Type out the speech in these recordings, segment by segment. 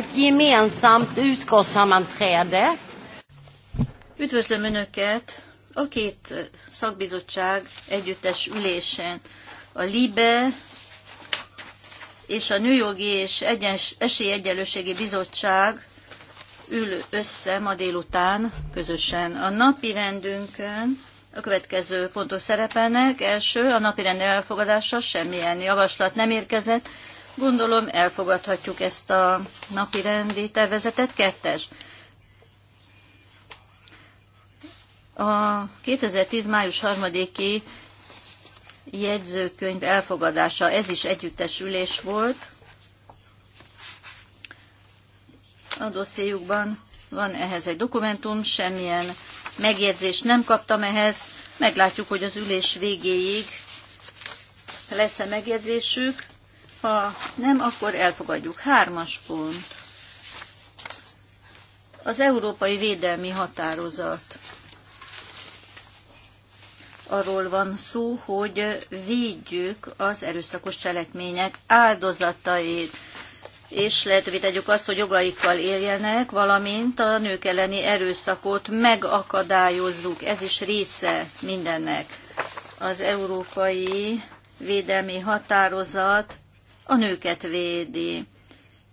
ett gemensamt utskottssammanträde. Üdvözlöm Önöket a két szakbizottság együttes ülésén, A LIBE és a Nőjogi és Egyens, Esélyegyenlőségi Bizottság ül össze ma délután közösen. A napi rendünkön a következő pontok szerepelnek. Első, a napi rend elfogadása, semmilyen javaslat nem érkezett. Gondolom elfogadhatjuk ezt a napi rendi tervezetet. Kettes. A 2010. május 3-i jegyzőkönyv elfogadása, ez is együttes ülés volt. A dossziéjukban van ehhez egy dokumentum, semmilyen megjegyzést nem kaptam ehhez. Meglátjuk, hogy az ülés végéig lesz-e megjegyzésük. Ha nem, akkor elfogadjuk. Hármas pont. Az Európai Védelmi Határozat. Arról van szó, hogy védjük az erőszakos cselekmények áldozatait és lehetővé tegyük azt, hogy jogaikkal éljenek, valamint a nők elleni erőszakot megakadályozzuk. Ez is része mindennek. Az európai védelmi határozat a nőket védi.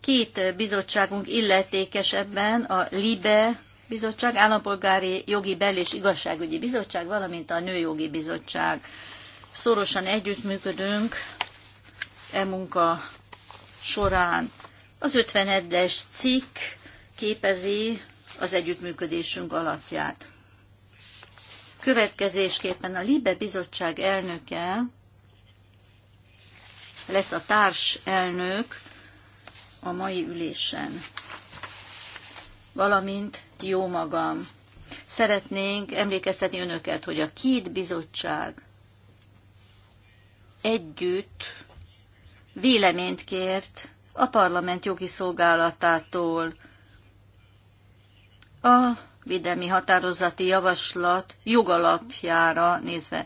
Két bizottságunk illetékes ebben, a LIBE bizottság, Állampolgári Jogi Bel- és Igazságügyi Bizottság, valamint a Nőjogi Bizottság. Szorosan együttműködünk e munka során. Az 51-es cikk képezi az együttműködésünk alapját. Következésképpen a Libe Bizottság elnöke lesz a társ elnök a mai ülésen, valamint jó magam. Szeretnénk emlékeztetni önöket, hogy a két bizottság együtt véleményt kért a parlament jogi szolgálatától. A védelmi határozati javaslat jogalapjára nézve.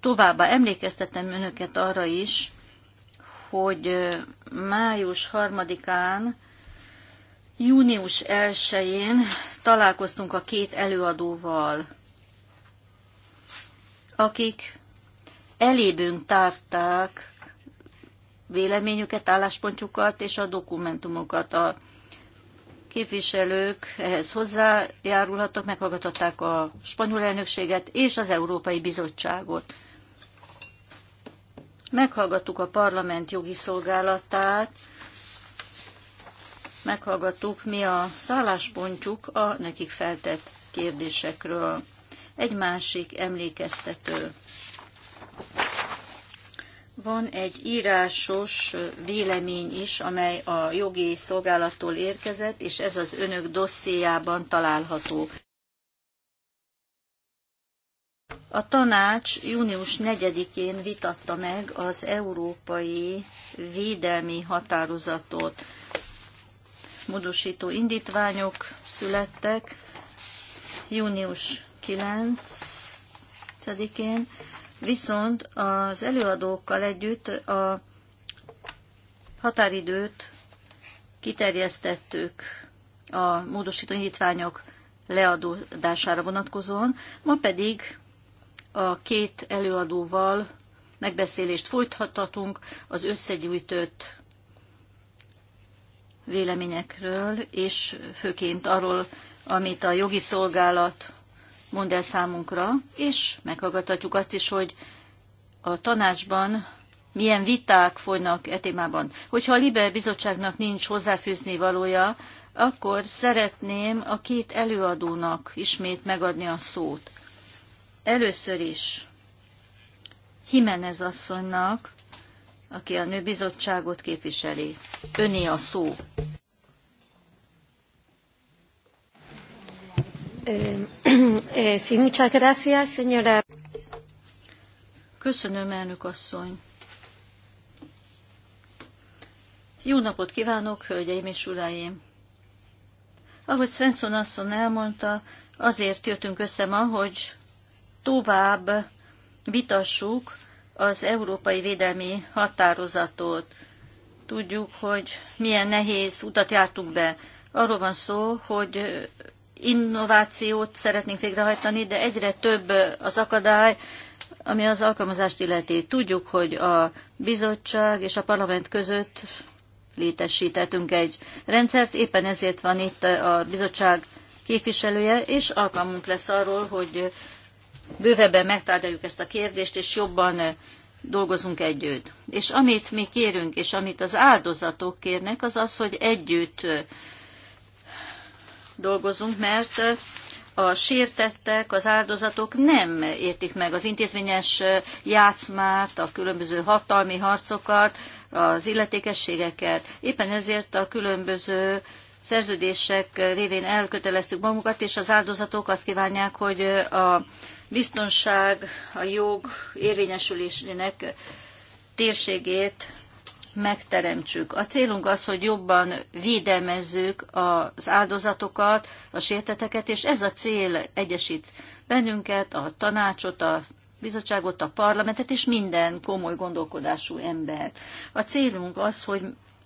Továbbá emlékeztetem önöket arra is, hogy május harmadikán, június 1-én találkoztunk a két előadóval, akik elébünk tárták véleményüket, álláspontjukat és a dokumentumokat. A képviselők ehhez hozzájárulhattak, meghallgatották a spanyol elnökséget és az Európai Bizottságot. Meghallgattuk a parlament jogi szolgálatát, meghallgattuk, mi a szálláspontjuk a nekik feltett kérdésekről. Egy másik emlékeztető. Van egy írásos vélemény is, amely a jogi szolgálattól érkezett, és ez az önök dossziéjában található. A tanács június 4-én vitatta meg az európai védelmi határozatot. Módosító indítványok születtek június 9-én, viszont az előadókkal együtt a határidőt kiterjesztettük a módosító indítványok leadódására vonatkozóan, ma pedig a két előadóval megbeszélést folytathatunk az összegyűjtött véleményekről, és főként arról, amit a jogi szolgálat mond el számunkra, és meghallgathatjuk azt is, hogy a tanácsban milyen viták folynak e témában. Hogyha a Libe bizottságnak nincs hozzáfűzni valója, akkor szeretném a két előadónak ismét megadni a szót. Először is Jimenez asszonynak, aki a nőbizottságot képviseli. Öné a szó. Eh, eh, Köszönöm, elnök asszony. Jó napot kívánok, hölgyeim és uraim! Ahogy Svensson asszony elmondta, azért jöttünk össze ma, hogy tovább vitassuk az európai védelmi határozatot. Tudjuk, hogy milyen nehéz utat jártunk be. Arról van szó, hogy innovációt szeretnénk végrehajtani, de egyre több az akadály, ami az alkalmazást illeti. Tudjuk, hogy a bizottság és a parlament között létesítettünk egy rendszert, éppen ezért van itt a bizottság képviselője, és alkalmunk lesz arról, hogy bővebben megtárgyaljuk ezt a kérdést, és jobban dolgozunk együtt. És amit mi kérünk, és amit az áldozatok kérnek, az az, hogy együtt dolgozunk, mert a sértettek, az áldozatok nem értik meg az intézményes játszmát, a különböző hatalmi harcokat, az illetékességeket. Éppen ezért a különböző szerződések révén elköteleztük magunkat, és az áldozatok azt kívánják, hogy a biztonság, a jog érvényesülésének térségét megteremtsük. A célunk az, hogy jobban védelmezzük az áldozatokat, a sérteteket, és ez a cél egyesít bennünket, a tanácsot, a bizottságot, a parlamentet, és minden komoly gondolkodású embert. A célunk az, hogy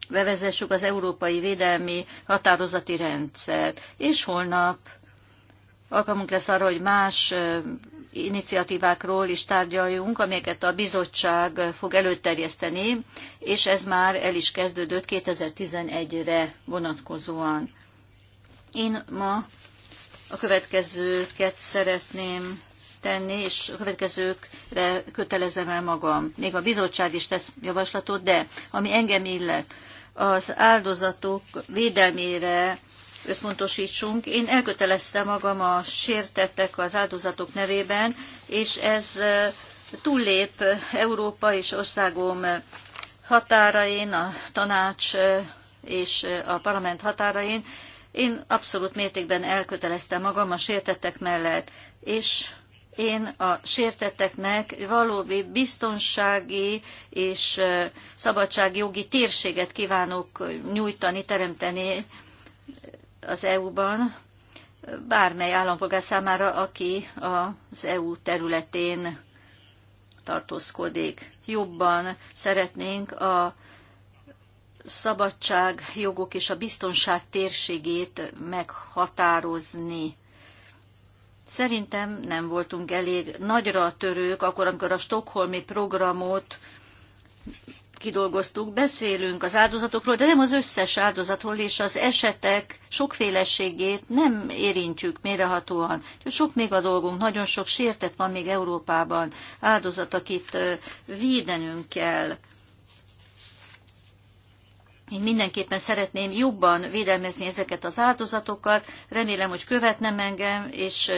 bevezessük az európai védelmi határozati rendszert, és holnap alkalmunk lesz arra, hogy más iniciatívákról is tárgyaljunk, amelyeket a bizottság fog előterjeszteni, és ez már el is kezdődött 2011-re vonatkozóan. Én ma a következőket szeretném tenni, és a következőkre kötelezem el magam. Még a bizottság is tesz javaslatot, de ami engem illet, az áldozatok védelmére összpontosítsunk. Én elköteleztem magam a sértettek az áldozatok nevében, és ez túllép Európa és országom határain, a tanács és a parlament határain. Én abszolút mértékben elköteleztem magam a sértettek mellett, és én a sértetteknek valódi biztonsági és szabadságjogi térséget kívánok nyújtani, teremteni az EU-ban bármely állampolgár számára, aki az EU területén tartózkodik. Jobban szeretnénk a szabadság, jogok és a biztonság térségét meghatározni. Szerintem nem voltunk elég nagyra törők, akkor, amikor a Stockholmi programot kidolgoztuk, beszélünk az áldozatokról, de nem az összes áldozatról, és az esetek sokféleségét nem érintjük mérehatóan. sok még a dolgunk, nagyon sok sértett van még Európában, áldozat, akit védenünk kell. Én mindenképpen szeretném jobban védelmezni ezeket az áldozatokat, remélem, hogy követnem engem, és,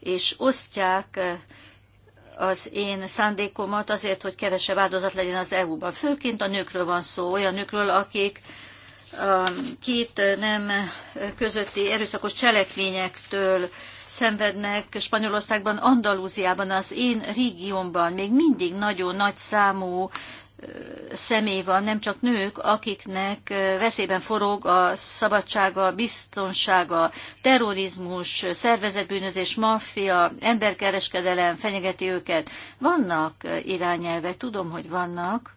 és osztják az én szándékomat azért, hogy kevesebb áldozat legyen az EU-ban. Főként a nőkről van szó, olyan nőkről, akik a um, két nem közötti erőszakos cselekményektől szenvednek Spanyolországban, Andalúziában, az én régiómban még mindig nagyon nagy számú személy van, nem csak nők, akiknek veszélyben forog a szabadsága, biztonsága, terrorizmus, szervezetbűnözés, maffia, emberkereskedelem fenyegeti őket. Vannak irányelvek, tudom, hogy vannak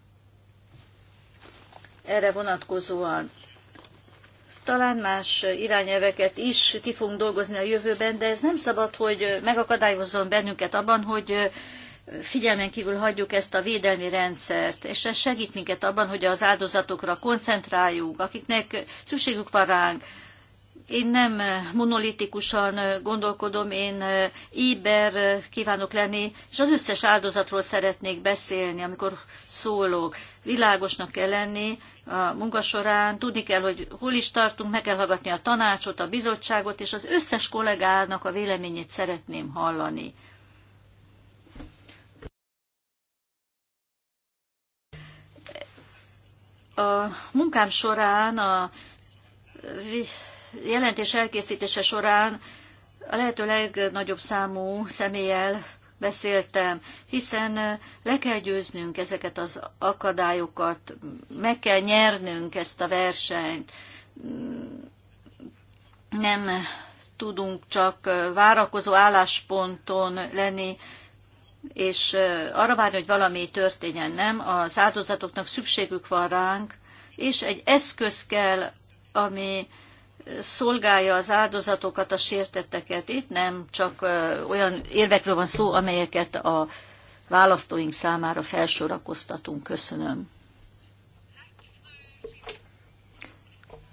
erre vonatkozóan. Talán más irányelveket is ki fogunk dolgozni a jövőben, de ez nem szabad, hogy megakadályozzon bennünket abban, hogy figyelmen kívül hagyjuk ezt a védelmi rendszert, és ez segít minket abban, hogy az áldozatokra koncentráljunk, akiknek szükségük van ránk. Én nem monolitikusan gondolkodom, én íber kívánok lenni, és az összes áldozatról szeretnék beszélni, amikor szólok. Világosnak kell lenni a munka során, tudni kell, hogy hol is tartunk, meg kell hallgatni a tanácsot, a bizottságot, és az összes kollégának a véleményét szeretném hallani. A munkám során, a jelentés elkészítése során a lehető legnagyobb számú személlyel beszéltem, hiszen le kell győznünk ezeket az akadályokat, meg kell nyernünk ezt a versenyt. Nem tudunk csak várakozó állásponton lenni, és arra várni, hogy valami történjen, nem? Az áldozatoknak szükségük van ránk, és egy eszköz kell, ami szolgálja az áldozatokat, a sértetteket. Itt nem csak olyan érvekről van szó, amelyeket a választóink számára felsorakoztatunk. Köszönöm.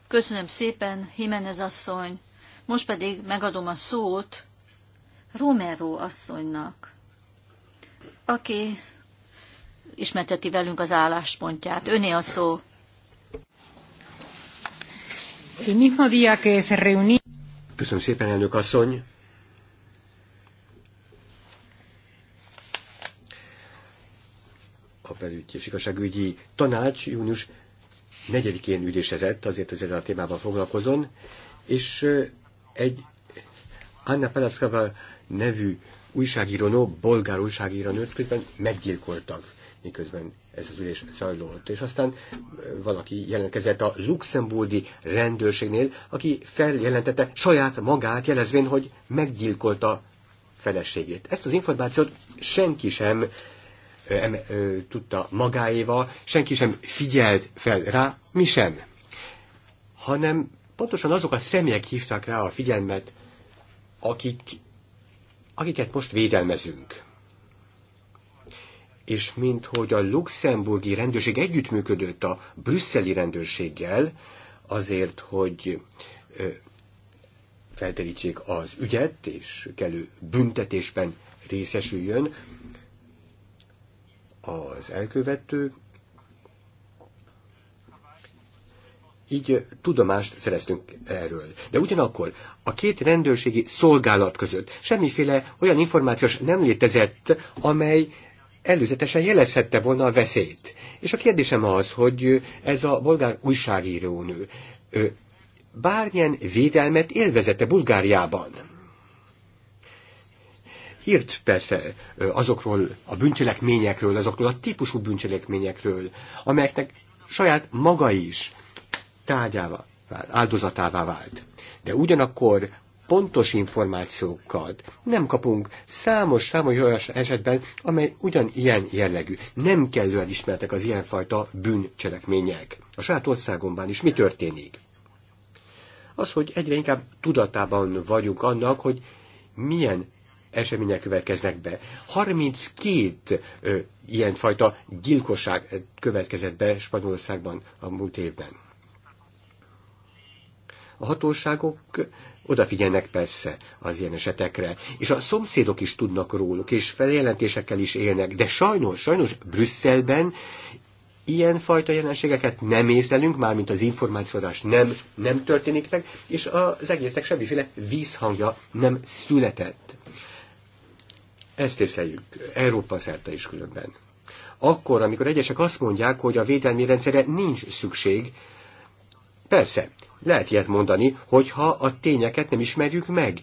Köszönöm szépen, Jimenez asszony. Most pedig megadom a szót Romero asszonynak aki ismerteti velünk az álláspontját. Öné a szó. Köszönöm szépen, elnök asszony. A belügy és igazságügyi tanács június 4-én ülésezett, azért, hogy ezzel a témával foglalkozon, és egy Anna Palackava nevű újságírónő, bolgár újságírónőt közben meggyilkoltak, miközben ez az ülés zajlott. És aztán valaki jelentkezett a luxemburgi rendőrségnél, aki feljelentette saját magát, jelezvén, hogy meggyilkolta feleségét. Ezt az információt senki sem tudta magáéval, senki sem figyelt fel rá, mi sem. Hanem pontosan azok a személyek hívták rá a figyelmet, akik akiket most védelmezünk. És minthogy a luxemburgi rendőrség együttműködött a brüsszeli rendőrséggel, azért, hogy felterítsék az ügyet, és kellő büntetésben részesüljön az elkövető, így tudomást szereztünk erről. De ugyanakkor a két rendőrségi szolgálat között semmiféle olyan információs nem létezett, amely előzetesen jelezhette volna a veszélyt. És a kérdésem az, hogy ez a bolgár újságírónő bármilyen védelmet élvezette Bulgáriában. Írt persze azokról a bűncselekményekről, azokról a típusú bűncselekményekről, amelyeknek saját maga is tárgyává, áldozatává vált. De ugyanakkor pontos információkat nem kapunk számos, számos olyan esetben, amely ugyanilyen jellegű. Nem kellően ismertek az ilyenfajta bűncselekmények. A saját országomban is mi történik? Az, hogy egyre inkább tudatában vagyunk annak, hogy milyen események következnek be. 32 ö, ilyenfajta gyilkosság következett be Spanyolországban a múlt évben. A hatóságok odafigyelnek persze az ilyen esetekre, és a szomszédok is tudnak róluk, és feljelentésekkel is élnek, de sajnos, sajnos Brüsszelben ilyenfajta jelenségeket nem észlelünk, mármint az információadás nem, nem történik meg, és az egésznek semmiféle vízhangja nem született. Ezt észleljük Európa szerte is különben. Akkor, amikor egyesek azt mondják, hogy a védelmi rendszerre nincs szükség, Persze, lehet ilyet mondani, hogyha a tényeket nem ismerjük meg.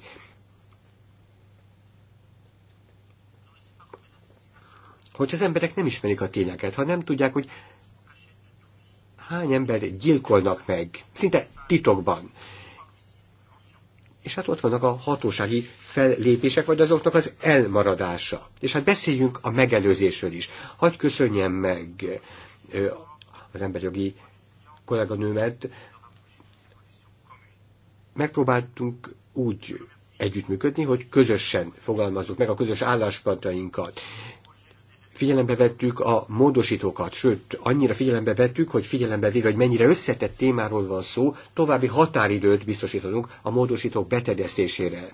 Hogy az emberek nem ismerik a tényeket, ha nem tudják, hogy hány ember gyilkolnak meg, szinte titokban. És hát ott vannak a hatósági fellépések, vagy azoknak az elmaradása. És hát beszéljünk a megelőzésről is. Hagy köszönjem meg az emberjogi kolléganőmet, megpróbáltunk úgy együttműködni, hogy közösen fogalmazzuk meg a közös álláspontainkat. Figyelembe vettük a módosítókat, sőt, annyira figyelembe vettük, hogy figyelembe véve, hogy mennyire összetett témáról van szó, további határidőt biztosítanunk a módosítók beterjesztésére.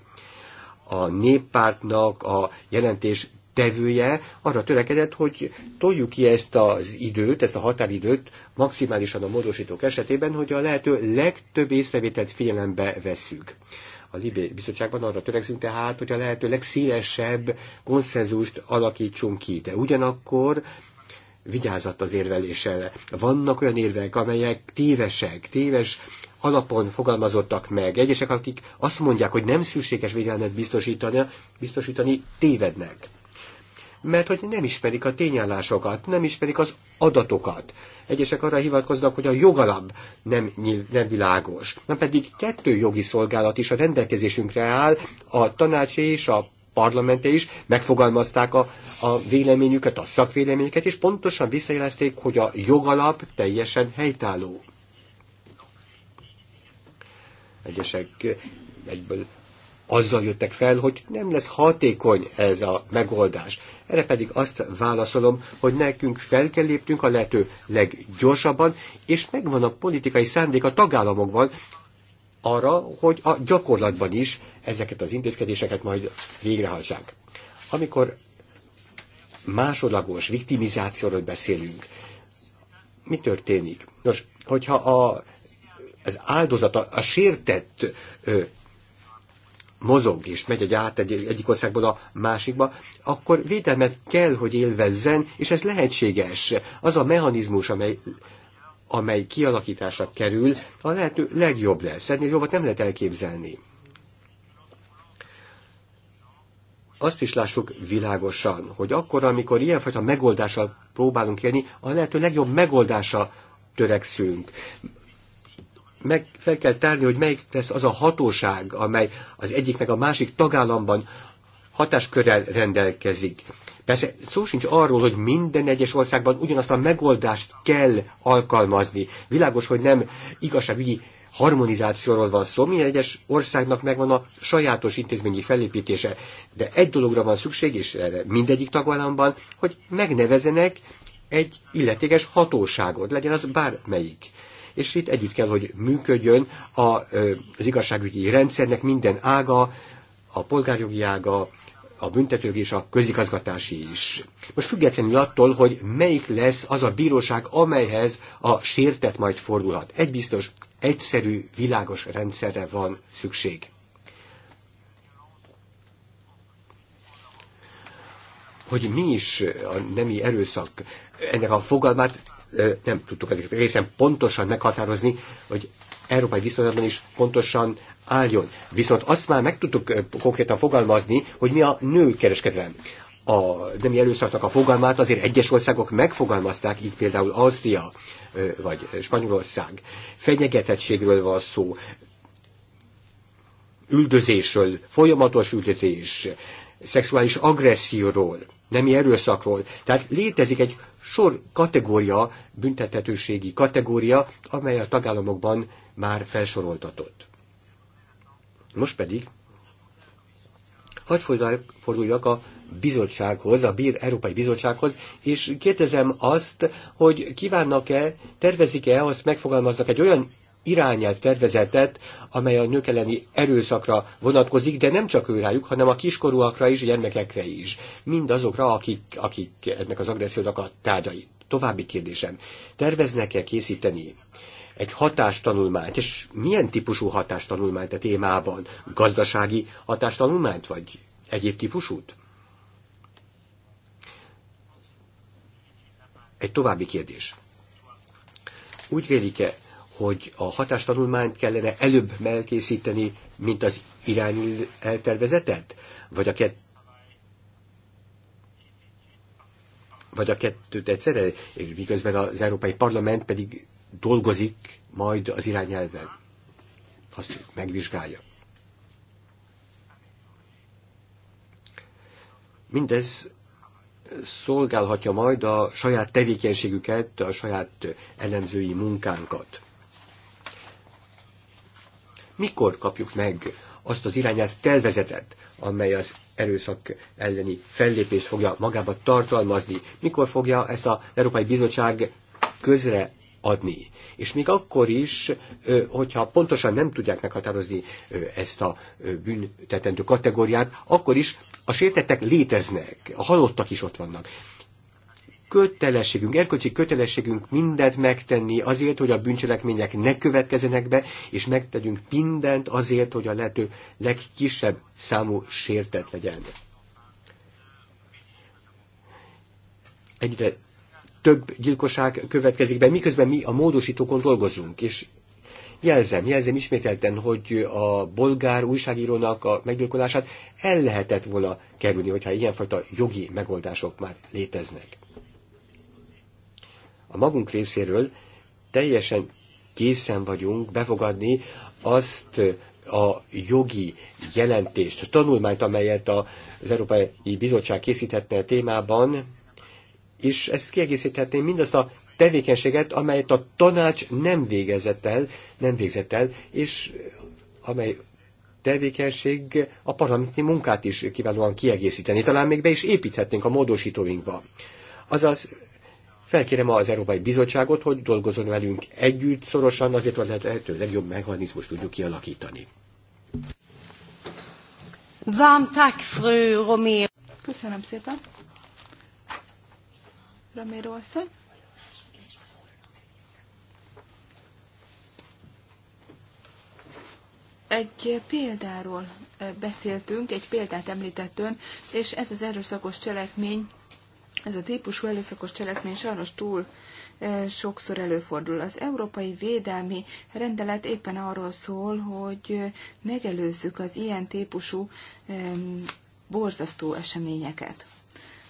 A néppártnak a jelentés tevője arra törekedett, hogy toljuk ki ezt az időt, ezt a határidőt maximálisan a módosítók esetében, hogy a lehető legtöbb észrevételt figyelembe veszük. A Libé Bizottságban arra törekszünk tehát, hogy a lehető legszélesebb konszenzust alakítsunk ki. De ugyanakkor vigyázat az érveléssel. Vannak olyan érvek, amelyek tévesek, téves alapon fogalmazottak meg. Egyesek, akik azt mondják, hogy nem szükséges védelmet biztosítani, biztosítani tévednek mert hogy nem ismerik a tényállásokat, nem ismerik az adatokat. Egyesek arra hivatkoznak, hogy a jogalap nem, nem világos. Na pedig kettő jogi szolgálat is a rendelkezésünkre áll, a tanácsé és a parlamente is megfogalmazták a, a véleményüket, a szakvéleményüket, és pontosan visszajelezték, hogy a jogalap teljesen helytálló. Egyesek egyből azzal jöttek fel, hogy nem lesz hatékony ez a megoldás. Erre pedig azt válaszolom, hogy nekünk fel kell léptünk a lehető leggyorsabban, és megvan a politikai szándék a tagállamokban arra, hogy a gyakorlatban is ezeket az intézkedéseket majd végrehajtsák. Amikor másodlagos viktimizációról beszélünk, mi történik? Nos, hogyha a, az áldozata a, a sértett ö, mozog és megy egy át egy, egyik országból a másikba, akkor védelmet kell, hogy élvezzen, és ez lehetséges. Az a mechanizmus, amely amely kialakításra kerül, a lehető legjobb lesz. Ennél jobbat nem lehet elképzelni. azt is lássuk világosan, hogy akkor, amikor ilyenfajta megoldással próbálunk élni, a lehető legjobb megoldása törekszünk meg fel kell tárni, hogy melyik lesz az a hatóság, amely az egyik meg a másik tagállamban hatáskörrel rendelkezik. Persze szó sincs arról, hogy minden egyes országban ugyanazt a megoldást kell alkalmazni. Világos, hogy nem igazságügyi harmonizációról van szó, minden egyes országnak megvan a sajátos intézményi felépítése, de egy dologra van szükség, és erre mindegyik tagállamban, hogy megnevezenek egy illetékes hatóságot, legyen az bármelyik és itt együtt kell, hogy működjön a, az igazságügyi rendszernek minden ága, a polgárjogi ága, a büntetők és a közigazgatási is. Most függetlenül attól, hogy melyik lesz az a bíróság, amelyhez a sértet majd fordulhat. Egy biztos, egyszerű, világos rendszerre van szükség. Hogy mi is a nemi erőszak, ennek a fogalmát nem tudtuk ezeket egészen pontosan meghatározni, hogy európai viszonylatban is pontosan álljon. Viszont azt már meg tudtuk konkrétan fogalmazni, hogy mi a nőkereskedelem a nemi erőszaknak a fogalmát azért egyes országok megfogalmazták, így például Ausztria vagy Spanyolország. Fenyegetettségről van szó, üldözésről, folyamatos üldözés, szexuális agresszióról, nemi erőszakról. Tehát létezik egy sor kategória, büntethetőségi kategória, amely a tagállamokban már felsoroltatott. Most pedig hadd forduljak a bizottsághoz, a Bír Európai Bizottsághoz, és kérdezem azt, hogy kívánnak-e, tervezik-e, azt megfogalmaznak egy olyan irányelv tervezetet, amely a nők elleni erőszakra vonatkozik, de nem csak őrájuk, hanem a kiskorúakra is, gyermekekre is. azokra, akik, akik ennek az agressziónak a tárgyai. További kérdésem. Terveznek-e készíteni egy hatástanulmányt, és milyen típusú hatástanulmányt a témában? Gazdasági hatástanulmányt, vagy egyéb típusút? Egy további kérdés. Úgy vélik-e, hogy a hatástanulmányt kellene előbb elkészíteni, mint az irányú eltervezetet? Vagy a kett... vagy a kettőt egyszerre, és miközben az Európai Parlament pedig dolgozik majd az irányelven. Azt megvizsgálja. Mindez szolgálhatja majd a saját tevékenységüket, a saját ellenzői munkánkat mikor kapjuk meg azt az irányát tervezetet, amely az erőszak elleni fellépés fogja magába tartalmazni, mikor fogja ezt az Európai Bizottság közre adni. És még akkor is, hogyha pontosan nem tudják meghatározni ezt a büntetendő kategóriát, akkor is a sértettek léteznek, a halottak is ott vannak kötelességünk, erkölcsi kötelességünk mindent megtenni azért, hogy a bűncselekmények ne következenek be, és megtegyünk mindent azért, hogy a lehető legkisebb számú sértet legyen. Egyre több gyilkosság következik be, miközben mi a módosítókon dolgozunk, és jelzem, jelzem ismételten, hogy a bolgár újságírónak a meggyilkolását el lehetett volna kerülni, hogyha ilyenfajta jogi megoldások már léteznek a magunk részéről teljesen készen vagyunk befogadni azt a jogi jelentést, a tanulmányt, amelyet az Európai Bizottság készíthetne a témában, és ezt kiegészíthetném mindazt a tevékenységet, amelyet a tanács nem végezett el, nem végzett el, és amely tevékenység a parlamenti munkát is kiválóan kiegészíteni. Talán még be is építhetnénk a módosítóinkba. Azaz Felkérem az Európai Bizottságot, hogy dolgozzon velünk együtt szorosan, azért, hogy lehető legjobb mechanizmus tudjuk kialakítani. Van tak, frő Romero. Köszönöm szépen. Romero asszony. egy példáról eh, beszéltünk, egy példát említett ön, és ez az erőszakos cselekmény ez a típusú előszakos cselekmény sajnos túl e, sokszor előfordul. Az Európai Védelmi Rendelet éppen arról szól, hogy megelőzzük az ilyen típusú e, borzasztó eseményeket.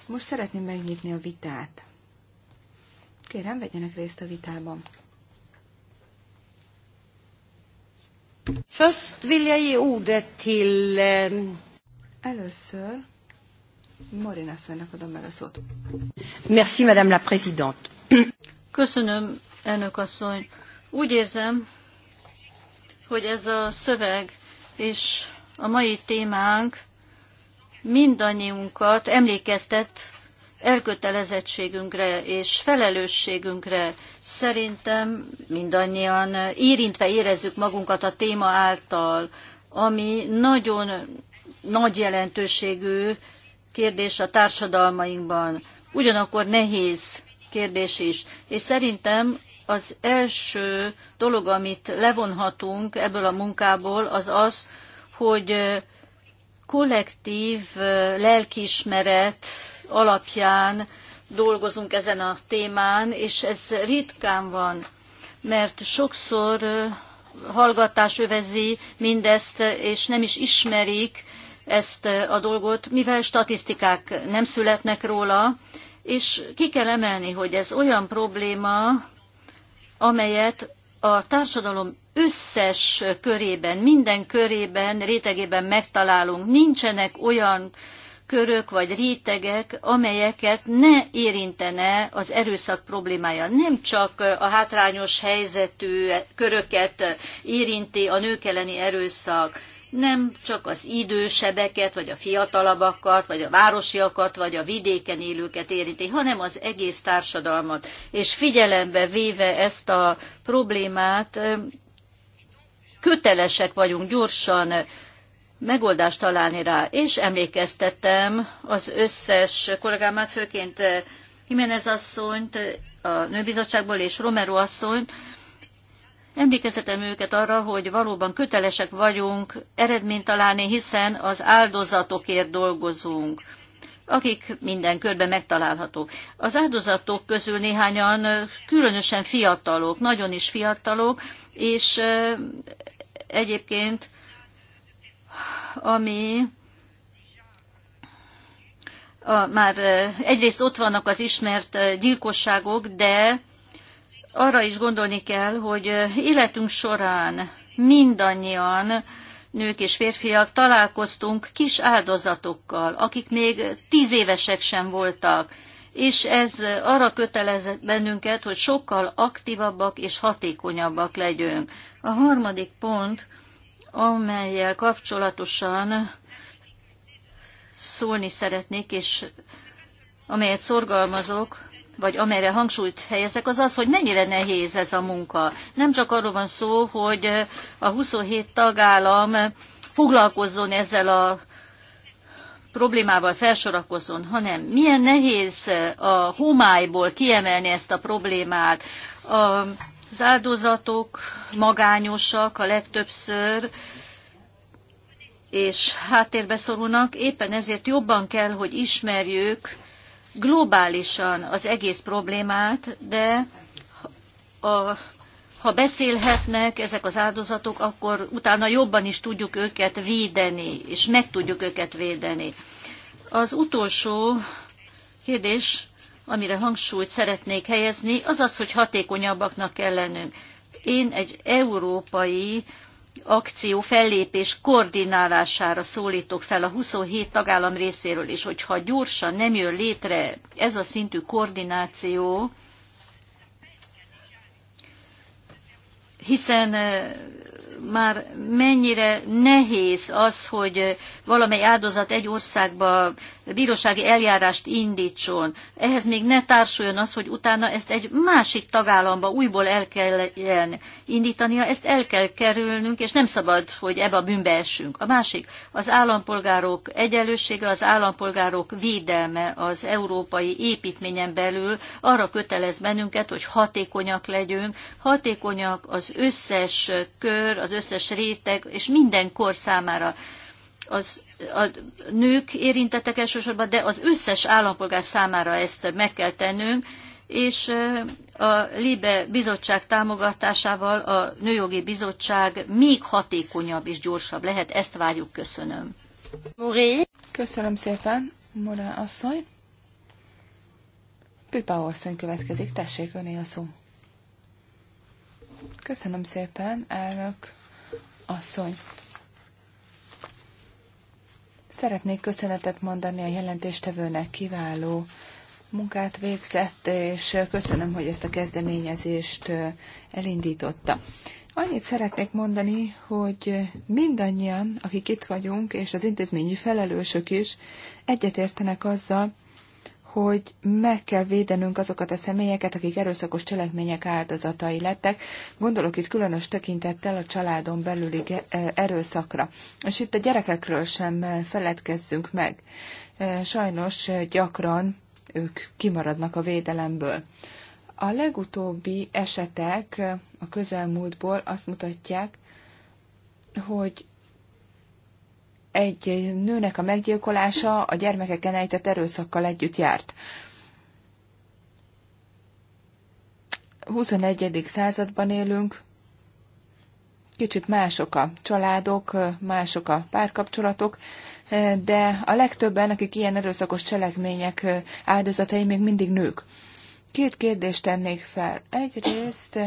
Most szeretném megnyitni a vitát. Kérem, vegyenek részt a vitában. Först vill jag ge ordet till... Eh, Először adom meg a szót. Merci, Madame la Présidente. Köszönöm, elnök asszony. Úgy érzem, hogy ez a szöveg és a mai témánk mindannyiunkat emlékeztet elkötelezettségünkre és felelősségünkre. Szerintem mindannyian érintve érezzük magunkat a téma által, ami nagyon nagy jelentőségű kérdés a társadalmainkban. Ugyanakkor nehéz kérdés is. És szerintem az első dolog, amit levonhatunk ebből a munkából, az az, hogy kollektív lelkiismeret alapján dolgozunk ezen a témán, és ez ritkán van, mert sokszor hallgatás övezi mindezt, és nem is ismerik ezt a dolgot, mivel statisztikák nem születnek róla, és ki kell emelni, hogy ez olyan probléma, amelyet a társadalom összes körében, minden körében, rétegében megtalálunk. Nincsenek olyan körök vagy rétegek, amelyeket ne érintene az erőszak problémája. Nem csak a hátrányos helyzetű köröket érinti a nők elleni erőszak, nem csak az idősebeket, vagy a fiatalabbakat, vagy a városiakat, vagy a vidéken élőket érinti, hanem az egész társadalmat. És figyelembe véve ezt a problémát, kötelesek vagyunk gyorsan megoldást találni rá. És emlékeztettem az összes kollégámat, főként Jiménez asszonyt, a nőbizottságból és Romero asszonyt, Emlékezetem őket arra, hogy valóban kötelesek vagyunk eredményt találni, hiszen az áldozatokért dolgozunk akik minden körben megtalálhatók. Az áldozatok közül néhányan különösen fiatalok, nagyon is fiatalok, és egyébként ami a, már egyrészt ott vannak az ismert gyilkosságok, de arra is gondolni kell, hogy életünk során mindannyian nők és férfiak találkoztunk kis áldozatokkal, akik még tíz évesek sem voltak, és ez arra kötelezett bennünket, hogy sokkal aktívabbak és hatékonyabbak legyünk. A harmadik pont, amelyel kapcsolatosan szólni szeretnék, és amelyet szorgalmazok, vagy amelyre hangsúlyt helyezek, az az, hogy mennyire nehéz ez a munka. Nem csak arról van szó, hogy eh, a 27 tagállam foglalkozzon ezzel a problémával felsorakozzon, hanem milyen nehéz eh, a homályból kiemelni ezt a problémát. Az áldozatok magányosak a legtöbbször, és háttérbe szorulnak, éppen ezért jobban kell, hogy ismerjük globálisan az egész problémát, de a, ha beszélhetnek ezek az áldozatok, akkor utána jobban is tudjuk őket védeni, és meg tudjuk őket védeni. Az utolsó kérdés, amire hangsúlyt szeretnék helyezni, az az, hogy hatékonyabbaknak kell lennünk. Én egy európai akció fellépés koordinálására szólítok fel a 27 tagállam részéről is, hogyha gyorsan nem jön létre ez a szintű koordináció, hiszen már mennyire nehéz az, hogy valamely áldozat egy országba bírósági eljárást indítson. Ehhez még ne társuljon az, hogy utána ezt egy másik tagállamba újból el kell indítania, ezt el kell kerülnünk, és nem szabad, hogy ebbe a bűnbe essünk. A másik, az állampolgárok egyenlősége, az állampolgárok védelme az európai építményen belül arra kötelez bennünket, hogy hatékonyak legyünk, hatékonyak az összes kör, az az összes réteg és minden kor számára. Az, a nők érintettek elsősorban, de az összes állampolgár számára ezt meg kell tennünk, és a Libe bizottság támogatásával a Nőjogi Bizottság még hatékonyabb és gyorsabb lehet. Ezt várjuk, köszönöm. Köszönöm szépen, Mora asszony. Pilpáó asszony következik, tessék öné a szó. Köszönöm szépen, elnök asszony. Szeretnék köszönetet mondani a jelentéstevőnek, kiváló munkát végzett, és köszönöm, hogy ezt a kezdeményezést elindította. Annyit szeretnék mondani, hogy mindannyian, akik itt vagyunk, és az intézményi felelősök is egyetértenek azzal, hogy meg kell védenünk azokat a személyeket, akik erőszakos cselekmények áldozatai lettek. Gondolok itt különös tekintettel a családon belüli e, erőszakra. És itt a gyerekekről sem e, feledkezzünk meg. E, sajnos gyakran ők kimaradnak a védelemből. A legutóbbi esetek a közelmúltból azt mutatják, hogy egy nőnek a meggyilkolása a gyermekeken ejtett erőszakkal együtt járt. 21. században élünk, kicsit mások a családok, mások a párkapcsolatok, de a legtöbben, akik ilyen erőszakos cselekmények áldozatai, még mindig nők. Két kérdést tennék fel. Egyrészt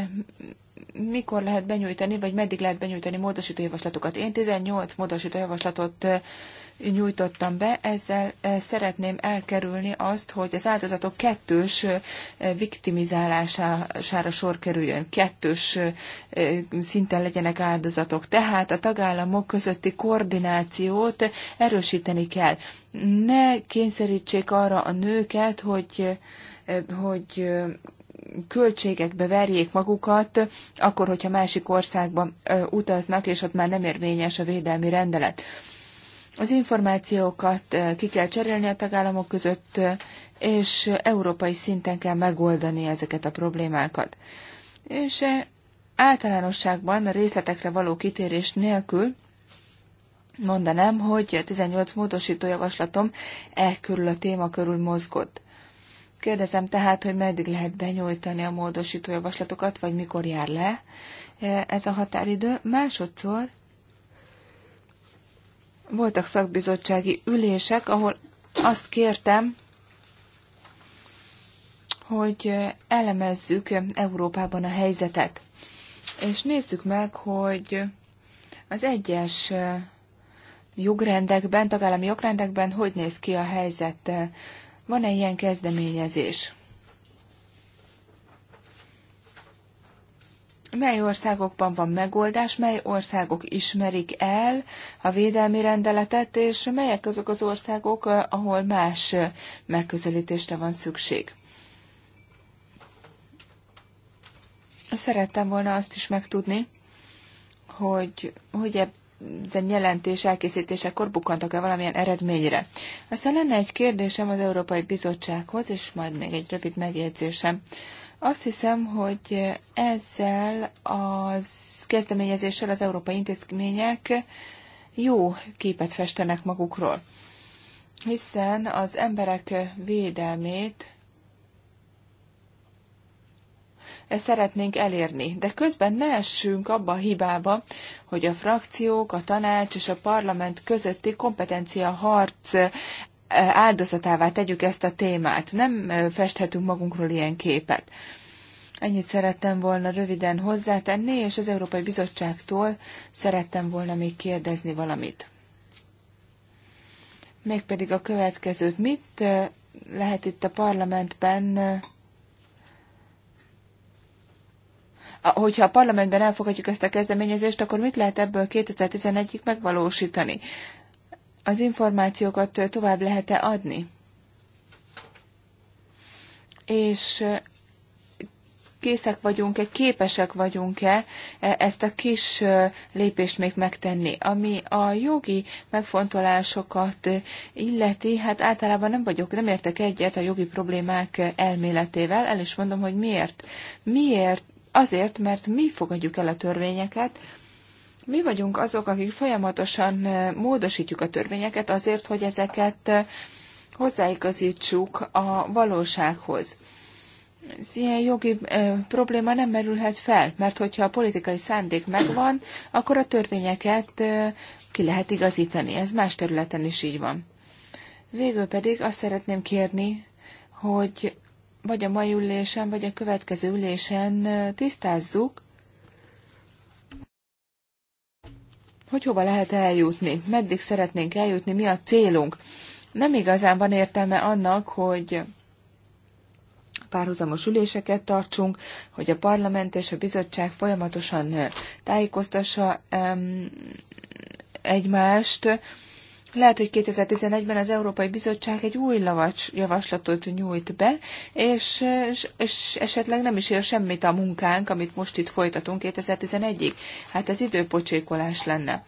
mikor lehet benyújtani, vagy meddig lehet benyújtani módosítójavaslatokat. Én 18 módosítójavaslatot nyújtottam be, ezzel szeretném elkerülni azt, hogy az áldozatok kettős viktimizálására sor kerüljön, kettős szinten legyenek áldozatok. Tehát a tagállamok közötti koordinációt erősíteni kell. Ne kényszerítsék arra a nőket, hogy hogy költségekbe verjék magukat, akkor, hogyha másik országba utaznak, és ott már nem érvényes a védelmi rendelet. Az információkat ki kell cserélni a tagállamok között, és európai szinten kell megoldani ezeket a problémákat. És általánosságban a részletekre való kitérés nélkül mondanám, hogy a 18 módosító javaslatom e körül a téma körül mozgott. Kérdezem tehát, hogy meddig lehet benyújtani a módosító javaslatokat, vagy mikor jár le e, ez a határidő. Másodszor voltak szakbizottsági ülések, ahol azt kértem, hogy elemezzük Európában a helyzetet. És nézzük meg, hogy az egyes jogrendekben, tagállami jogrendekben hogy néz ki a helyzet van-e ilyen kezdeményezés? mely országokban van megoldás, mely országok ismerik el a védelmi rendeletet, és melyek azok az országok, eh, ahol más eh, megközelítésre van szükség. Szerettem volna azt is megtudni, hogy, hogy ezen jelentés elkészítésekor bukkantak-e valamilyen eredményre. Aztán lenne egy kérdésem az Európai Bizottsághoz, és majd még egy rövid megjegyzésem. Azt hiszem, hogy ezzel az kezdeményezéssel az európai intézmények jó képet festenek magukról, hiszen az emberek védelmét szeretnénk elérni. De közben ne essünk abba a hibába, hogy a frakciók, a tanács és a parlament közötti kompetencia harc eh, áldozatává tegyük ezt a témát. Nem eh, festhetünk magunkról ilyen képet. Ennyit szerettem volna röviden hozzátenni, és az Európai Bizottságtól szerettem volna még kérdezni valamit. Mégpedig a következőt. Mit eh, lehet itt a parlamentben hogyha a parlamentben elfogadjuk ezt a kezdeményezést, akkor mit lehet ebből 2011-ig megvalósítani? Az információkat tovább lehet-e adni? És készek vagyunk-e, képesek vagyunk-e ezt a kis lépést még megtenni. Ami a jogi megfontolásokat illeti, hát általában nem vagyok, nem értek egyet a jogi problémák elméletével, el is mondom, hogy miért. Miért Azért, mert mi fogadjuk el a törvényeket, mi vagyunk azok, akik folyamatosan módosítjuk a törvényeket azért, hogy ezeket hozzáigazítsuk a valósághoz. Ez ilyen jogi probléma nem merülhet fel, mert hogyha a politikai szándék megvan, akkor a törvényeket ki lehet igazítani. Ez más területen is így van. Végül pedig azt szeretném kérni, hogy vagy a mai ülésen, vagy a következő ülésen tisztázzuk, hogy hova lehet eljutni, meddig szeretnénk eljutni, mi a célunk. Nem igazán van értelme annak, hogy párhuzamos üléseket tartsunk, hogy a parlament és a bizottság folyamatosan tájékoztassa egymást, lehet, hogy 2011-ben az Európai Bizottság egy új javaslatot nyújt be, és, és esetleg nem is ér semmit a munkánk, amit most itt folytatunk 2011-ig. Hát ez időpocsékolás lenne.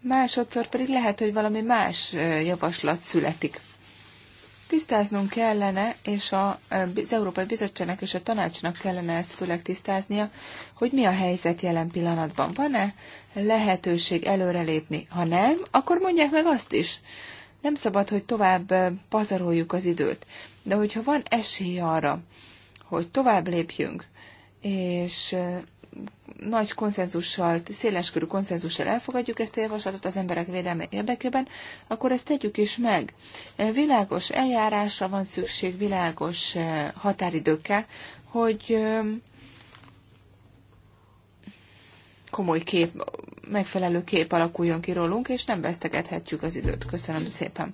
Másodszor pedig lehet, hogy valami más eh, javaslat születik tisztáznunk kellene, és a, az Európai Bizottságnak és a tanácsnak kellene ezt főleg tisztáznia, hogy mi a helyzet jelen pillanatban. Van-e lehetőség előrelépni? Ha nem, akkor mondják meg azt is. Nem szabad, hogy tovább pazaroljuk az időt. De hogyha van esély arra, hogy tovább lépjünk, és nagy konszenzussal, széleskörű konszenzussal elfogadjuk ezt a javaslatot az emberek védelme érdekében, akkor ezt tegyük is meg. Világos eljárásra van szükség, világos eh, határidőkkel, hogy eh, komoly kép, megfelelő kép alakuljon ki rólunk, és nem vesztegethetjük az időt. Köszönöm szépen.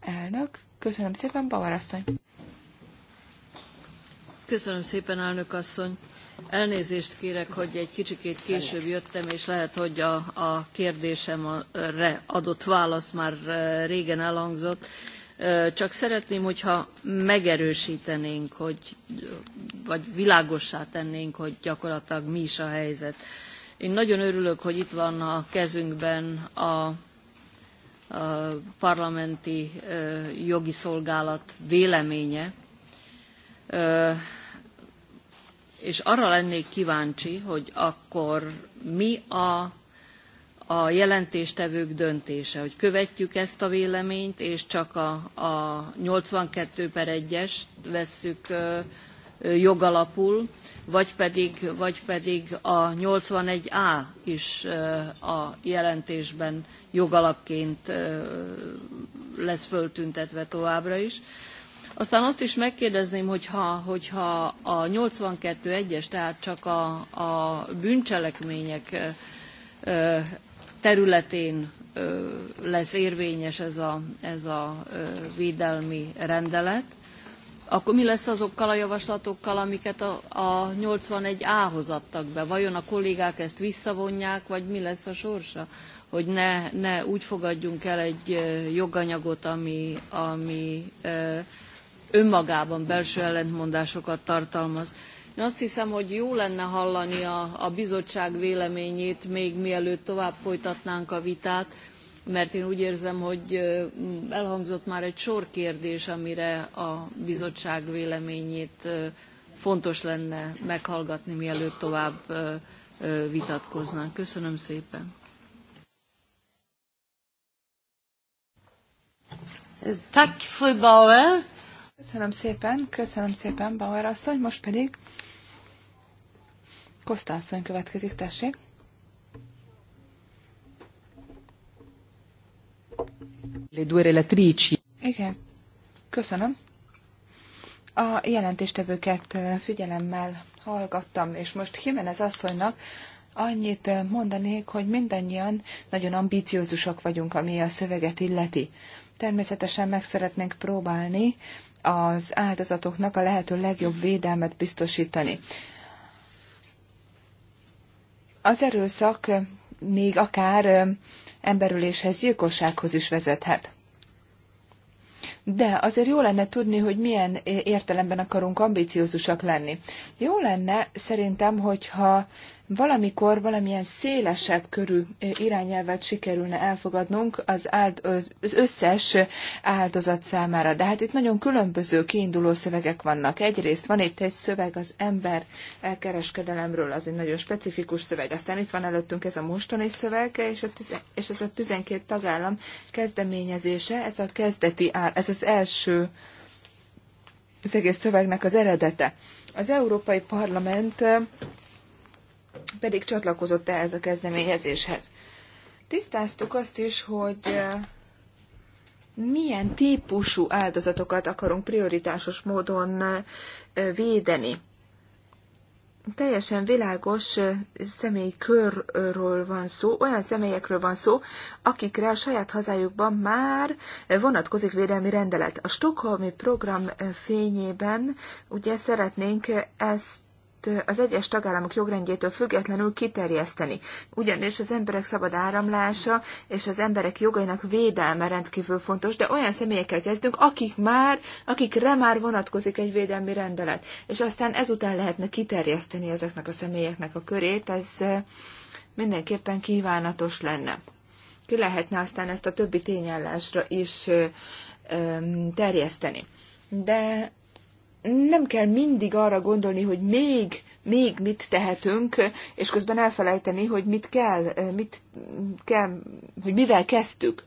Elnök, köszönöm szépen, Bauer asszony. Köszönöm szépen, elnök asszony. Elnézést kérek, hogy egy kicsikét később jöttem, és lehet, hogy a, a kérdésemre adott válasz már e, régen elhangzott. E, csak szeretném, hogyha megerősítenénk, hogy, vagy világossá tennénk, hogy gyakorlatilag mi is a helyzet. Én nagyon örülök, hogy itt van a kezünkben a, a parlamenti e, jogi szolgálat véleménye és arra lennék kíváncsi, hogy akkor mi a, a jelentéstevők döntése, hogy követjük ezt a véleményt, és csak a, a 82 per 1-est vesszük jogalapul, vagy pedig, vagy pedig a 81A is a jelentésben jogalapként lesz föltüntetve továbbra is. Aztán azt is megkérdezném, hogyha, hogyha a 82.1-es, tehát csak a, a bűncselekmények területén lesz érvényes ez a, ez a védelmi rendelet, akkor mi lesz azokkal a javaslatokkal, amiket a, a 81A-hoz adtak be? Vajon a kollégák ezt visszavonják, vagy mi lesz a sorsa? Hogy ne, ne úgy fogadjunk el egy joganyagot, ami, ami önmagában belső ellentmondásokat tartalmaz. Én azt hiszem, hogy jó lenne hallani a, a bizottság véleményét, még mielőtt tovább folytatnánk a vitát, mert én úgy érzem, hogy elhangzott már egy sor kérdés, amire a bizottság véleményét fontos lenne meghallgatni, mielőtt tovább vitatkoznánk. Köszönöm szépen. Tack, fru Bauer. Köszönöm szépen, köszönöm szépen, Bauer asszony, most pedig Koszta asszony következik, tessék. Le due relatrici. Igen, köszönöm. A jelentéstevőket figyelemmel hallgattam, és most Jimenez asszonynak annyit mondanék, hogy mindannyian nagyon ambíciózusak vagyunk, ami a szöveget illeti. Természetesen meg szeretnénk próbálni az áldozatoknak a lehető legjobb védelmet biztosítani. Az erőszak még akár emberüléshez, gyilkossághoz is vezethet. De azért jó lenne tudni, hogy milyen értelemben akarunk ambiciózusak lenni. Jó lenne szerintem, hogyha valamikor valamilyen szélesebb körű irányelvet sikerülne elfogadnunk az, áld, az összes áldozat számára. De hát itt nagyon különböző kiinduló szövegek vannak. Egyrészt van itt egy szöveg az ember elkereskedelemről, az egy nagyon specifikus szöveg. Aztán itt van előttünk ez a mostani szöveg, és, a és ez a 12 tagállam kezdeményezése, ez a kezdeti, ez az első az egész szövegnek az eredete. Az Európai Parlament pedig csatlakozott ehhez a kezdeményezéshez. Tisztáztuk azt is, hogy eh, milyen típusú áldozatokat akarunk prioritásos módon eh, védeni. Teljesen világos eh, személykörről van szó, olyan személyekről van szó, akikre a saját hazájukban már vonatkozik védelmi rendelet. A Stockholmi program fényében ugye szeretnénk ezt az egyes tagállamok jogrendjétől függetlenül kiterjeszteni. Ugyanis az emberek szabad áramlása és az emberek jogainak védelme rendkívül fontos, de olyan személyekkel kezdünk, akik már, akikre már vonatkozik egy védelmi rendelet. És aztán ezután lehetne kiterjeszteni ezeknek a személyeknek a körét, ez eh, mindenképpen kívánatos lenne. Ki lehetne aztán ezt a többi tényállásra is eh, terjeszteni. De nem kell mindig arra gondolni, hogy még, még mit tehetünk, és közben elfelejteni, hogy mit kell, mit kell, hogy mivel kezdtük.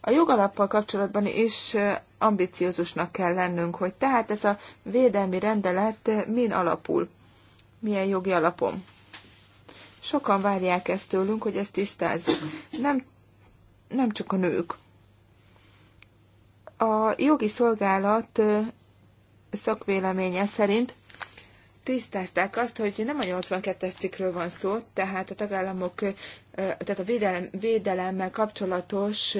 A jogalappal kapcsolatban is ambiciózusnak kell lennünk, hogy tehát ez a védelmi rendelet min alapul, milyen jogi alapon. Sokan várják ezt tőlünk, hogy ezt tisztázzuk. Nem, nem csak a nők. A jogi szolgálat szakvéleménye szerint tisztázták azt, hogy nem a 82-es cikkről van szó, tehát a tagállamok, tehát a védelem, védelemmel kapcsolatos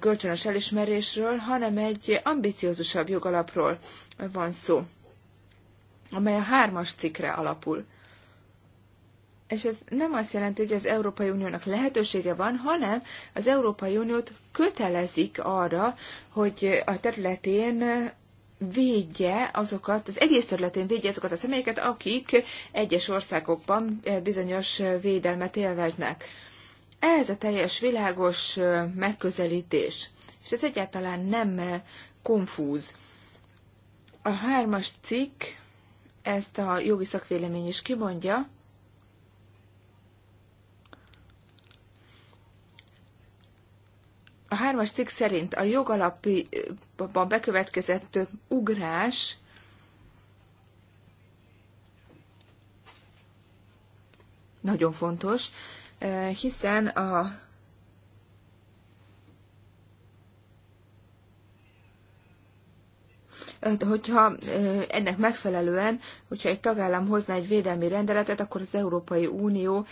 kölcsönös elismerésről, hanem egy ambiciózusabb jogalapról van szó, amely a hármas cikkre alapul. És ez nem azt jelenti, hogy az Európai Uniónak lehetősége van, hanem az Európai Uniót kötelezik arra, hogy a területén védje azokat, az egész területén védje azokat a személyeket, akik egyes országokban eh, bizonyos eh, védelmet élveznek. Ez a teljes világos eh, megközelítés, és ez egyáltalán nem konfúz. A hármas cikk ezt a jogi szakvélemény is kimondja, A hármas cikk szerint a jogalapban bekövetkezett ugrás nagyon fontos, eh, hiszen a Hát, hogyha ennek megfelelően, hogyha egy tagállam hozna egy védelmi rendeletet, akkor az Európai Unió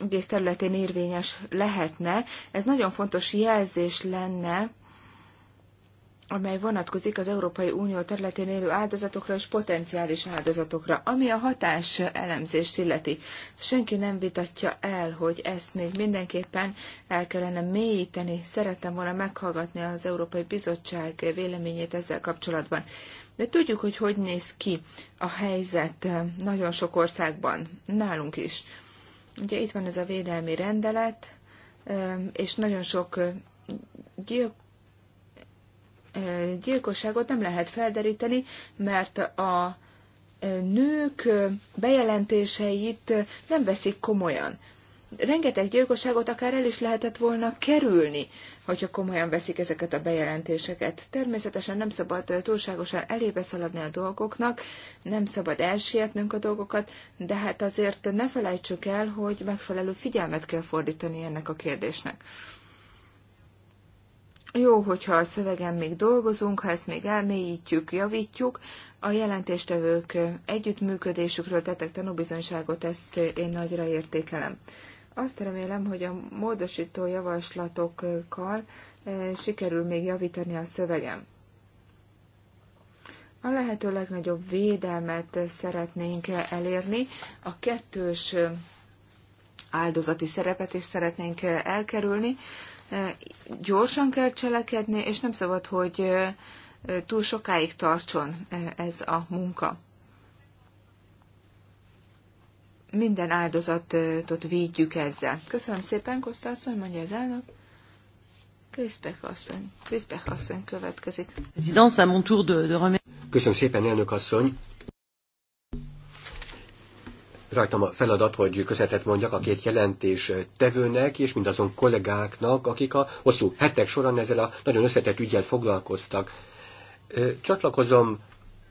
egész területén érvényes lehetne. Ez nagyon fontos jelzés lenne, amely vonatkozik az Európai Unió területén élő áldozatokra és potenciális áldozatokra, ami a hatás elemzést illeti. Senki nem vitatja el, hogy ezt még mindenképpen el kellene mélyíteni. Szerettem volna meghallgatni az Európai Bizottság véleményét ezzel kapcsolatban. De tudjuk, hogy hogy néz ki a helyzet nagyon sok országban, nálunk is. Ugye itt van ez a védelmi rendelet, és nagyon sok gyilkos gyilkosságot nem lehet felderíteni, mert a nők bejelentéseit nem veszik komolyan. Rengeteg gyilkosságot akár el is lehetett volna kerülni, hogyha komolyan veszik ezeket a bejelentéseket. Természetesen nem szabad túlságosan elébe szaladni a dolgoknak, nem szabad elsietnünk a dolgokat, de hát azért ne felejtsük el, hogy megfelelő figyelmet kell fordítani ennek a kérdésnek. Jó, hogyha a szövegen még dolgozunk, ha ezt még elmélyítjük, javítjuk. A jelentéstevők együttműködésükről tettek tanúbizonyságot, ezt én nagyra értékelem. Azt remélem, hogy a módosító javaslatokkal eh, sikerül még javítani a szövegem. A lehető legnagyobb védelmet szeretnénk elérni. A kettős áldozati szerepet is szeretnénk elkerülni gyorsan kell cselekedni, és nem szabad, hogy túl sokáig tartson ez a munka. Minden áldozatot védjük ezzel. Köszönöm szépen, Kosta asszony, mondja az elnök. Kriszbek asszony, Kriszbek asszony következik. Köszönöm szépen, elnök asszony rajtam a feladat, hogy köszönetet mondjak a két jelentés tevőnek, és mindazon kollégáknak, akik a hosszú hetek során ezzel a nagyon összetett ügyel foglalkoztak. Csatlakozom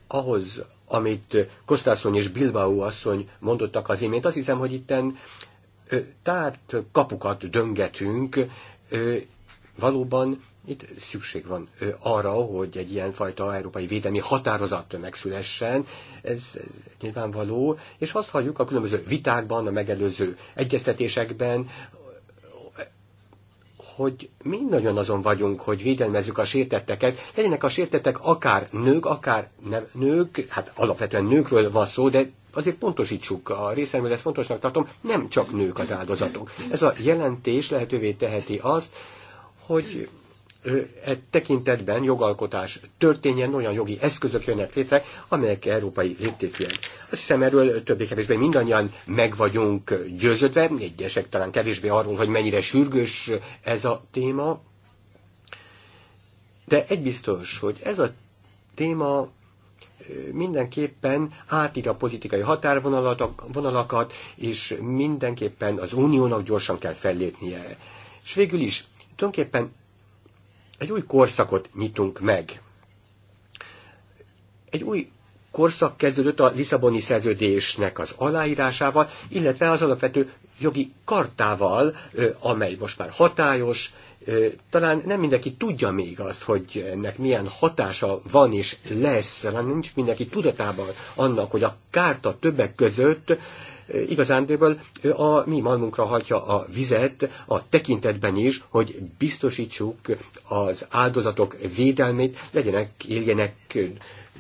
ahhoz, amit Kosztászony és Bilbao asszony mondottak az imént. Azt hiszem, hogy itten tárt kapukat döngetünk, valóban itt szükség van arra, hogy egy ilyenfajta európai védelmi határozat megszülessen, ez nyilvánvaló, és azt halljuk a különböző vitákban, a megelőző egyeztetésekben, hogy mind nagyon azon vagyunk, hogy védelmezzük a sértetteket, legyenek a sértettek akár nők, akár nem nők, hát alapvetően nőkről van szó, de azért pontosítsuk, a részemről ezt fontosnak tartom, nem csak nők az áldozatok. Ez a jelentés lehetővé teheti azt, hogy e tekintetben jogalkotás történjen, olyan jogi eszközök jönnek létre, amelyek európai léptékűek. Azt hiszem erről többé-kevésbé mindannyian meg vagyunk győződve, egyesek talán kevésbé arról, hogy mennyire sürgős ez a téma, de egy biztos, hogy ez a téma mindenképpen átír a politikai határvonalakat, és mindenképpen az uniónak gyorsan kell fellépnie. És végül is, tulajdonképpen egy új korszakot nyitunk meg. Egy új korszak kezdődött a Lisszaboni szerződésnek az aláírásával, illetve az alapvető jogi kartával, amely most már hatályos, talán nem mindenki tudja még azt, hogy ennek milyen hatása van és lesz, talán nincs mindenki tudatában annak, hogy a kárta többek között igazándéből a mi malmunkra hagyja a vizet a tekintetben is, hogy biztosítsuk az áldozatok védelmét, legyenek, éljenek,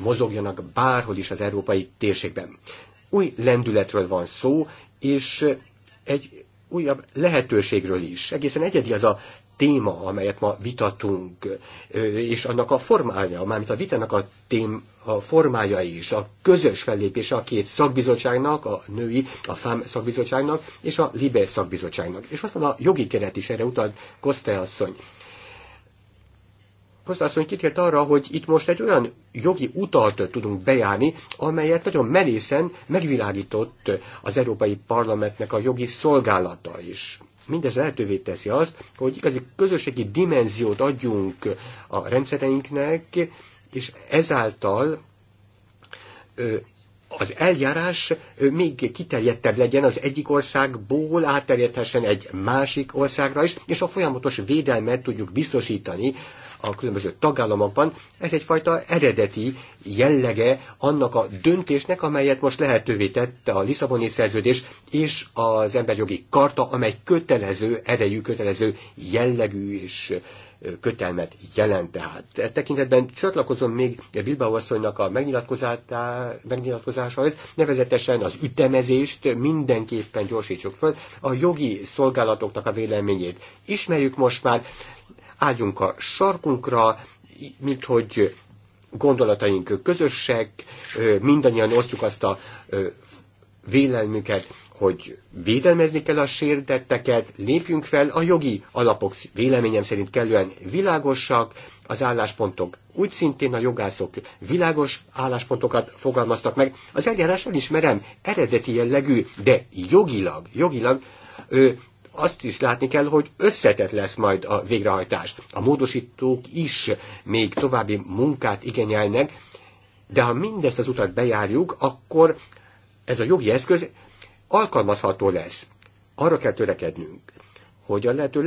mozogjanak bárhol is az európai térségben. Új lendületről van szó, és egy újabb lehetőségről is. Egészen egyedi az a téma, amelyet ma vitatunk, és annak a formája, mármint a vitának a tém, a formája is, a közös fellépés a két szakbizottságnak, a női, a FAM szakbizottságnak és a LIBE szakbizottságnak. És aztán a jogi keret is erre utalt Koszte asszony. Koszte asszony kitért arra, hogy itt most egy olyan jogi utalt tudunk bejárni, amelyet nagyon merészen megvilágított az Európai Parlamentnek a jogi szolgálata is. Mindez lehetővé teszi azt, hogy igazi közösségi dimenziót adjunk a rendszereinknek, és ezáltal az eljárás még kiterjedtebb legyen az egyik országból, átterjedhessen egy másik országra is, és a folyamatos védelmet tudjuk biztosítani a különböző tagállamokban. Ez egyfajta eredeti jellege annak a döntésnek, amelyet most lehetővé tette a Lisszaboni szerződés és az emberjogi karta, amely kötelező, erejű, kötelező jellegű és kötelmet jelent tehát. E tekintetben csatlakozom még Bilbao asszonynak a megnyilatkozásához, nevezetesen az ütemezést mindenképpen gyorsítsuk föl, a jogi szolgálatoknak a véleményét. Ismerjük most már, álljunk a sarkunkra, mint hogy gondolataink közösek, mindannyian osztjuk azt a véleményüket, hogy védelmezni kell a sérdetteket, lépjünk fel, a jogi alapok véleményem szerint kellően világosak, az álláspontok úgy szintén a jogászok világos álláspontokat fogalmaztak meg. Az eljárás elismerem, eredeti jellegű, de jogilag, jogilag ö, azt is látni kell, hogy összetett lesz majd a végrehajtás. A módosítók is még további munkát igényelnek, de ha mindezt az utat bejárjuk, akkor ez a jogi eszköz alkalmazható lesz. Arra kell törekednünk, hogy a lehető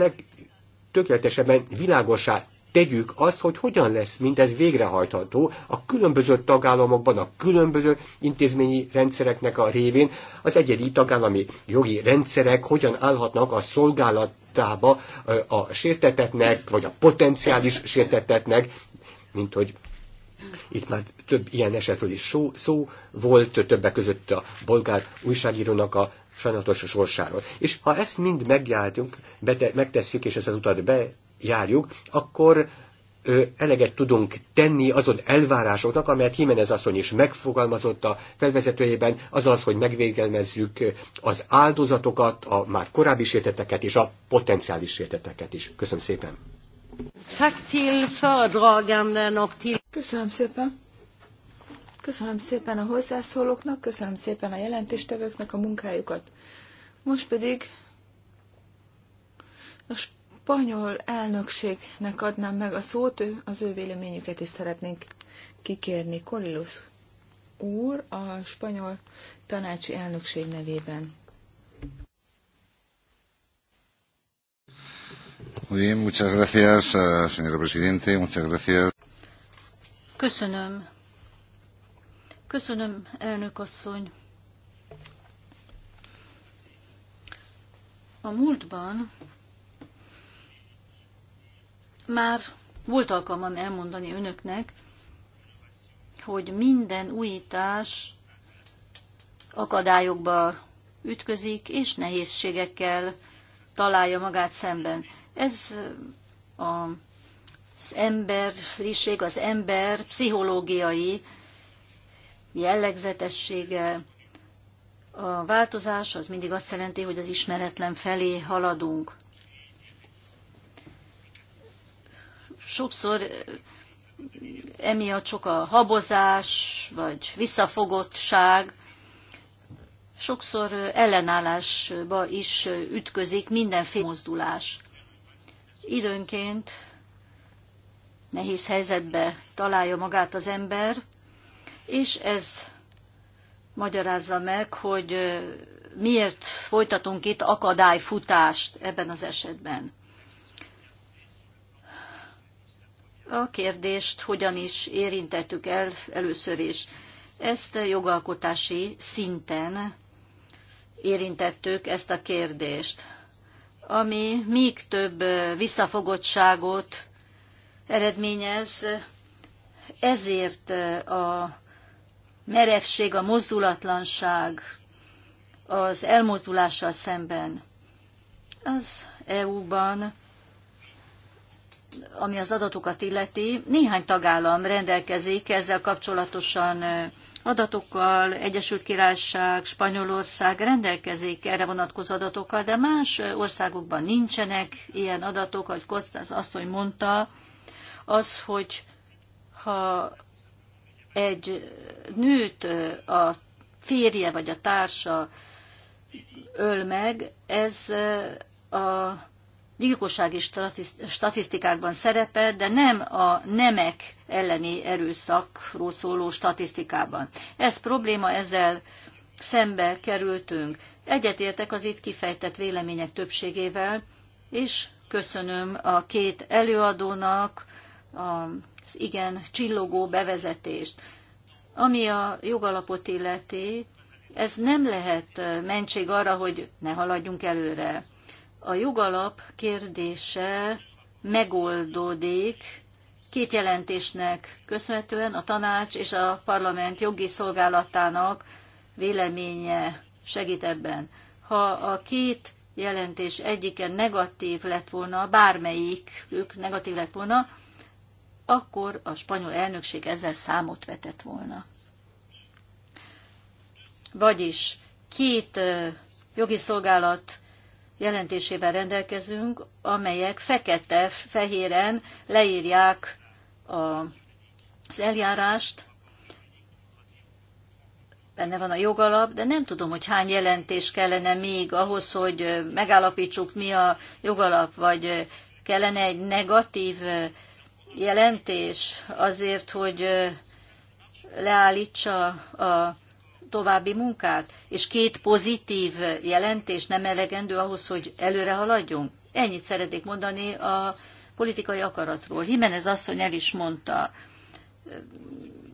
legtökéletesebben világosá tegyük azt, hogy hogyan lesz mindez végrehajtható a különböző tagállamokban, a különböző intézményi rendszereknek a révén, az egyedi tagállami jogi rendszerek hogyan állhatnak a szolgálatába a sértetetnek, vagy a potenciális sértetetnek, mint hogy itt már több ilyen esetről is szó, szó volt, többek között a bolgár újságírónak a sajnálatos sorsáról. És ha ezt mind megjártunk, bete, megtesszük, és ezt az utat bejárjuk, akkor ö, eleget tudunk tenni azon elvárásoknak, amelyet Jimenez asszony is megfogalmazott a felvezetőjében, az az, hogy megvégelmezzük az áldozatokat, a már korábbi sérteteket és a potenciális sérteteket is. Köszönöm szépen! Tack till föredraganden och till Köszönöm szépen. Köszönöm szépen a hozzászólóknak, köszönöm szépen a jelentéstevőknek a munkájukat. Most pedig a spanyol elnökségnek adnám meg a szót, az ő véleményüket is szeretnénk kikérni. Korilusz úr a spanyol tanácsi elnökség nevében. Muy bien, muchas gracias, eh, señor presidente, muchas gracias. Köszönöm. Köszönöm, elnök asszony. A múltban már volt alkalmam elmondani önöknek, hogy minden újítás akadályokba ütközik, és nehézségekkel találja magát szemben. Ez a az emberiség, az ember pszichológiai jellegzetessége. A változás az mindig azt jelenti, hogy az ismeretlen felé haladunk. Sokszor eh, emiatt sok a habozás, vagy visszafogottság, sokszor eh, ellenállásba is eh, ütközik mindenféle mozdulás. Időnként nehéz helyzetbe találja magát az ember, és ez magyarázza meg, hogy miért folytatunk itt akadályfutást ebben az esetben. A kérdést hogyan is érintettük el először is. Ezt jogalkotási szinten érintettük ezt a kérdést, ami még több visszafogottságot eredményez. Ezért a merevség, a mozdulatlanság az elmozdulással szemben az EU-ban, ami az adatokat illeti, néhány tagállam rendelkezik ezzel kapcsolatosan adatokkal, Egyesült Királyság, Spanyolország rendelkezik erre vonatkozó adatokkal, de más országokban nincsenek ilyen adatok, ahogy Kostász asszony mondta, az, hogy ha egy nőt a férje vagy a társa öl meg, ez eh, a gyilkossági statisztikákban szerepel, de nem a nemek elleni erőszakról szóló statisztikában. Ez probléma, ezzel szembe kerültünk. Egyetértek az itt kifejtett vélemények többségével, és köszönöm a két előadónak, az igen csillogó bevezetést. Ami a jogalapot illeti, ez nem lehet mentség arra, hogy ne haladjunk előre. A jogalap kérdése megoldódik két jelentésnek köszönhetően a tanács és a parlament jogi szolgálatának véleménye segít ebben. Ha a két jelentés egyike negatív lett volna, ők negatív lett volna, akkor a spanyol elnökség ezzel számot vetett volna. Vagyis két jogi szolgálat jelentésével rendelkezünk, amelyek fekete-fehéren leírják az eljárást, benne van a jogalap, de nem tudom, hogy hány jelentés kellene még ahhoz, hogy megállapítsuk, mi a jogalap, vagy kellene egy negatív jelentés azért, hogy leállítsa a további munkát, és két pozitív jelentés nem elegendő ahhoz, hogy előre haladjunk? Ennyit szeretnék mondani a politikai akaratról. Jimenez asszony el is mondta,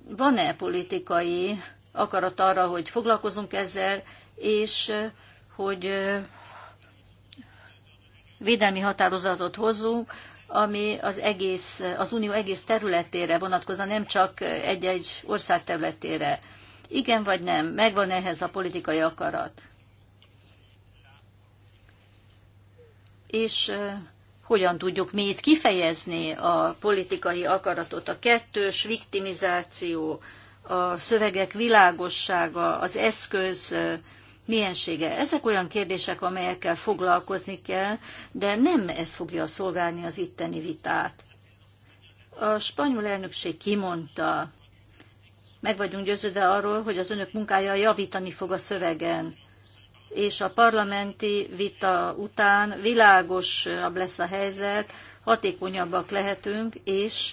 van-e politikai akarat arra, hogy foglalkozunk ezzel, és hogy védelmi határozatot hozzunk, ami az egész, az unió egész területére vonatkozna, nem csak egy-egy ország területére. Igen vagy nem? Megvan ehhez a politikai akarat? És hogyan tudjuk mi itt kifejezni a politikai akaratot? A kettős viktimizáció, a szövegek világossága, az eszköz miensége. Ezek olyan kérdések, amelyekkel foglalkozni kell, de nem ez fogja szolgálni az itteni vitát. A spanyol elnökség kimondta, meg vagyunk győződve arról, hogy az önök munkája javítani fog a szövegen, és a parlamenti vita után világosabb lesz a helyzet, hatékonyabbak lehetünk, és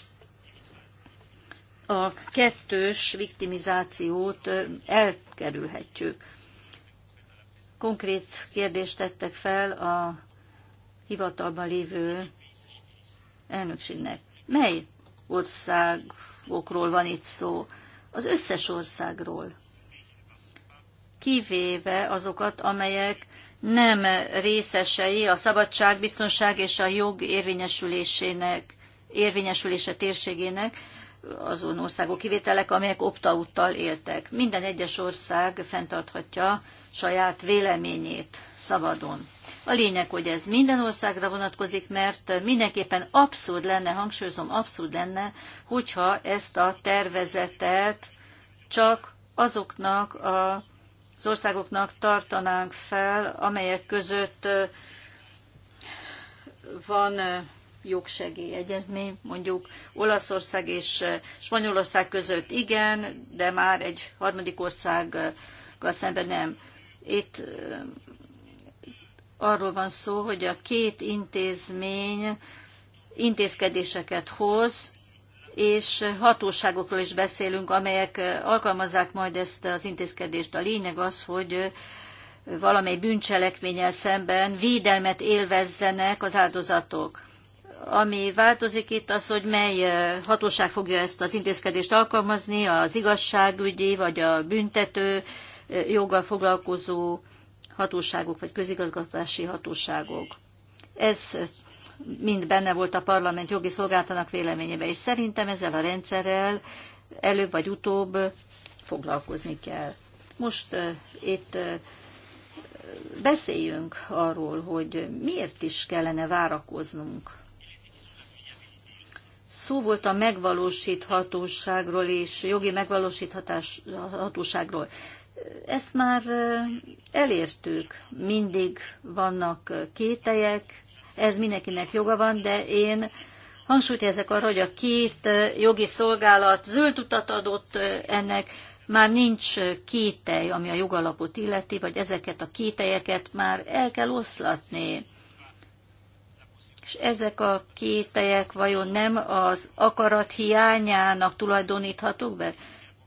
a kettős viktimizációt elkerülhetjük konkrét kérdést tettek fel a hivatalban lévő elnökségnek. Mely országokról van itt szó? Az összes országról. Kivéve azokat, amelyek nem részesei a szabadság, biztonság és a jog érvényesülésének, érvényesülése térségének, azon országok kivételek, amelyek opt éltek. Minden egyes ország fenntarthatja saját véleményét szabadon. A lényeg, hogy ez minden országra vonatkozik, mert mindenképpen abszurd lenne, hangsúlyozom, abszurd lenne, hogyha ezt a tervezetet csak azoknak a, az országoknak tartanánk fel, amelyek között van jogsegélyegyezmény, mondjuk Olaszország és Spanyolország között igen, de már egy harmadik országgal szemben nem. Itt arról van szó, hogy a két intézmény intézkedéseket hoz, és hatóságokról is beszélünk, amelyek alkalmazzák majd ezt az intézkedést. A lényeg az, hogy valamely bűncselekménnyel szemben védelmet élvezzenek az áldozatok. Ami változik itt az, hogy mely hatóság fogja ezt az intézkedést alkalmazni, az igazságügyi vagy a büntető joggal foglalkozó hatóságok vagy közigazgatási hatóságok. Ez mind benne volt a parlament jogi szolgáltanak véleményében, és szerintem ezzel a rendszerrel előbb vagy utóbb foglalkozni kell. Most uh, itt uh, beszéljünk arról, hogy miért is kellene várakoznunk. Szó volt a megvalósíthatóságról és jogi megvalósíthatóságról ezt már elértük. Mindig vannak kételyek, ez mindenkinek joga van, de én hangsúlyt ezek arra, hogy a két jogi szolgálat zöld utat adott ennek, már nincs kételj, ami a jogalapot illeti, vagy ezeket a kételyeket már el kell oszlatni. És ezek a kételyek vajon nem az akarat hiányának tulajdoníthatók be?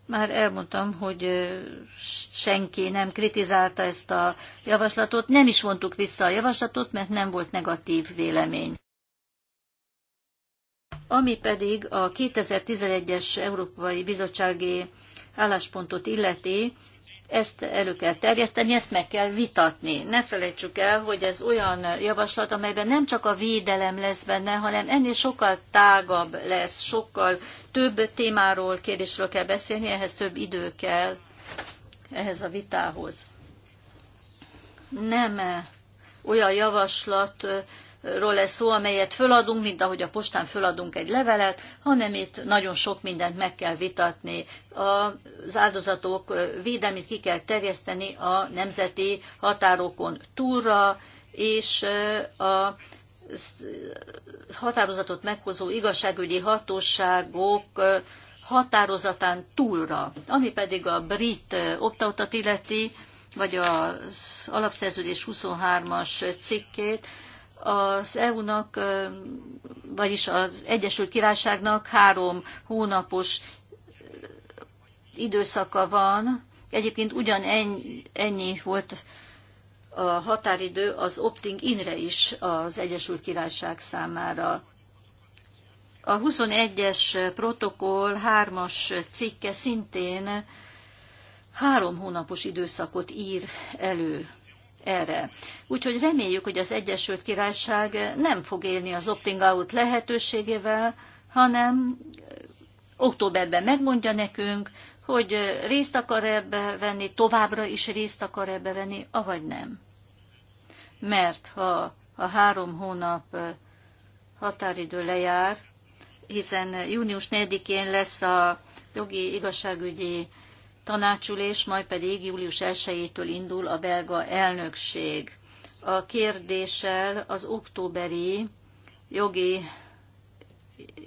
Már elmondtam, hogy senki nem kritizálta ezt a javaslatot, nem is vontuk vissza a javaslatot, mert nem volt negatív vélemény. Ami pedig a 2011-es Európai Bizottsági álláspontot illeti, ezt elő kell terjeszteni, ezt meg kell vitatni. Ne felejtsük el, hogy ez olyan javaslat, amelyben nem csak a védelem lesz benne, hanem ennél sokkal tágabb lesz, sokkal több témáról, kérdésről kell beszélni, ehhez több idő kell ehhez a vitához. Nem olyan javaslat ról lesz szó, amelyet föladunk, mint ahogy a postán föladunk egy levelet, hanem itt nagyon sok mindent meg kell vitatni. Az áldozatok védelmét ki kell terjeszteni a nemzeti határokon túlra, és a határozatot meghozó igazságügyi hatóságok határozatán túlra, ami pedig a brit optautat illeti, vagy az alapszerződés 23-as cikkét, az EU-nak, vagyis az Egyesült Királyságnak három hónapos időszaka van. Egyébként ugyan ennyi, volt a határidő az opting inre is az Egyesült Királyság számára. A 21-es protokoll hármas cikke szintén három hónapos időszakot ír elő erre. Úgyhogy reméljük, hogy az Egyesült Királyság nem fog élni az opting out lehetőségével, hanem októberben megmondja nekünk, hogy részt akar ebbe venni, továbbra is részt akar ebbe venni, avagy nem. Mert ha a három hónap határidő lejár, hiszen június 4-én lesz a jogi igazságügyi tanácsülés, majd pedig július 1-től indul a belga elnökség. A kérdéssel az októberi jogi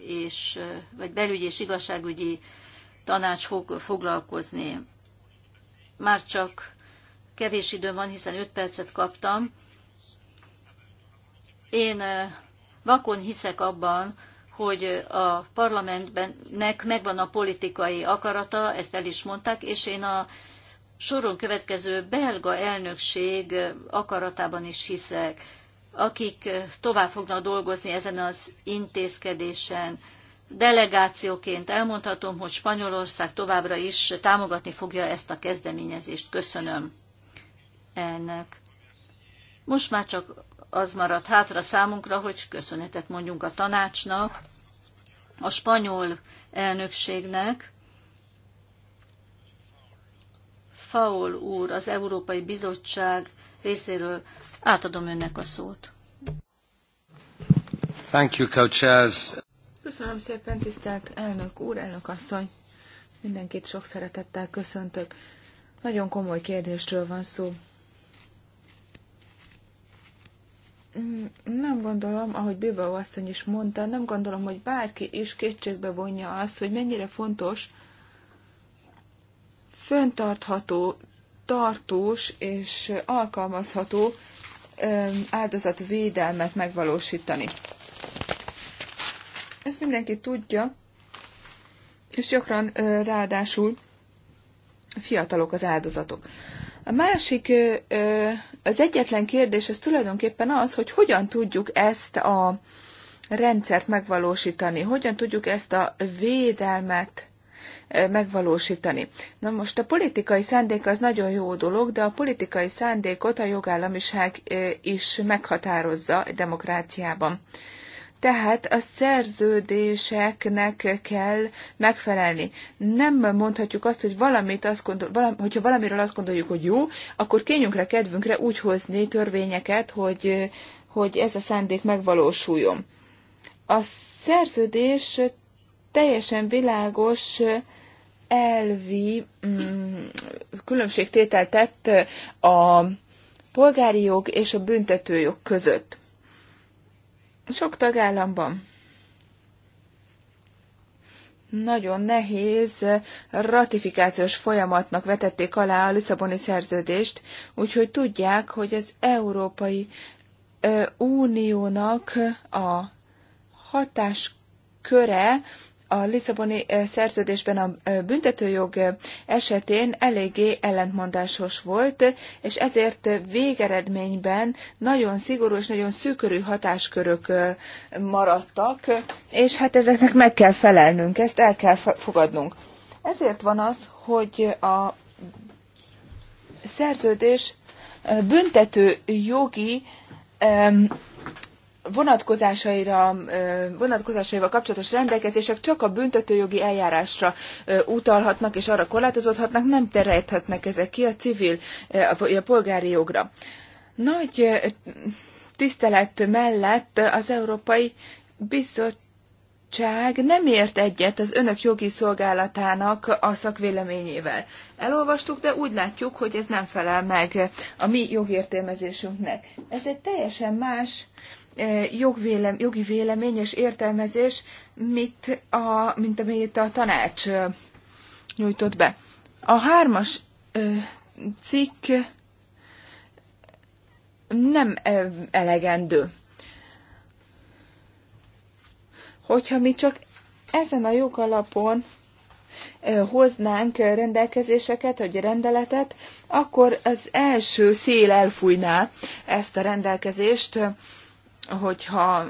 és, vagy belügyi és igazságügyi tanács fog foglalkozni. Már csak kevés időm van, hiszen 5 percet kaptam. Én eh, vakon hiszek abban, hogy a parlamentnek megvan a politikai akarata, ezt el is mondták, és én a soron következő belga elnökség akaratában is hiszek, akik tovább fognak dolgozni ezen az intézkedésen. Delegációként elmondhatom, hogy Spanyolország továbbra is támogatni fogja ezt a kezdeményezést. Köszönöm, elnök. Most már csak az maradt hátra számunkra, hogy köszönetet mondjunk a tanácsnak, a spanyol elnökségnek, Faul úr, az Európai Bizottság részéről átadom önnek a szót. Thank you, coaches. Köszönöm szépen, tisztelt elnök úr, elnök asszony. Mindenkit sok szeretettel köszöntök. Nagyon komoly kérdésről van szó. Mm, nem gondolom, ahogy Bilbao asszony is mondta, nem gondolom, hogy bárki is kétségbe vonja azt, hogy mennyire fontos föntartható, tartós és alkalmazható áldozatvédelmet megvalósítani. Ezt mindenki tudja, és gyakran ráadásul fiatalok az áldozatok. A másik, az egyetlen kérdés ez tulajdonképpen az, hogy hogyan tudjuk ezt a rendszert megvalósítani, hogyan tudjuk ezt a védelmet megvalósítani. Na most a politikai szándék az nagyon jó dolog, de a politikai szándékot a jogállamiság is meghatározza demokráciában. Tehát a szerződéseknek kell megfelelni. Nem mondhatjuk azt, hogy valamit azt gondol, valam, hogyha valamiről azt gondoljuk, hogy jó, akkor kényünkre, kedvünkre úgy hozni törvényeket, hogy, hogy ez a szándék megvalósuljon. A szerződés teljesen világos elvi mm, különbségtételt tett a polgári jog és a büntetőjog között. Sok tagállamban nagyon nehéz eh, ratifikációs folyamatnak vetették alá a Lisszaboni szerződést, úgyhogy tudják, hogy az Európai eh, Uniónak a hatásköre a Lisszaboni szerződésben a büntetőjog esetén eléggé ellentmondásos volt, és ezért végeredményben nagyon szigorú és nagyon szűkörű hatáskörök maradtak, és hát ezeknek meg kell felelnünk, ezt el kell fogadnunk. Ezért van az, hogy a szerződés büntető jogi vonatkozásaira, vonatkozásaival kapcsolatos rendelkezések csak a büntetőjogi eljárásra utalhatnak és arra korlátozódhatnak, nem terjedhetnek ezek ki a civil, a polgári jogra. Nagy tisztelet mellett az Európai Bizottság bizottság nem ért egyet az önök jogi szolgálatának a szakvéleményével. Elolvastuk, de úgy látjuk, hogy ez nem felel meg a mi jogértelmezésünknek. Ez egy teljesen más jogvélem, jogi vélemény és értelmezés, mint, a, mint amit a tanács nyújtott be. A hármas cikk nem elegendő. Hogyha mi csak ezen a jogalapon hoznánk rendelkezéseket, vagy rendeletet, akkor az első szél elfújná ezt a rendelkezést, hogyha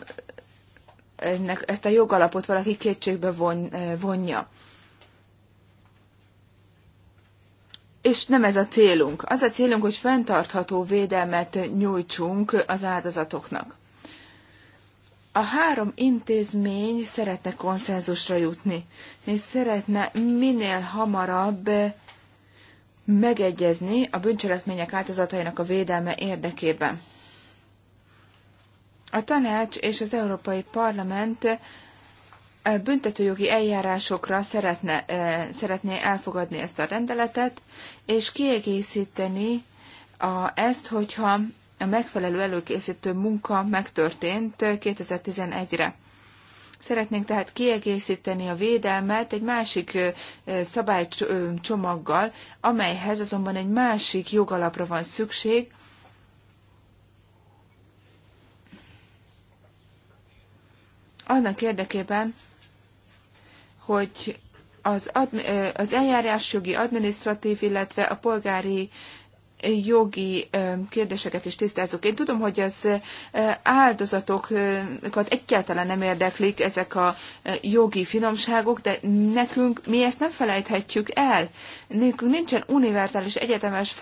ennek, ezt a jogalapot valaki kétségbe von, eh, vonja. És nem ez a célunk. Az a célunk, hogy fenntartható védelmet nyújtsunk az áldozatoknak. A három intézmény szeretne konszenzusra jutni, és szeretne minél hamarabb megegyezni a bűncselekmények áldozatainak a védelme érdekében. A tanács és az Európai Parlament eh, büntetőjogi eljárásokra szeretne, eh, szeretné elfogadni ezt a rendeletet, és kiegészíteni a, ezt, hogyha a megfelelő előkészítő munka megtörtént 2011-re. Eh, Szeretnénk tehát kiegészíteni a védelmet egy másik szabálycsomaggal, amelyhez azonban egy másik jogalapra van szükség, annak érdekében, hogy az, ad, az eljárásjogi, adminisztratív, illetve a polgári jogi kérdéseket is tisztázunk. Én tudom, hogy az áldozatokat egyáltalán nem érdeklik ezek a jogi finomságok, de nekünk mi ezt nem felejthetjük el. Nekünk nincsen univerzális egyetemes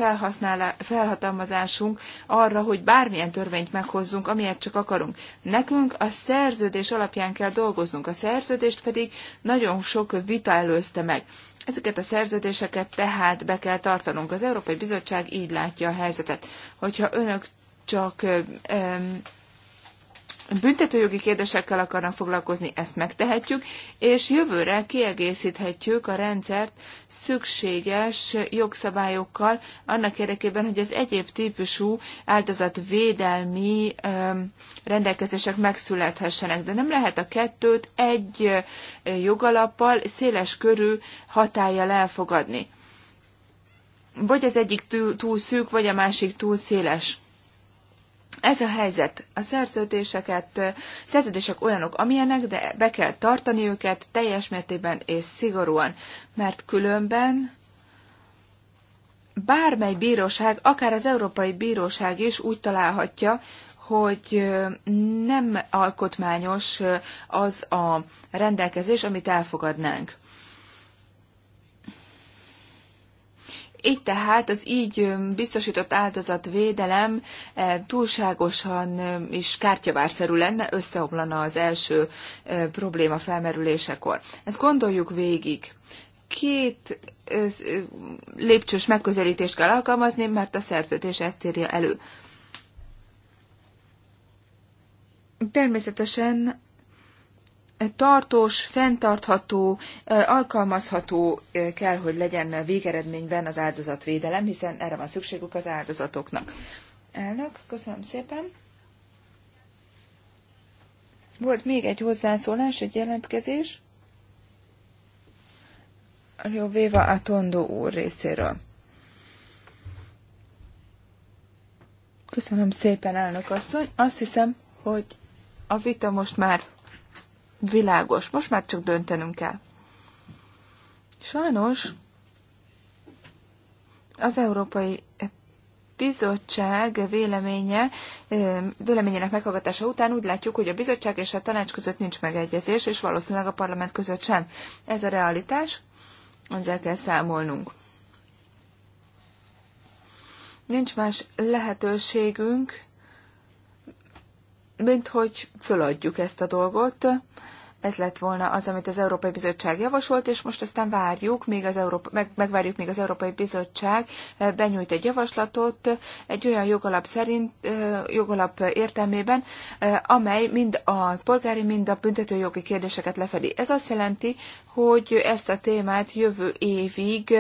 felhatalmazásunk arra, hogy bármilyen törvényt meghozzunk, amilyet csak akarunk. Nekünk a szerződés alapján kell dolgoznunk, a szerződést pedig nagyon sok vita előzte meg. Ezeket a szerződéseket tehát be kell tartanunk. Az Európai Bizottság így látja a helyzetet. Hogyha önök csak büntetőjogi kérdésekkel akarnak foglalkozni, ezt megtehetjük, és jövőre kiegészíthetjük a rendszert szükséges jogszabályokkal, annak érdekében, hogy az egyéb típusú áldozatvédelmi rendelkezések megszülethessenek. De nem lehet a kettőt egy jogalappal széles körű hatállyal elfogadni. Vagy az egyik túl szűk, vagy a másik túl széles ez a helyzet. A szerződéseket, szerződések olyanok, amilyenek, de be kell tartani őket teljes mértékben és szigorúan, mert különben bármely bíróság, akár az Európai Bíróság is úgy találhatja, hogy nem alkotmányos az a rendelkezés, amit elfogadnánk. Így tehát az így biztosított áldozatvédelem túlságosan is kártyavárszerű lenne, összeomlana az első probléma felmerülésekor. Ezt gondoljuk végig. Két lépcsős megközelítést kell alkalmazni, mert a szerződés ezt írja elő. Természetesen tartós, fenntartható, alkalmazható kell, hogy legyen végeredményben az áldozatvédelem, hiszen erre van szükségük az áldozatoknak. Elnök, köszönöm szépen. Volt még egy hozzászólás, egy jelentkezés. Jó, Véva Tondó úr részéről. Köszönöm szépen, elnök asszony. Azt hiszem, hogy a vita most már világos. Most már csak döntenünk kell. Sajnos az Európai bizottság véleménye, véleményének meghallgatása után úgy látjuk, hogy a bizottság és a tanács között nincs megegyezés, és valószínűleg a parlament között sem. Ez a realitás, ezzel kell számolnunk. Nincs más lehetőségünk, mint hogy föladjuk ezt a dolgot, ez lett volna az, amit az Európai Bizottság javasolt, és most aztán várjuk, még az Európa, meg, megvárjuk, még az Európai Bizottság eh, benyújt egy javaslatot eh, egy olyan jogalap szerint, eh, jogalap értelmében, amely mind a polgári, mind a büntetőjogi kérdéseket lefedi. Ez azt jelenti, hogy ezt a témát jövő évig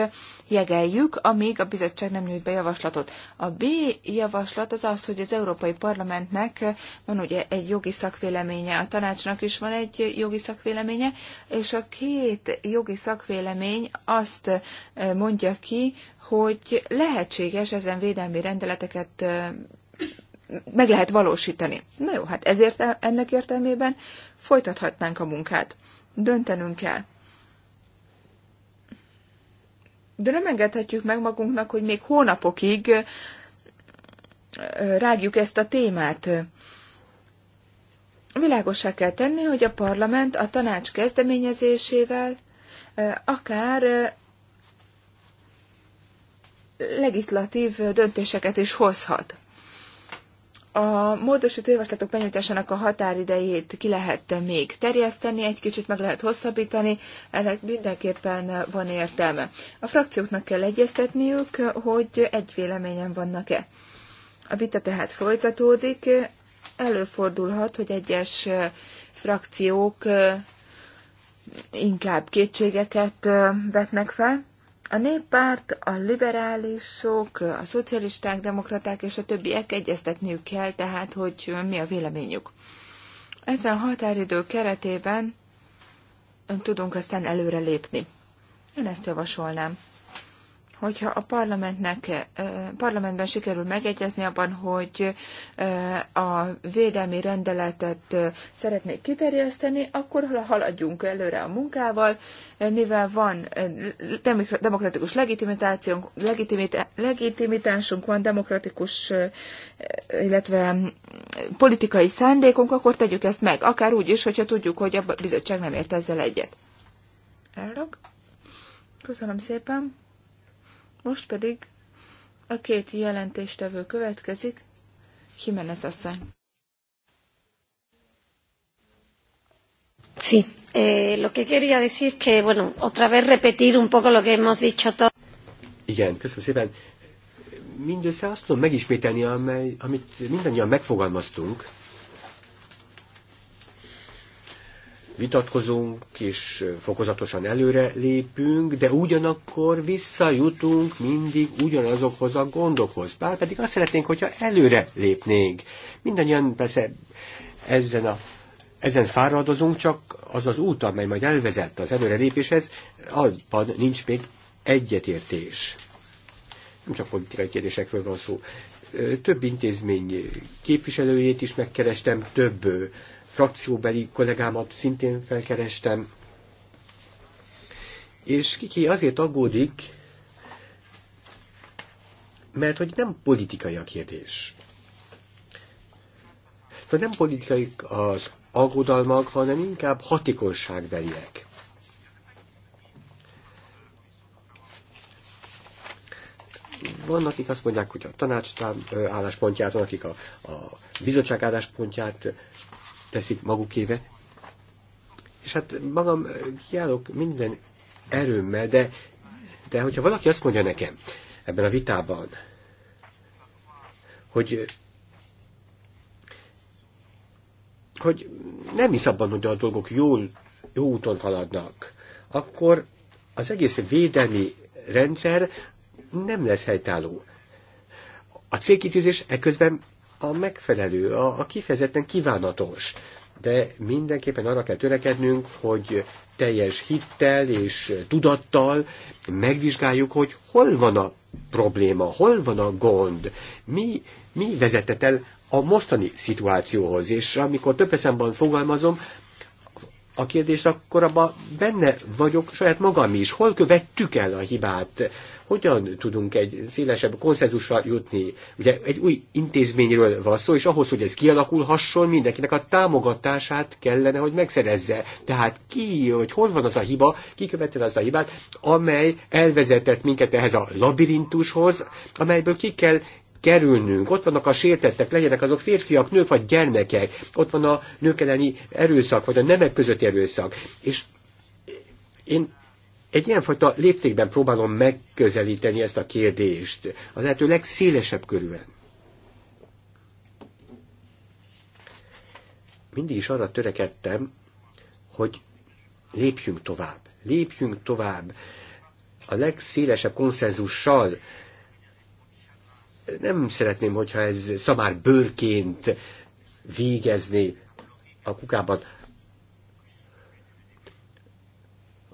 jegeljük, amíg a bizottság nem nyújt be javaslatot. A B javaslat az az, hogy az Európai Parlamentnek van ugye egy jogi szakvéleménye, a tanácsnak is van egy jogi jogi szakvéleménye, és a két jogi szakvélemény azt mondja ki, hogy lehetséges ezen védelmi rendeleteket meg lehet valósítani. Na jó, hát ezért e, ennek értelmében folytathatnánk a munkát. Döntenünk kell. De nem engedhetjük meg magunknak, hogy még hónapokig rágjuk ezt a témát világossá kell tenni, hogy a parlament a tanács kezdeményezésével akár legislatív döntéseket is hozhat. A módosító javaslatok benyújtásának a határidejét ki lehet még terjeszteni, egy kicsit meg lehet hosszabbítani, ennek mindenképpen van értelme. A frakcióknak kell egyeztetniük, hogy egy véleményen vannak-e. A vita tehát folytatódik, előfordulhat, hogy egyes frakciók inkább kétségeket vetnek fel. A néppárt, a liberálisok, a szocialisták, demokraták és a többiek egyeztetniük kell, tehát hogy mi a véleményük. Ezen a határidő keretében tudunk aztán előre lépni. Én ezt javasolnám hogyha a parlamentnek, parlamentben sikerül megegyezni abban, hogy a védelmi rendeletet szeretnék kiterjeszteni, akkor haladjunk előre a munkával, mivel van demokratikus legitimitációnk, legitimitásunk van, demokratikus, illetve politikai szándékunk, akkor tegyük ezt meg, akár úgy is, hogyha tudjuk, hogy a bizottság nem ért ezzel egyet. Elrag. Köszönöm szépen. Most pedig a két jelentéstevő következik. Jimenez asszony. Sí, eh, lo que quería decir que, bueno, otra vez repetir un poco lo que hemos dicho todos. Igen, köszönöm szépen. Mindössze azt tudom megismételni, amely, amit mindannyian megfogalmaztunk. vitatkozunk, és fokozatosan előre lépünk, de ugyanakkor visszajutunk mindig ugyanazokhoz a gondokhoz. Bár pedig azt szeretnénk, hogyha előre lépnénk. Mindannyian persze ezen a ezen fáradozunk, csak az az út, amely majd elvezett az előre lépéshez abban nincs még egyetértés. Nem csak politikai kérdésekről van szó. Több intézmény képviselőjét is megkerestem, több frakcióbeli kollégámat szintén felkerestem, és Kiki azért aggódik, mert hogy nem politikai a kérdés. Szóval nem politikai az aggodalmak, hanem inkább hatékonyságbeliek. Vannak, akik azt mondják, hogy a tanács álláspontját, van, akik a, a bizottság álláspontját teszik magukéve. És hát magam kiállok minden erőmmel, de, de hogyha valaki azt mondja nekem ebben a vitában, hogy hogy nem hisz abban, hogy a dolgok jól, jó úton haladnak, akkor az egész védelmi rendszer nem lesz helytálló. A célkitűzés ekközben a megfelelő, a, a kifejezetten kívánatos. De mindenképpen arra kell törekednünk, hogy teljes hittel és tudattal megvizsgáljuk, hogy hol van a probléma, hol van a gond, mi, mi vezetett el a mostani szituációhoz. És amikor több eszemben fogalmazom, a kérdés akkor abban benne vagyok saját magam is. Hol követtük el a hibát? hogyan tudunk egy szélesebb konszenzusra jutni. Ugye egy új intézményről van szó, és ahhoz, hogy ez kialakulhasson, mindenkinek a támogatását kellene, hogy megszerezze. Tehát ki, hogy hol van az a hiba, ki követel az a hibát, amely elvezetett minket ehhez a labirintushoz, amelyből ki kell kerülnünk. Ott vannak a sértettek, legyenek azok férfiak, nők vagy gyermekek. Ott van a nők elleni erőszak, vagy a nemek közötti erőszak. És én egy ilyenfajta léptékben próbálom megközelíteni ezt a kérdést, a lehető legszélesebb körülön. Mindig is arra törekedtem, hogy lépjünk tovább, lépjünk tovább a legszélesebb konszenzussal. Nem szeretném, hogyha ez szamár bőrként végezni a kukában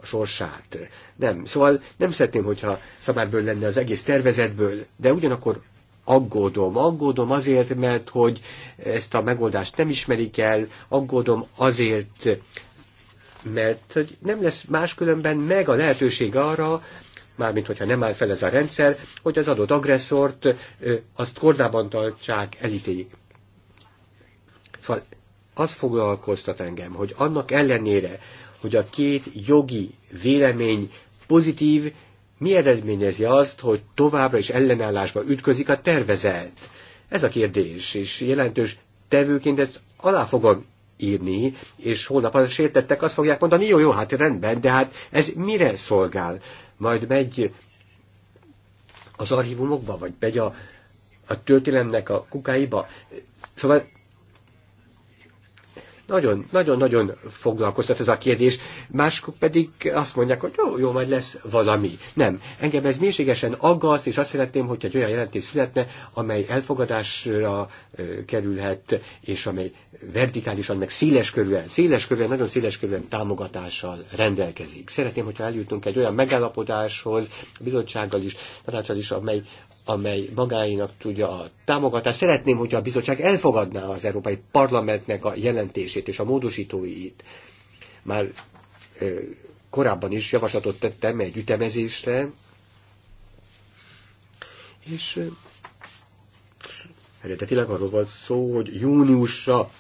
a sorsát. Nem. Szóval nem szeretném, hogyha szabárből lenne az egész tervezetből, de ugyanakkor aggódom. Aggódom azért, mert hogy ezt a megoldást nem ismerik el, aggódom azért, mert hogy nem lesz máskülönben meg a lehetőség arra, mármint hogyha nem áll fel ez a rendszer, hogy az adott agresszort azt kordában tartsák, elítéljék. Szóval az foglalkoztat engem, hogy annak ellenére, hogy a két jogi vélemény pozitív, mi eredményezi azt, hogy továbbra is ellenállásba ütközik a tervezet? Ez a kérdés, és jelentős tevőként ezt alá fogom írni, és holnap az sértettek azt fogják mondani, jó, jó, hát rendben, de hát ez mire szolgál? Majd megy az archívumokba, vagy megy a, a történelemnek a kukáiba. Szóval nagyon-nagyon-nagyon foglalkoztat ez a kérdés, mások pedig azt mondják, hogy jó, jó, majd lesz valami. Nem, engem ez mélységesen aggaszt, és azt szeretném, hogy egy olyan jelentés születne, amely elfogadásra kerülhet, és amely vertikálisan, meg széles körülön, széles körülön, nagyon széles körülön támogatással rendelkezik. Szeretném, hogyha eljutunk egy olyan megállapodáshoz, a bizottsággal is, tanácsal is, amely amely magáinak tudja a támogatást. Szeretném, hogyha a bizottság elfogadná az Európai Parlamentnek a jelentését és a módosítóit. Már ö, korábban is javaslatot tettem egy ütemezésre, és ö, eredetileg arról volt szó, hogy júniusra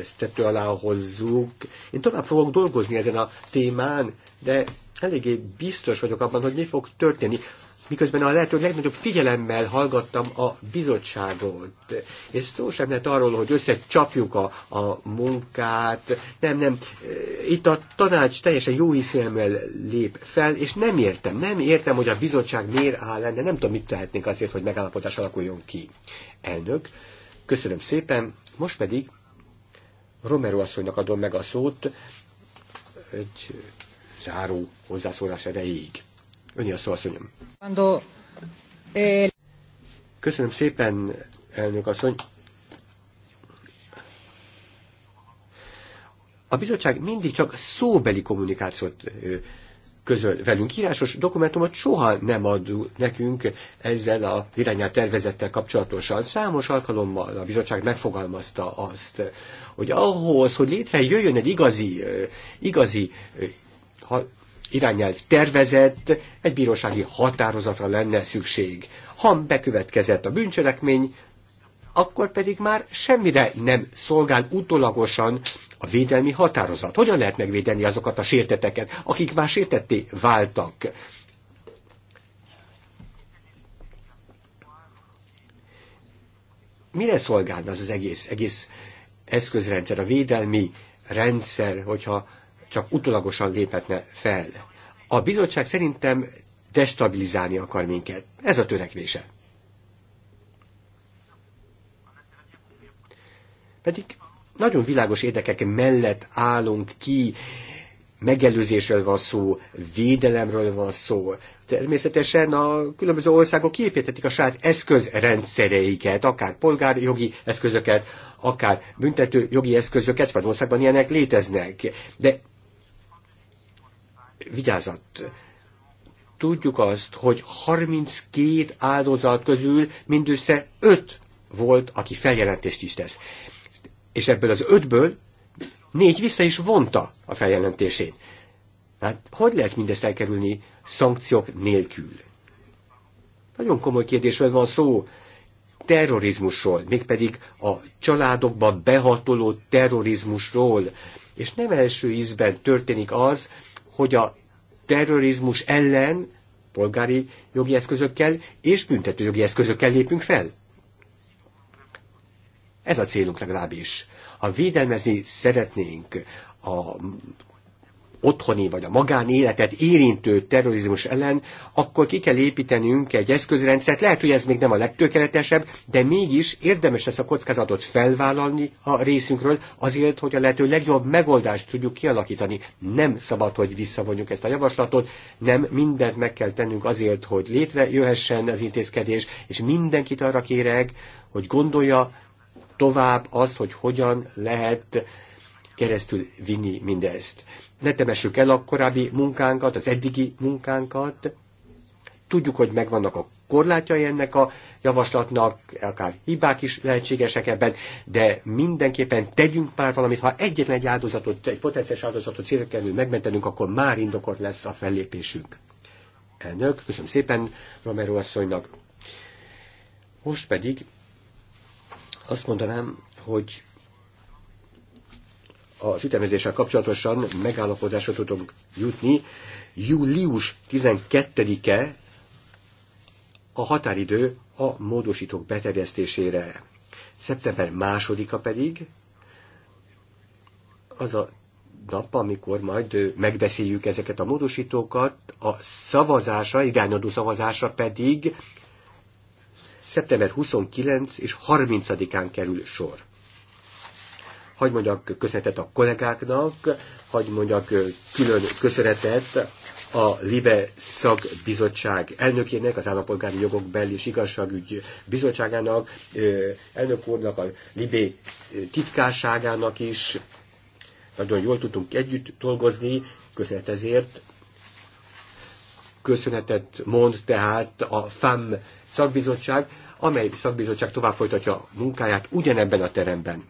ezt tető alá hozzuk. Én tovább fogok dolgozni ezen a témán, de eléggé biztos vagyok abban, hogy mi fog történni miközben a lehető legnagyobb figyelemmel hallgattam a bizottságot. És szó sem lett arról, hogy összecsapjuk a, a munkát. Nem, nem. Itt a tanács teljesen jó hiszemmel lép fel, és nem értem. Nem értem, hogy a bizottság miért áll lenne. Nem tudom, mit tehetnénk azért, hogy megállapodás alakuljon ki. Elnök, köszönöm szépen. Most pedig Romero asszonynak adom meg a szót egy záró hozzászólás erejéig. Önnyi a szó, asszonyom. Eh, Köszönöm szépen, elnök asszony. A bizottság mindig csak szóbeli kommunikációt közöl velünk. Írásos dokumentumot soha nem ad nekünk ezzel a irányát tervezettel kapcsolatosan. Számos alkalommal a bizottság megfogalmazta azt, hogy ahhoz, hogy létrejöjjön egy igazi, igazi irányelv tervezett, egy bírósági határozatra lenne szükség. Ha bekövetkezett a bűncselekmény, akkor pedig már semmire nem szolgál utólagosan a védelmi határozat. Hogyan lehet megvédeni azokat a sérteteket, akik már sértetté váltak? Mire szolgálna az, az egész, egész eszközrendszer, a védelmi rendszer, hogyha csak utolagosan léphetne fel. A bizottság szerintem destabilizálni akar minket. Ez a törekvése. Pedig nagyon világos érdekek mellett állunk ki, megelőzésről van szó, védelemről van szó. Természetesen a különböző országok kiépítették a saját eszközrendszereiket, akár polgári jogi eszközöket, akár büntető jogi eszközöket, országban ilyenek léteznek. De vigyázat. Tudjuk azt, hogy 32 áldozat közül mindössze 5 volt, aki feljelentést is tesz. És ebből az 5-ből 4 vissza is vonta a feljelentését. Hát hogy lehet mindezt elkerülni szankciók nélkül? Nagyon komoly kérdésről van szó. Terrorizmusról, mégpedig a családokba behatoló terrorizmusról. És nem első ízben történik az, hogy a terrorizmus ellen polgári jogi eszközökkel és büntető jogi eszközökkel lépünk fel. Ez a célunk legalábbis. Ha védelmezni szeretnénk a otthoni vagy a magánéletet érintő terrorizmus ellen, akkor ki kell építenünk egy eszközrendszert. Lehet, hogy ez még nem a legtökéletesebb, de mégis érdemes ezt a kockázatot felvállalni a részünkről, azért, hogy a lehető legjobb megoldást tudjuk kialakítani. Nem szabad, hogy visszavonjuk ezt a javaslatot, nem mindent meg kell tennünk azért, hogy létrejöhessen az intézkedés, és mindenkit arra kérek, hogy gondolja tovább azt, hogy hogyan lehet keresztül vinni mindezt ne temessük el a korábbi munkánkat, az eddigi munkánkat. Tudjuk, hogy megvannak a korlátjai ennek a javaslatnak, akár hibák is lehetségesek ebben, de mindenképpen tegyünk már valamit, ha egyetlen egy áldozatot, egy potenciális áldozatot sikerül megmentenünk, akkor már indokolt lesz a fellépésünk. Elnök, köszönöm szépen Romero asszonynak. Most pedig azt mondanám, hogy a ütemezéssel kapcsolatosan megállapodásra tudunk jutni. Július 12-e a határidő a módosítók beterjesztésére. Szeptember 2-a pedig az a nap, amikor majd megbeszéljük ezeket a módosítókat, a szavazásra, irányadó szavazásra pedig szeptember 29 és 30-án kerül sor. Hagy mondjak köszönetet a kollégáknak, hagy mondjak külön köszönetet a LIBE szakbizottság elnökének, az Állampolgári Jogok Bel és Igazságügy Bizottságának, elnök úrnak, a LIBE titkárságának is. Nagyon jól tudtunk együtt dolgozni, köszönet ezért. Köszönetet mond tehát a FAM szakbizottság, amely szakbizottság tovább folytatja munkáját ugyanebben a teremben.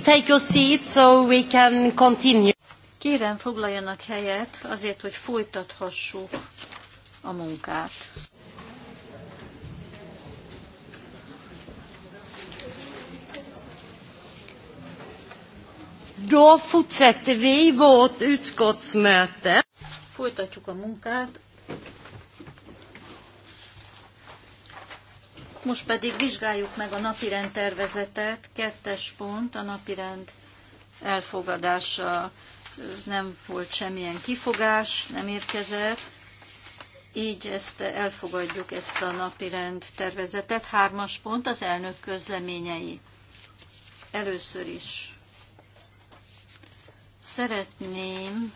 Please take your seat so we can continue. Kérem foglaljanak helyet azért, hogy folytathassuk a munkát. Då fortsätter vi vårt utskottsmöte. Folytatjuk a munkát Most pedig vizsgáljuk meg a napirend tervezetet. Kettes pont, a napirend elfogadása nem volt semmilyen kifogás, nem érkezett. Így ezt elfogadjuk, ezt a napirend tervezetet. Hármas pont, az elnök közleményei. Először is szeretném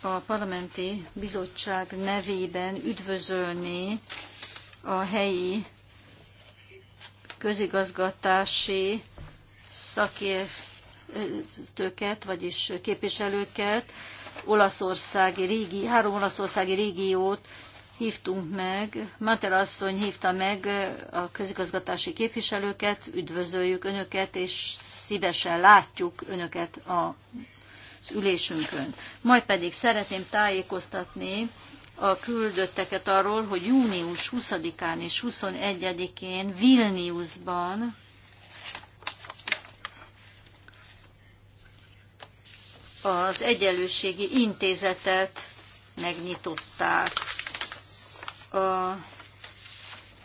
a parlamenti bizottság nevében üdvözölni a helyi közigazgatási szakértőket, vagyis képviselőket, olaszországi régi, három olaszországi régiót hívtunk meg. Mater asszony hívta meg a közigazgatási képviselőket, üdvözöljük önöket, és szívesen látjuk önöket a az ülésünkön. Majd pedig szeretném tájékoztatni a küldötteket arról, hogy június 20-án és 21-én Vilniusban az Egyenlőségi Intézetet megnyitották. A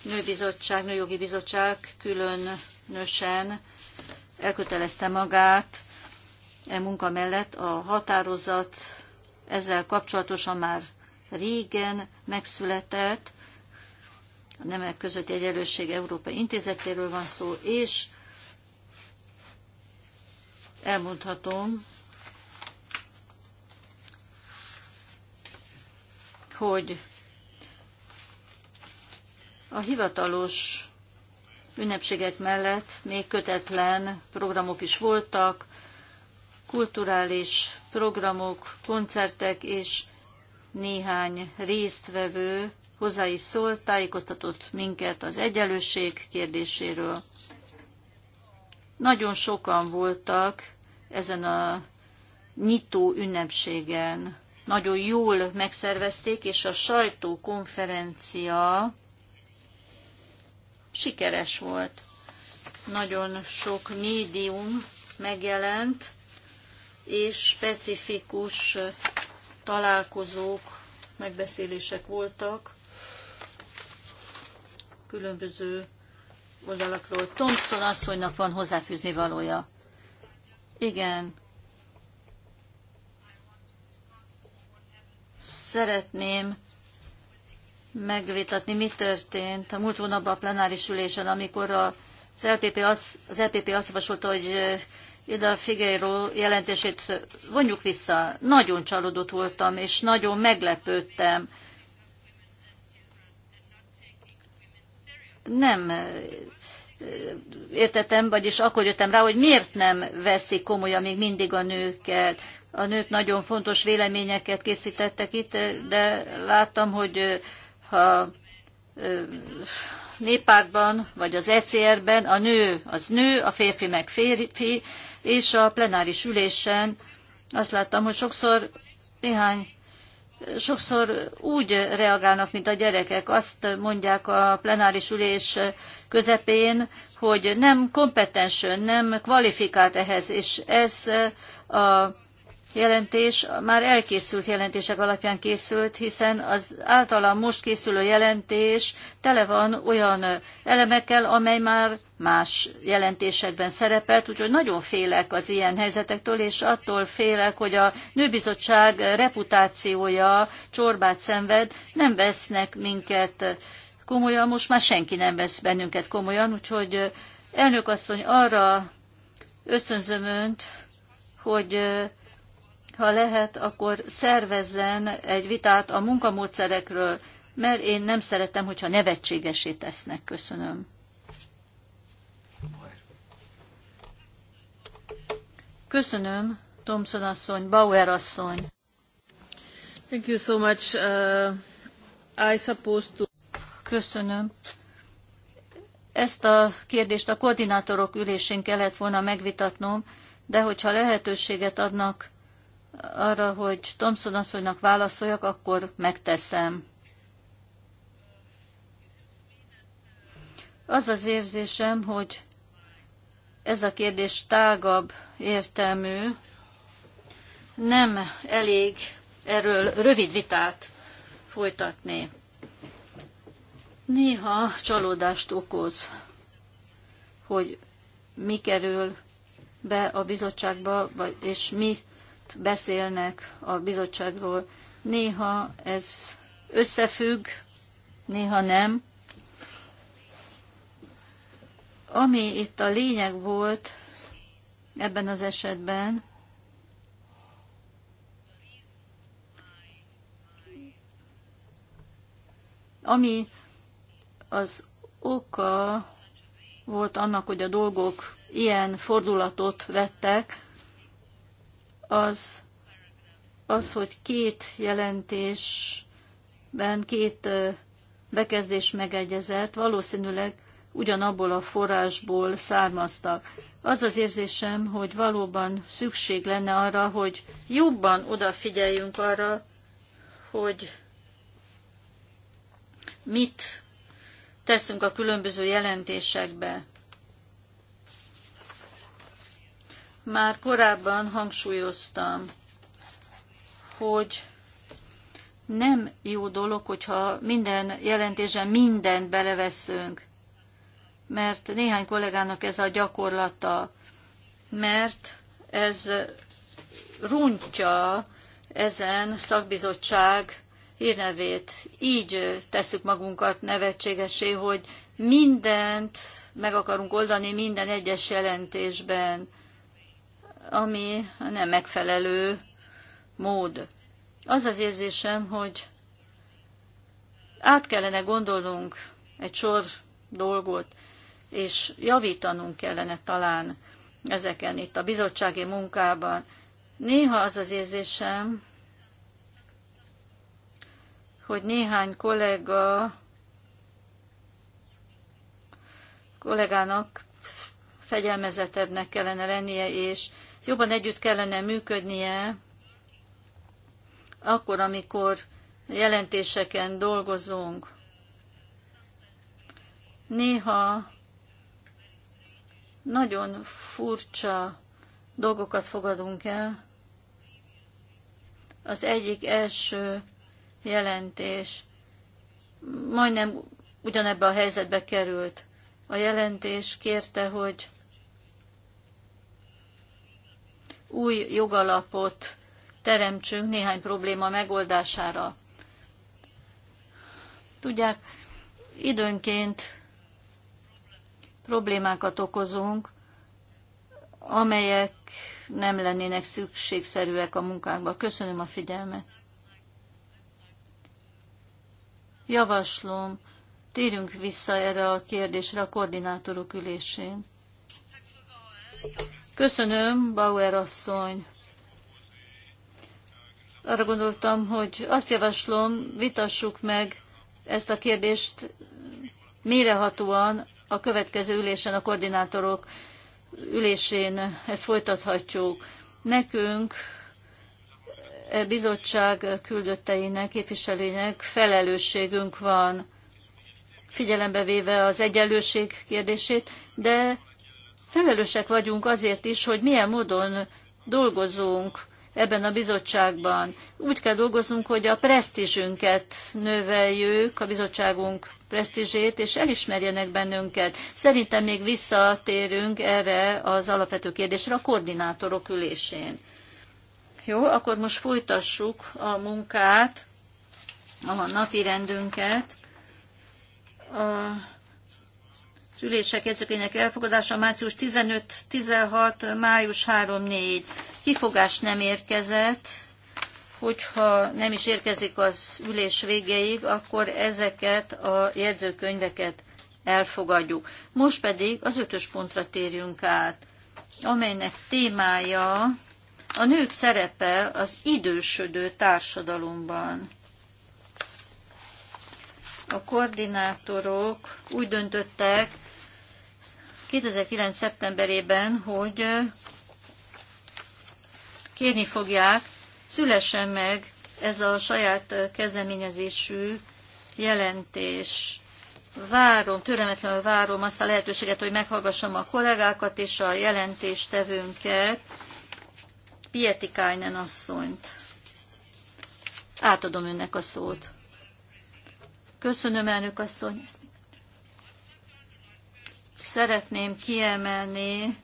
Nőbizottság, Nőjogi Bizottság különösen elkötelezte magát e munka mellett a határozat ezzel kapcsolatosan már régen megszületett, a Nemek Közötti Egyenlőség Európai Intézetéről van szó, és elmondhatom, hogy a hivatalos ünnepségek mellett még kötetlen programok is voltak, kulturális programok, koncertek és néhány résztvevő hozzá is szólt, tájékoztatott minket az egyenlőség kérdéséről. Nagyon sokan voltak ezen a nyitó ünnepségen. Nagyon jól megszervezték, és a sajtókonferencia sikeres volt. Nagyon sok médium megjelent, és specifikus találkozók, megbeszélések voltak különböző oldalakról. Thompson asszonynak van hozzáfűzni valója. Igen. Szeretném megvitatni, mi történt a múlt hónapban a plenáris ülésen, amikor a, az LPP azt, az LPP azt javasolta, hogy Ida Figueiro jelentését vonjuk vissza. Nagyon csalódott voltam, és nagyon meglepődtem. Nem eh, értettem, vagyis akkor jöttem rá, hogy miért nem veszik komolyan még mindig a nőket. A nők nagyon fontos véleményeket készítettek itt, eh, de láttam, hogy eh, ha népárban vagy az ECR-ben a nő az nő, a férfi meg férfi, és a plenáris ülésen azt láttam, hogy sokszor néhány sokszor úgy reagálnak, mint a gyerekek. Azt mondják a plenáris ülés közepén, hogy nem kompetens, nem kvalifikált ehhez, és ez a jelentés már elkészült jelentések alapján készült, hiszen az általam most készülő jelentés tele van olyan elemekkel, amely már más jelentésekben szerepelt, úgyhogy nagyon félek az ilyen helyzetektől, és attól félek, hogy a nőbizottság reputációja csorbát szenved, nem vesznek minket komolyan, most már senki nem vesz bennünket komolyan, úgyhogy elnök asszony arra ösztönzöm önt, hogy ha lehet, akkor szervezzen egy vitát a munkamódszerekről, mert én nem szeretem, hogyha nevetségesé tesznek. Köszönöm. Köszönöm, Thomson asszony, Bauer asszony. Thank you so much. Uh, I supposed to... Köszönöm. Ezt a kérdést a koordinátorok ülésén kellett volna megvitatnom, de hogyha lehetőséget adnak arra, hogy Thompson asszonynak válaszoljak, akkor megteszem. Az az érzésem, hogy ez a kérdés tágabb értelmű, nem elég erről rövid vitát folytatni. Néha csalódást okoz, hogy mi kerül be a bizottságba, és mi beszélnek a bizottságról. Néha ez összefügg, néha nem. Ami itt a lényeg volt ebben az esetben, ami az oka volt annak, hogy a dolgok ilyen fordulatot vettek, az, az, hogy két jelentésben két bekezdés megegyezett, valószínűleg ugyanabból a forrásból származtak. Az az érzésem, hogy valóban szükség lenne arra, hogy jobban odafigyeljünk arra, hogy mit teszünk a különböző jelentésekbe. Már korábban hangsúlyoztam, hogy nem jó dolog, hogyha minden jelentésen mindent beleveszünk, mert néhány kollégának ez a gyakorlata, mert ez rontja ezen szakbizottság hírnevét. Így tesszük magunkat nevetségesé, hogy mindent meg akarunk oldani minden egyes jelentésben ami nem megfelelő mód. Az az érzésem, hogy át kellene gondolnunk egy sor dolgot, és javítanunk kellene talán ezeken itt a bizottsági munkában. Néha az az érzésem, hogy néhány kollega kollégának fegyelmezetebbnek kellene lennie, és jobban együtt kellene működnie, akkor, amikor jelentéseken dolgozunk. Néha nagyon furcsa dolgokat fogadunk el. Az egyik első jelentés majdnem ugyanebbe a helyzetbe került. A jelentés kérte, hogy új jogalapot teremtsünk néhány probléma megoldására. Tudják, időnként problémákat okozunk, amelyek nem lennének szükségszerűek a munkánkba. Köszönöm a figyelmet. Javaslom, térjünk vissza erre a kérdésre a koordinátorok ülésén. Köszönöm, Bauer asszony. Arra gondoltam, hogy azt javaslom, vitassuk meg ezt a kérdést mérehatóan a következő ülésen, a koordinátorok ülésén ezt folytathatjuk. Nekünk e bizottság küldötteinek, képviselőinek felelősségünk van, figyelembe véve az egyenlőség kérdését, de Felelősek vagyunk azért is, hogy milyen módon dolgozunk ebben a bizottságban. Úgy kell dolgoznunk, hogy a presztízsünket növeljük, a bizottságunk presztízsét, és elismerjenek bennünket. Szerintem még visszatérünk erre az alapvető kérdésre a koordinátorok ülésén. Jó, akkor most folytassuk a munkát, a napi rendünket. A ülések jegyzőkének elfogadása március 15-16, május 3-4. Kifogás nem érkezett, hogyha nem is érkezik az ülés végéig, akkor ezeket a jegyzőkönyveket elfogadjuk. Most pedig az ötös pontra térjünk át, amelynek témája a nők szerepe az idősödő társadalomban. A koordinátorok úgy döntöttek, 2009. szeptemberében, hogy kérni fogják, szülessen meg ez a saját kezdeményezésű jelentés. Várom, türelmetlenül várom azt a lehetőséget, hogy meghallgassam a kollégákat és a jelentéstevőnket, Kájnen asszonyt. Átadom önnek a szót. Köszönöm, elnök asszony szeretném kiemelni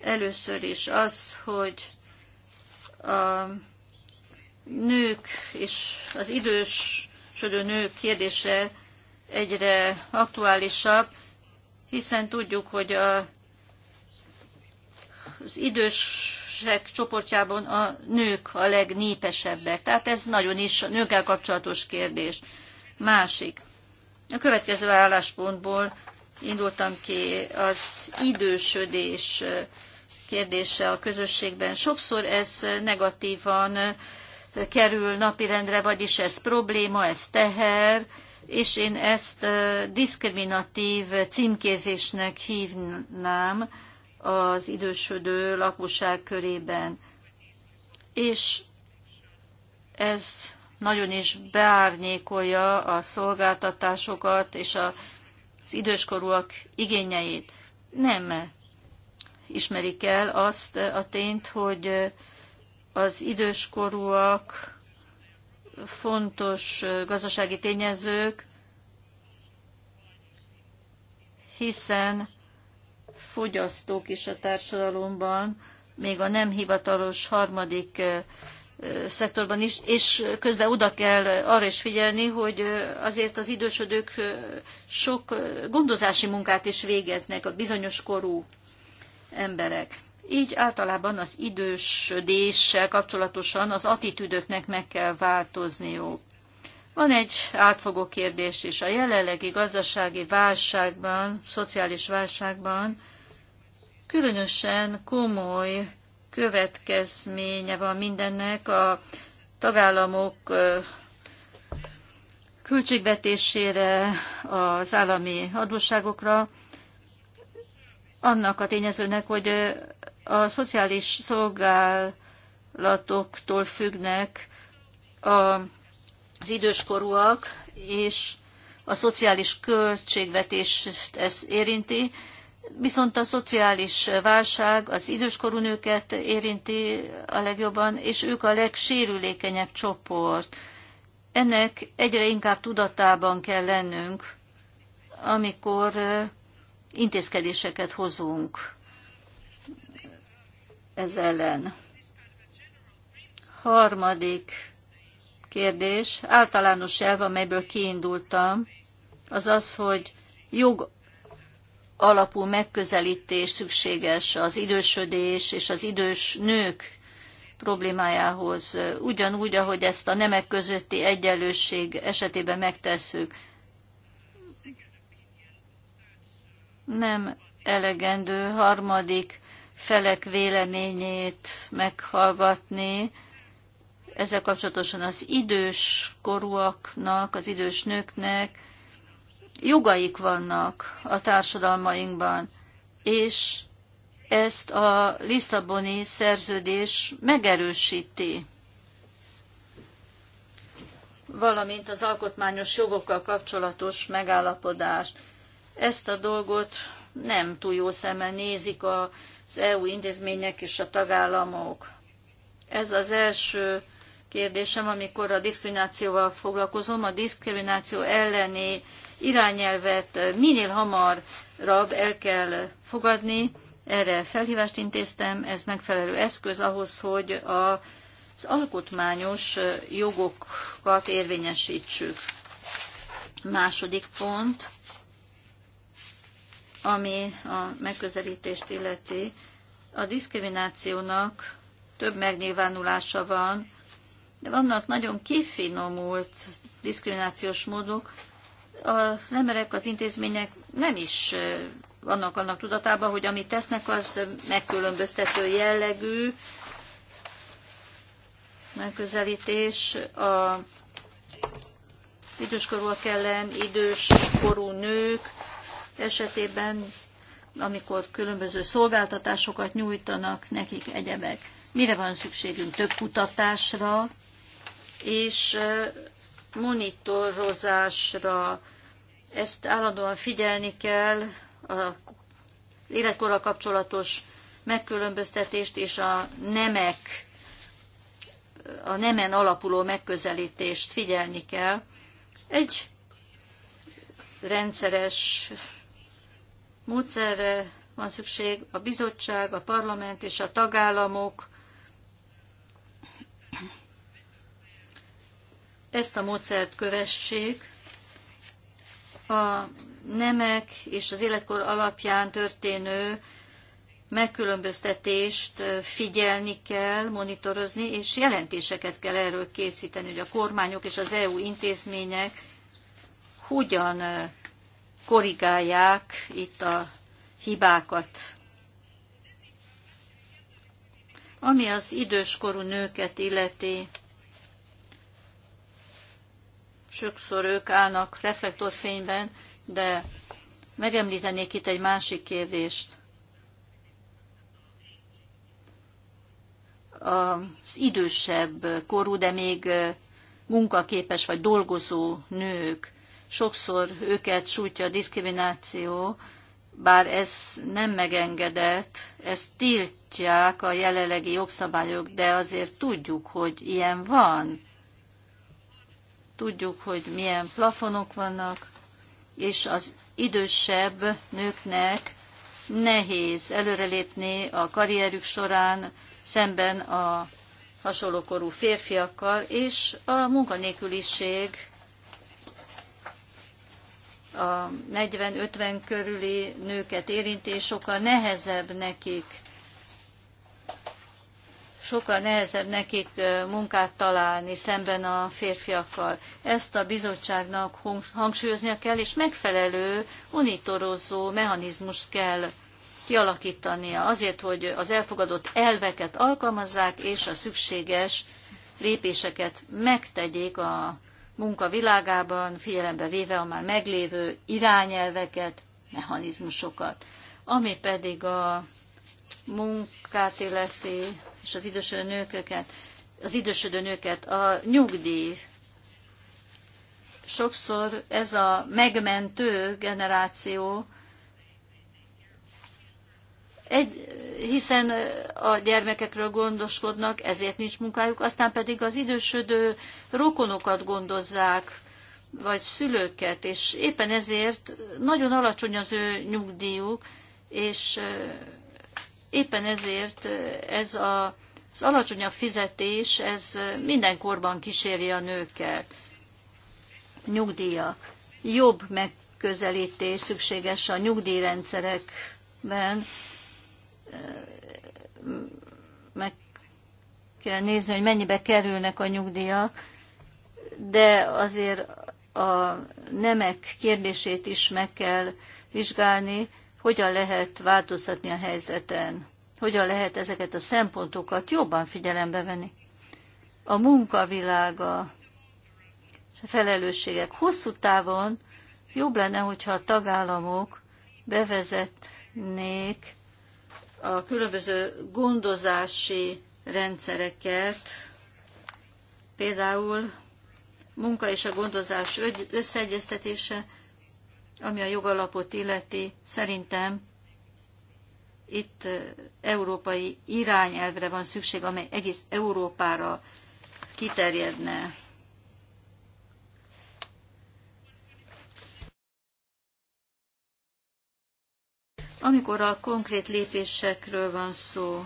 először is azt, hogy a nők és az idősödő nők kérdése egyre aktuálisabb, hiszen tudjuk, hogy a, az idősek csoportjában a nők a legnépesebbek. Tehát ez nagyon is a nőkkel kapcsolatos kérdés. Másik. A következő álláspontból indultam ki, az idősödés kérdése a közösségben. Sokszor ez negatívan kerül napirendre, vagyis ez probléma, ez teher, és én ezt diszkriminatív címkézésnek hívnám az idősödő lakosság körében. És ez nagyon is beárnyékolja a szolgáltatásokat és a az időskorúak igényeit. Nem ismerik el azt a tényt, hogy az időskorúak fontos gazdasági tényezők, hiszen fogyasztók is a társadalomban, még a nem hivatalos harmadik szektorban is, és közben oda kell arra is figyelni, hogy azért az idősödők sok gondozási munkát is végeznek a bizonyos korú emberek. Így általában az idősödéssel kapcsolatosan az attitűdöknek meg kell változniuk. Van egy átfogó kérdés is. A jelenlegi gazdasági válságban, szociális válságban különösen komoly következménye van mindennek a tagállamok költségvetésére, az állami adósságokra, annak a tényezőnek, hogy a szociális szolgálatoktól függnek az időskorúak, és a szociális költségvetést ez érinti, Viszont a szociális válság az időskorú nőket érinti a legjobban, és ők a legsérülékenyebb csoport. Ennek egyre inkább tudatában kell lennünk, amikor intézkedéseket hozunk ez ellen. Harmadik kérdés, általános elv, amelyből kiindultam, az az, hogy jog alapú megközelítés szükséges az idősödés és az idős nők problémájához, ugyanúgy, ahogy ezt a nemek közötti egyenlőség esetében megtesszük. Nem elegendő harmadik felek véleményét meghallgatni, ezzel kapcsolatosan az idős korúaknak, az idős nőknek jogaik vannak a társadalmainkban, és ezt a Lisszaboni szerződés megerősíti valamint az alkotmányos jogokkal kapcsolatos megállapodást. Ezt a dolgot nem túl jó szemmel nézik az EU intézmények és a tagállamok. Ez az első kérdésem, amikor a diszkriminációval foglalkozom, a diszkrimináció elleni irányelvet minél hamarabb el kell fogadni. Erre felhívást intéztem, ez megfelelő eszköz ahhoz, hogy a, az alkotmányos jogokat érvényesítsük. Második pont, ami a megközelítést illeti, a diszkriminációnak több megnyilvánulása van, de vannak nagyon kifinomult diszkriminációs módok, az emberek, az intézmények nem is vannak annak tudatában, hogy amit tesznek, az megkülönböztető jellegű megközelítés a az időskorúak ellen, időskorú nők esetében, amikor különböző szolgáltatásokat nyújtanak nekik egyebek. Mire van szükségünk? Több kutatásra és monitorozásra, ezt állandóan figyelni kell, a életkorra kapcsolatos megkülönböztetést és a nemek, a nemen alapuló megközelítést figyelni kell. Egy rendszeres módszerre van szükség a bizottság, a parlament és a tagállamok. Ezt a módszert kövessék, a nemek és az életkor alapján történő megkülönböztetést figyelni kell, monitorozni, és jelentéseket kell erről készíteni, hogy a kormányok és az EU intézmények hogyan korrigálják itt a hibákat. Ami az időskorú nőket illeti, sokszor ők állnak reflektorfényben, de megemlítenék itt egy másik kérdést. Az idősebb korú, de még munkaképes vagy dolgozó nők, sokszor őket sújtja a diszkrimináció, bár ez nem megengedett, ezt tiltják a jelenlegi jogszabályok, de azért tudjuk, hogy ilyen van tudjuk, hogy milyen plafonok vannak, és az idősebb nőknek nehéz előrelépni a karrierük során szemben a hasonlókorú férfiakkal, és a munkanélküliség a 40-50 körüli nőket érinti, és sokkal nehezebb nekik sokkal nehezebb nekik munkát találni szemben a férfiakkal. Ezt a bizottságnak hangsúlyoznia kell, és megfelelő monitorozó mechanizmust kell kialakítania azért, hogy az elfogadott elveket alkalmazzák, és a szükséges lépéseket megtegyék a munka világában, figyelembe véve a már meglévő irányelveket, mechanizmusokat. Ami pedig a munkát illeti és az idősödő nőket, az idősödő nőket, a nyugdíj. Sokszor ez a megmentő generáció, egy, hiszen a gyermekekről gondoskodnak, ezért nincs munkájuk, aztán pedig az idősödő rokonokat gondozzák, vagy szülőket, és éppen ezért nagyon alacsony az ő nyugdíjuk, és Éppen ezért eh, ez a, az alacsonyabb fizetés, ez eh, mindenkorban kíséri a nőket. Nyugdíjak. Jobb megközelítés szükséges a nyugdíjrendszerekben. Eh, meg kell nézni, hogy mennyibe kerülnek a nyugdíjak, de azért a nemek kérdését is meg kell vizsgálni, hogyan lehet változtatni a helyzeten, hogyan lehet ezeket a szempontokat jobban figyelembe venni. A munkavilága, a felelősségek hosszú távon jobb lenne, hogyha a tagállamok bevezetnék a különböző gondozási rendszereket, például munka és a gondozás összeegyeztetése, ami a jogalapot illeti, szerintem itt eh, európai irányelvre van szükség, amely egész Európára kiterjedne. Amikor a konkrét lépésekről van szó,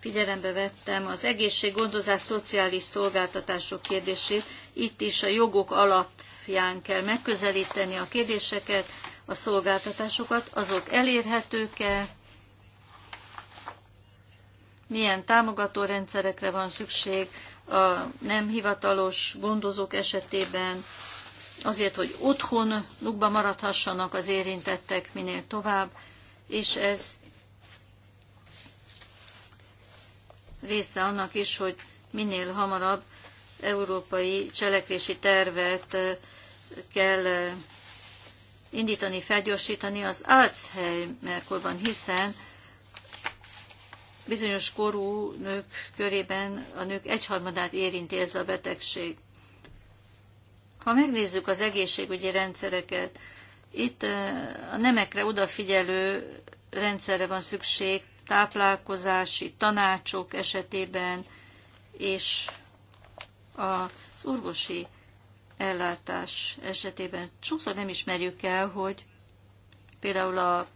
figyelembe vettem az egészséggondozás szociális szolgáltatások kérdését, itt is a jogok alap alapján kell megközelíteni a kérdéseket, a szolgáltatásokat, azok elérhetők-e, milyen támogató rendszerekre van szükség a nem hivatalos gondozók esetében, azért, hogy otthon lukba maradhassanak az érintettek minél tovább, és ez része annak is, hogy minél hamarabb európai cselekvési tervet kell indítani, felgyorsítani az Alzheimer-korban, hiszen bizonyos korú nők körében a nők egyharmadát érinti ez a betegség. Ha megnézzük az egészségügyi rendszereket, itt a nemekre odafigyelő rendszerre van szükség, táplálkozási tanácsok esetében, és az orvosi ellátás esetében sokszor nem ismerjük el, hogy például a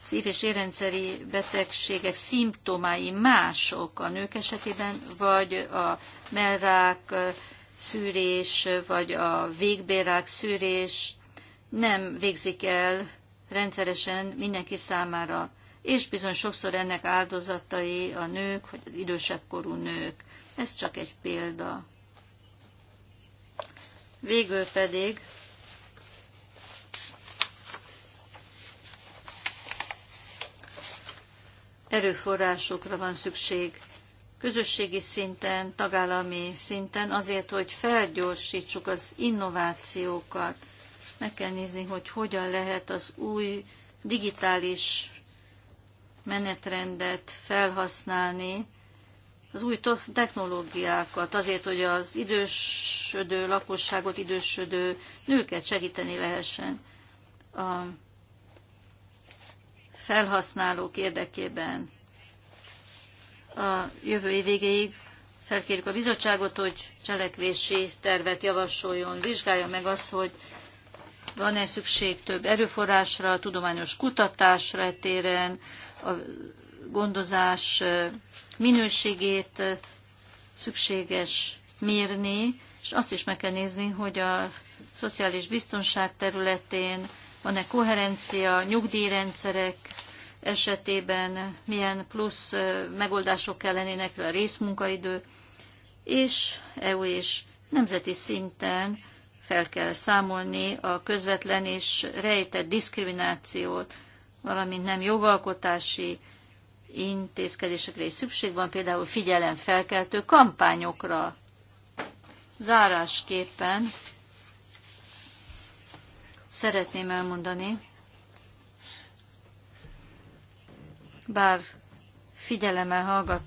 szív- és érrendszeri betegségek szimptomái mások a nők esetében, vagy a mellrák szűrés, vagy a végbérák szűrés nem végzik el rendszeresen mindenki számára. És bizony sokszor ennek áldozatai a nők, vagy az idősebb korú nők. Ez csak egy példa. Végül pedig erőforrásokra van szükség közösségi szinten, tagállami szinten, azért, hogy felgyorsítsuk az innovációkat. Meg kell nézni, hogy hogyan lehet az új digitális menetrendet felhasználni az új technológiákat, azért, hogy az idősödő lakosságot, idősödő nőket segíteni lehessen a felhasználók érdekében. A jövő év végéig felkérjük a bizottságot, hogy cselekvési tervet javasoljon, vizsgálja meg azt, hogy van-e szükség több erőforrásra, tudományos kutatásra téren, a gondozás minőségét szükséges mérni, és azt is meg kell nézni, hogy a szociális biztonság területén van-e koherencia, nyugdíjrendszerek esetében milyen plusz megoldások kellenének a részmunkaidő, és EU és nemzeti szinten fel kell számolni a közvetlen és rejtett diszkriminációt, valamint nem jogalkotási intézkedésekre is szükség van, például figyelemfelkeltő kampányokra. Zárásképpen szeretném elmondani, bár figyelemmel hallgattam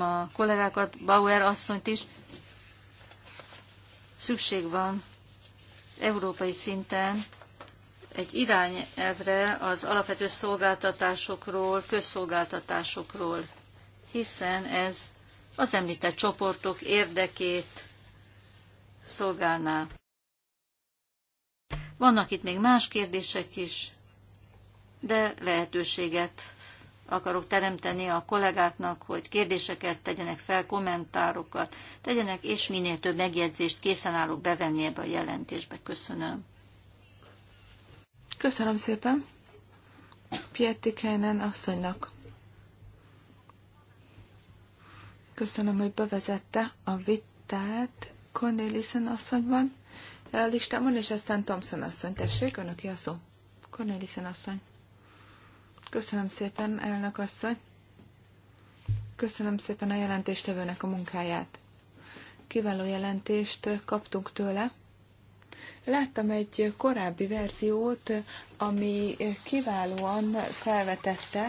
a kollégákat, Bauer asszonyt is, szükség van európai szinten egy irányelvre az alapvető szolgáltatásokról, közszolgáltatásokról, hiszen ez az említett csoportok érdekét szolgálná. Vannak itt még más kérdések is, de lehetőséget akarok teremteni a kollégáknak, hogy kérdéseket tegyenek fel, kommentárokat tegyenek, és minél több megjegyzést készen állok bevenni ebbe a jelentésbe. Köszönöm. Köszönöm szépen. Kejnen asszonynak. Köszönöm, hogy bevezette a vitát Cornelissen asszonyban listámon, és aztán Thompson asszony. Tessék, önök a szó. Cornelissen asszony. Köszönöm szépen, elnök asszony. Köszönöm szépen a jelentéstevőnek a munkáját. Kiváló jelentést kaptunk tőle. Láttam egy korábbi verziót, ami kiválóan felvetette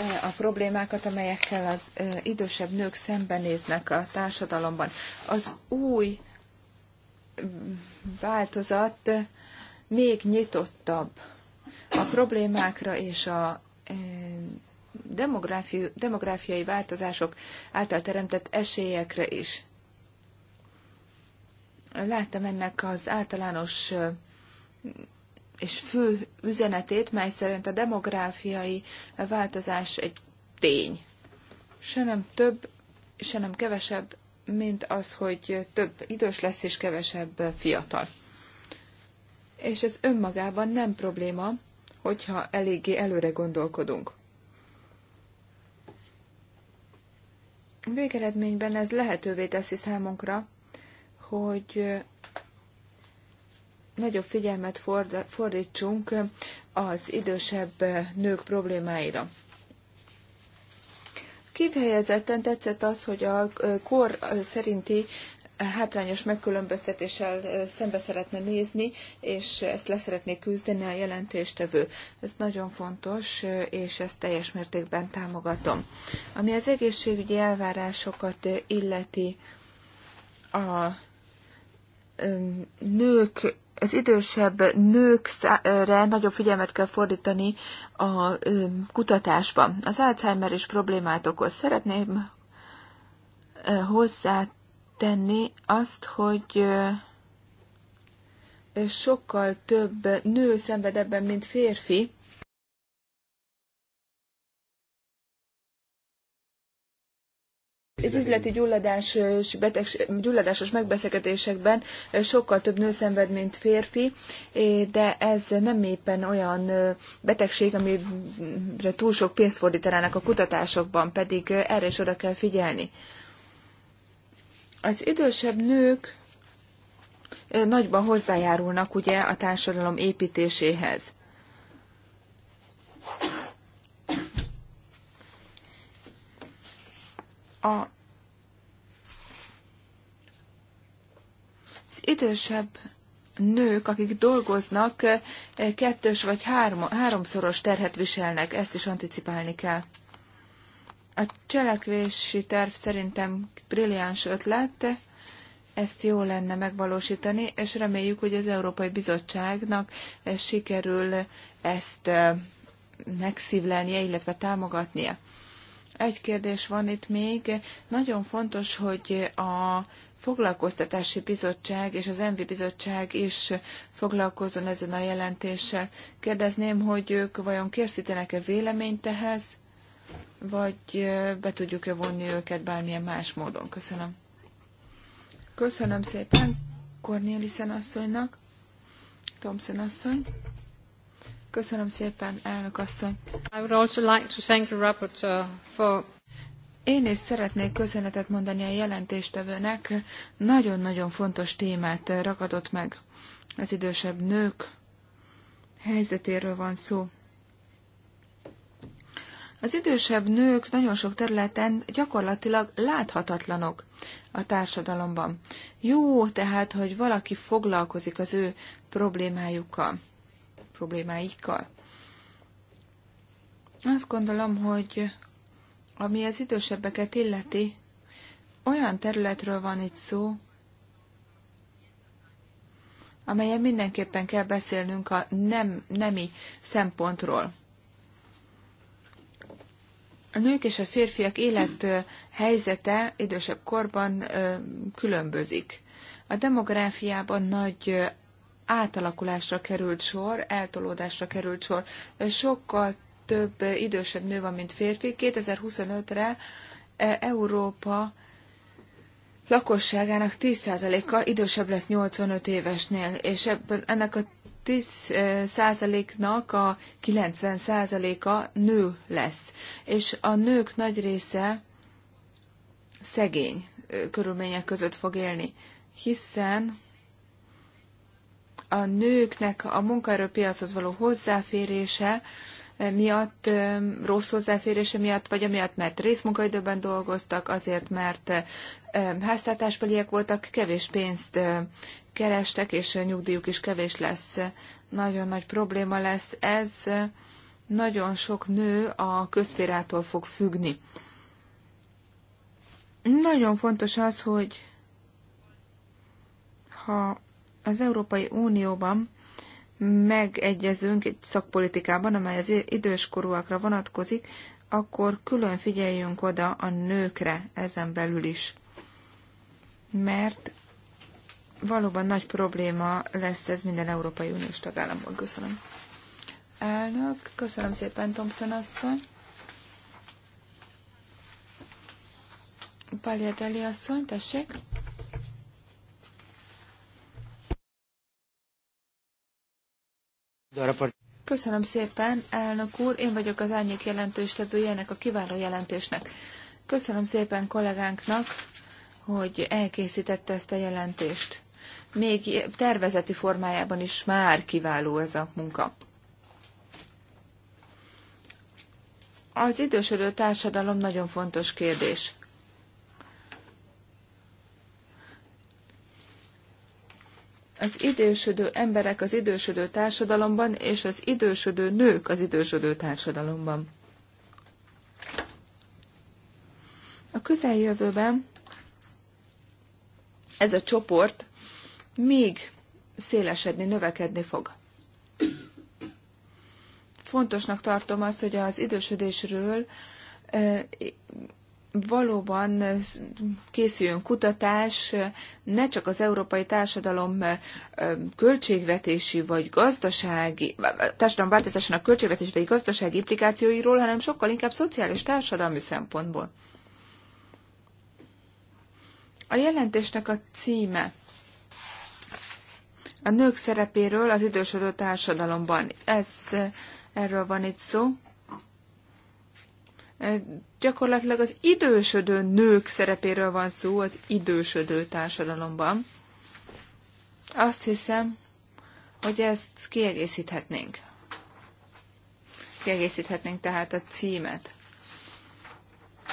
eh, a problémákat, amelyekkel az eh, idősebb nők szembenéznek a társadalomban. Az új mm, változat még nyitottabb a problémákra és a eh, demográfiai változások által teremtett esélyekre is láttam ennek az általános és fő üzenetét, mely szerint a demográfiai változás egy tény. Se nem több, se nem kevesebb, mint az, hogy több idős lesz és kevesebb fiatal. És ez önmagában nem probléma, hogyha eléggé előre gondolkodunk. Végeredményben ez lehetővé teszi számunkra, hogy nagyobb figyelmet fordítsunk az idősebb nők problémáira. Kifejezetten tetszett az, hogy a kor szerinti hátrányos megkülönböztetéssel szembe szeretne nézni, és ezt leszeretné küzdeni a jelentéstevő. Ez nagyon fontos, és ezt teljes mértékben támogatom. Ami az egészségügyi elvárásokat illeti, a nők, az idősebb nőkre nagyobb figyelmet kell fordítani a kutatásban. Az Alzheimer is problémát okoz. Szeretném hozzátenni azt, hogy sokkal több nő szenved ebben, mint férfi. Az üzleti gyulladásos, betegség, gyulladásos megbeszélgetésekben sokkal több nő szenved, mint férfi, de ez nem éppen olyan betegség, amire túl sok pénzt fordítanának a kutatásokban, pedig erre is oda kell figyelni. Az idősebb nők nagyban hozzájárulnak ugye a társadalom építéséhez. a az idősebb nők, akik dolgoznak, kettős vagy három, háromszoros terhet viselnek, ezt is anticipálni kell. A cselekvési terv szerintem brilliáns ötlet, ezt jó lenne megvalósítani, és reméljük, hogy az Európai Bizottságnak sikerül ezt eh, megszívlelnie, illetve támogatnia. Egy kérdés van itt még. Nagyon fontos, hogy a foglalkoztatási bizottság és az ENVI bizottság is foglalkozzon ezen a jelentéssel. Kérdezném, hogy ők vajon készítenek-e véleményt ehhez, vagy be tudjuk-e vonni őket bármilyen más módon. Köszönöm. Köszönöm szépen Cornélisen asszonynak, Thompson asszony. Köszönöm szépen, elnök asszony. I would also like to thank the rapporteur for én is szeretnék köszönetet mondani a jelentéstevőnek. Nagyon-nagyon fontos témát ragadott meg. Az idősebb nők helyzetéről van szó. Az idősebb nők nagyon sok területen gyakorlatilag láthatatlanok a társadalomban. Jó tehát, hogy valaki foglalkozik az ő problémájukkal problémáikkal. Azt gondolom, hogy ami az idősebbeket illeti, olyan területről van itt szó, amelyen mindenképpen kell beszélnünk a nem, nemi szempontról. A nők és a férfiak élet helyzete idősebb korban különbözik. A demográfiában nagy átalakulásra került sor, eltolódásra került sor. Sokkal több idősebb nő van, mint férfi. 2025-re e, Európa lakosságának 10%-a idősebb lesz 85 évesnél, és ebből ennek a 10%-nak a 90%-a nő lesz. És a nők nagy része szegény körülmények között fog élni, hiszen a nőknek a munkaerőpiachoz való hozzáférése eh, miatt, eh, rossz hozzáférése miatt, vagy amiatt, mert részmunkaidőben dolgoztak, azért, mert eh, háztartásbeliek voltak, kevés pénzt kerestek, és nyugdíjuk is kevés lesz. Nagyon nagy probléma lesz ez. Nagyon sok nő a közférától fog függni. Nagyon fontos az, hogy ha az Európai Unióban megegyezünk egy szakpolitikában, amely az időskorúakra vonatkozik, akkor külön figyeljünk oda a nőkre ezen belül is. Mert valóban nagy probléma lesz ez minden Európai Uniós tagállamban. Köszönöm. Elnök, köszönöm szépen, Thompson asszony. Pagliatelli asszony, tessék. Köszönöm szépen, elnök úr, én vagyok az árnyék jelentős ennek a kiváló jelentésnek. Köszönöm szépen kollégánknak, hogy elkészítette ezt a jelentést. Még tervezeti formájában is már kiváló ez a munka. Az idősödő társadalom nagyon fontos kérdés. az idősödő emberek az idősödő társadalomban, és az idősödő nők az idősödő társadalomban. A közeljövőben ez a csoport még szélesedni, növekedni fog. Fontosnak tartom azt, hogy az idősödésről eh, valóban készüljön kutatás, ne csak az európai társadalom költségvetési vagy gazdasági, társadalom változásának költségvetési vagy gazdasági implikációiról, hanem sokkal inkább szociális társadalmi szempontból. A jelentésnek a címe a nők szerepéről az idősödő társadalomban. Ez, erről van itt szó. Gyakorlatilag az idősödő nők szerepéről van szó az idősödő társadalomban. Azt hiszem, hogy ezt kiegészíthetnénk. Kiegészíthetnénk tehát a címet.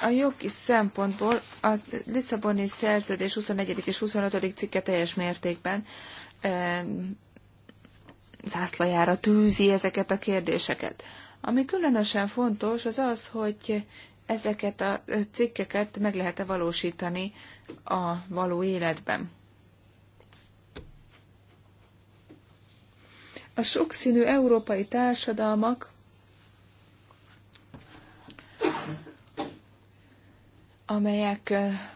A jogi szempontból a Lisszaboni szerződés 21. és 25. cikke teljes mértékben zászlajára tűzi ezeket a kérdéseket. Ami különösen fontos, az az, hogy ezeket a cikkeket meg lehet-e valósítani a való életben. A sokszínű európai társadalmak amelyek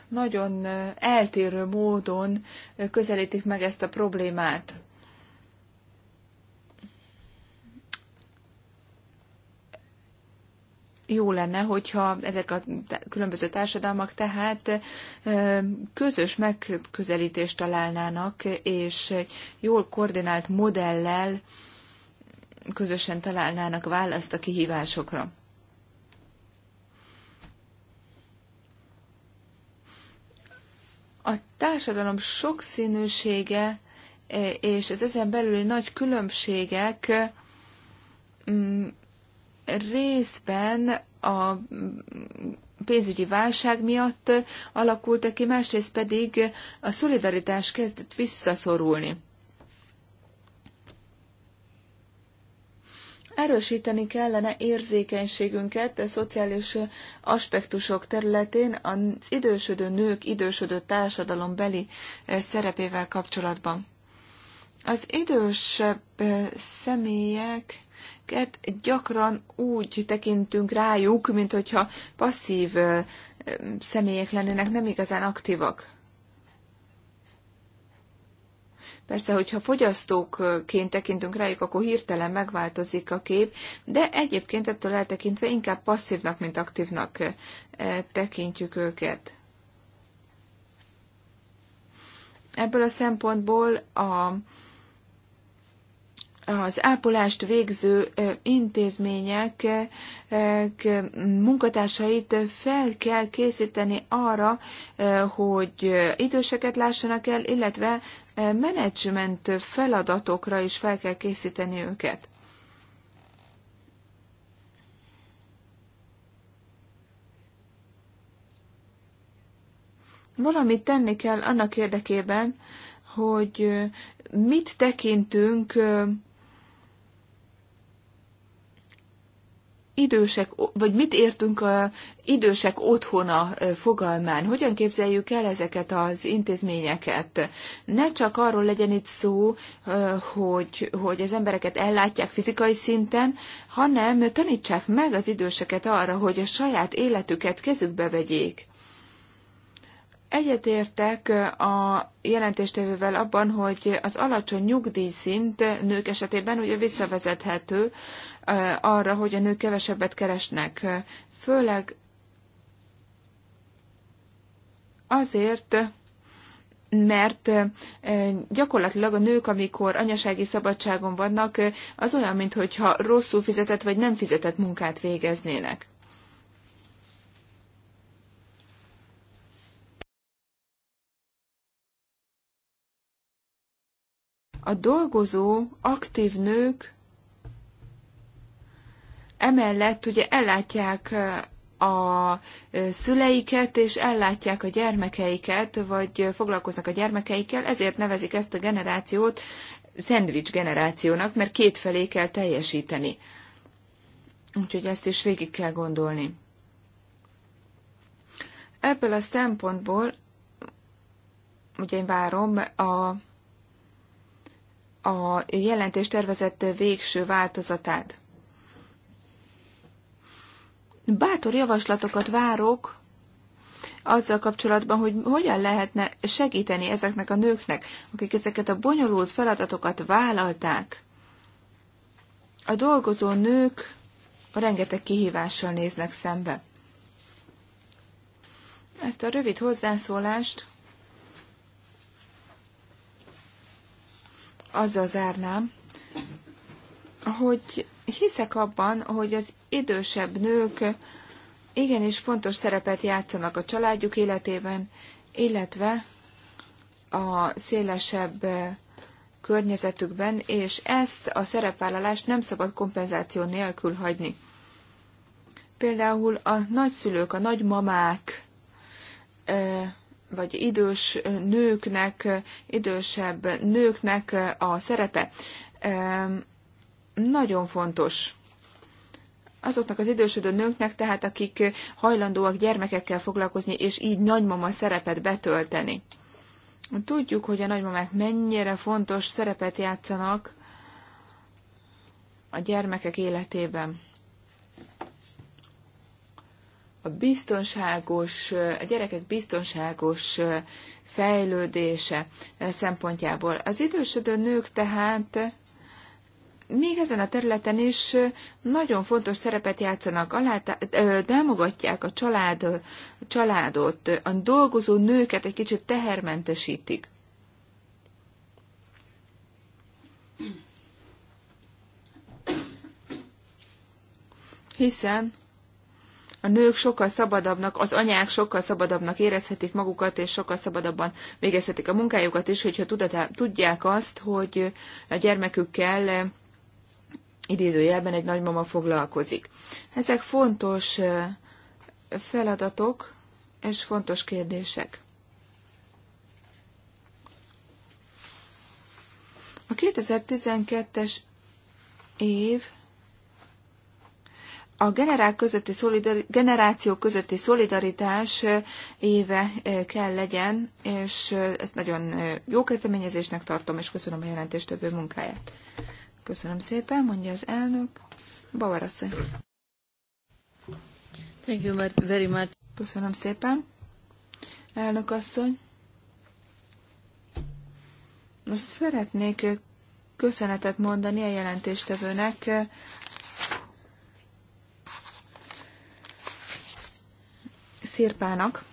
nagyon eltérő módon közelítik meg ezt a problémát. jó lenne, hogyha ezek a különböző társadalmak tehát közös megközelítést találnának, és egy jól koordinált modellel közösen találnának választ a kihívásokra. A társadalom sokszínűsége és az ezen belüli nagy különbségek mm, részben a pénzügyi válság miatt alakultak ki, másrészt pedig a szolidaritás kezdett visszaszorulni. Erősíteni kellene érzékenységünket a szociális aspektusok területén az idősödő nők, idősödő társadalom beli szerepével kapcsolatban. Az idősebb személyek őket, gyakran úgy tekintünk rájuk, mint hogyha passzív személyek lennének, nem igazán aktívak. Persze, hogyha fogyasztókként tekintünk rájuk, akkor hirtelen megváltozik a kép, de egyébként ettől eltekintve inkább passzívnak, mint aktívnak tekintjük őket. Ebből a szempontból a, az ápolást végző intézmények munkatársait fel kell készíteni arra, hogy időseket lássanak el, illetve menedzsment feladatokra is fel kell készíteni őket. Valamit tenni kell annak érdekében, hogy mit tekintünk idősek, vagy mit értünk a idősek otthona fogalmán, hogyan képzeljük el ezeket az intézményeket. Ne csak arról legyen itt szó, hogy, hogy az embereket ellátják fizikai szinten, hanem tanítsák meg az időseket arra, hogy a saját életüket kezükbe vegyék. Egyetértek a jelentéstevővel abban, hogy az alacsony nyugdíjszint nők esetében ugye visszavezethető arra, hogy a nők kevesebbet keresnek. Főleg azért, mert gyakorlatilag a nők, amikor anyasági szabadságon vannak, az olyan, mintha rosszul fizetett vagy nem fizetett munkát végeznének. a dolgozó, aktív nők emellett ugye ellátják eh, a eh, szüleiket, és ellátják a gyermekeiket, vagy foglalkoznak a gyermekeikkel, ezért nevezik ezt a generációt szendvics generációnak, mert kétfelé kell teljesíteni. Úgyhogy ezt is végig kell gondolni. Ebből a szempontból, ugye én várom a a jelentés végső változatát. Bátor javaslatokat várok azzal kapcsolatban, hogy hogyan lehetne segíteni ezeknek a nőknek, akik ezeket a bonyolult feladatokat vállalták. A dolgozó nők rengeteg kihívással néznek szembe. Ezt a rövid hozzászólást azzal zárnám, hogy hiszek abban, hogy az idősebb nők igenis fontos szerepet játszanak a családjuk életében, illetve a szélesebb környezetükben, és ezt a szerepvállalást nem szabad kompenzáció nélkül hagyni. Például a nagyszülők, a nagymamák vagy idős nőknek, idősebb nőknek a szerepe nagyon fontos. Azoknak az idősödő nőknek, tehát akik hajlandóak gyermekekkel foglalkozni, és így nagymama szerepet betölteni. Tudjuk, hogy a nagymamák mennyire fontos szerepet játszanak a gyermekek életében a biztonságos, a gyerekek biztonságos fejlődése szempontjából. Az idősödő nők tehát még ezen a területen is nagyon fontos szerepet játszanak, alá, támogatják a, család, a családot, a dolgozó nőket egy kicsit tehermentesítik. Hiszen a nők sokkal szabadabbnak, az anyák sokkal szabadabbnak érezhetik magukat, és sokkal szabadabban végezhetik a munkájukat is, hogyha tudják azt, hogy a gyermekükkel idézőjelben egy nagymama foglalkozik. Ezek fontos feladatok és fontos kérdések. A 2012-es év a generál közötti szolidari- közötti szolidaritás éve kell legyen, és ezt nagyon jó kezdeményezésnek tartom, és köszönöm a jelentést többő munkáját. Köszönöm szépen, mondja az elnök. Bauer asszony. Thank you very much. Köszönöm szépen. Elnök asszony. Most szeretnék köszönetet mondani a jelentéstevőnek Szirpának.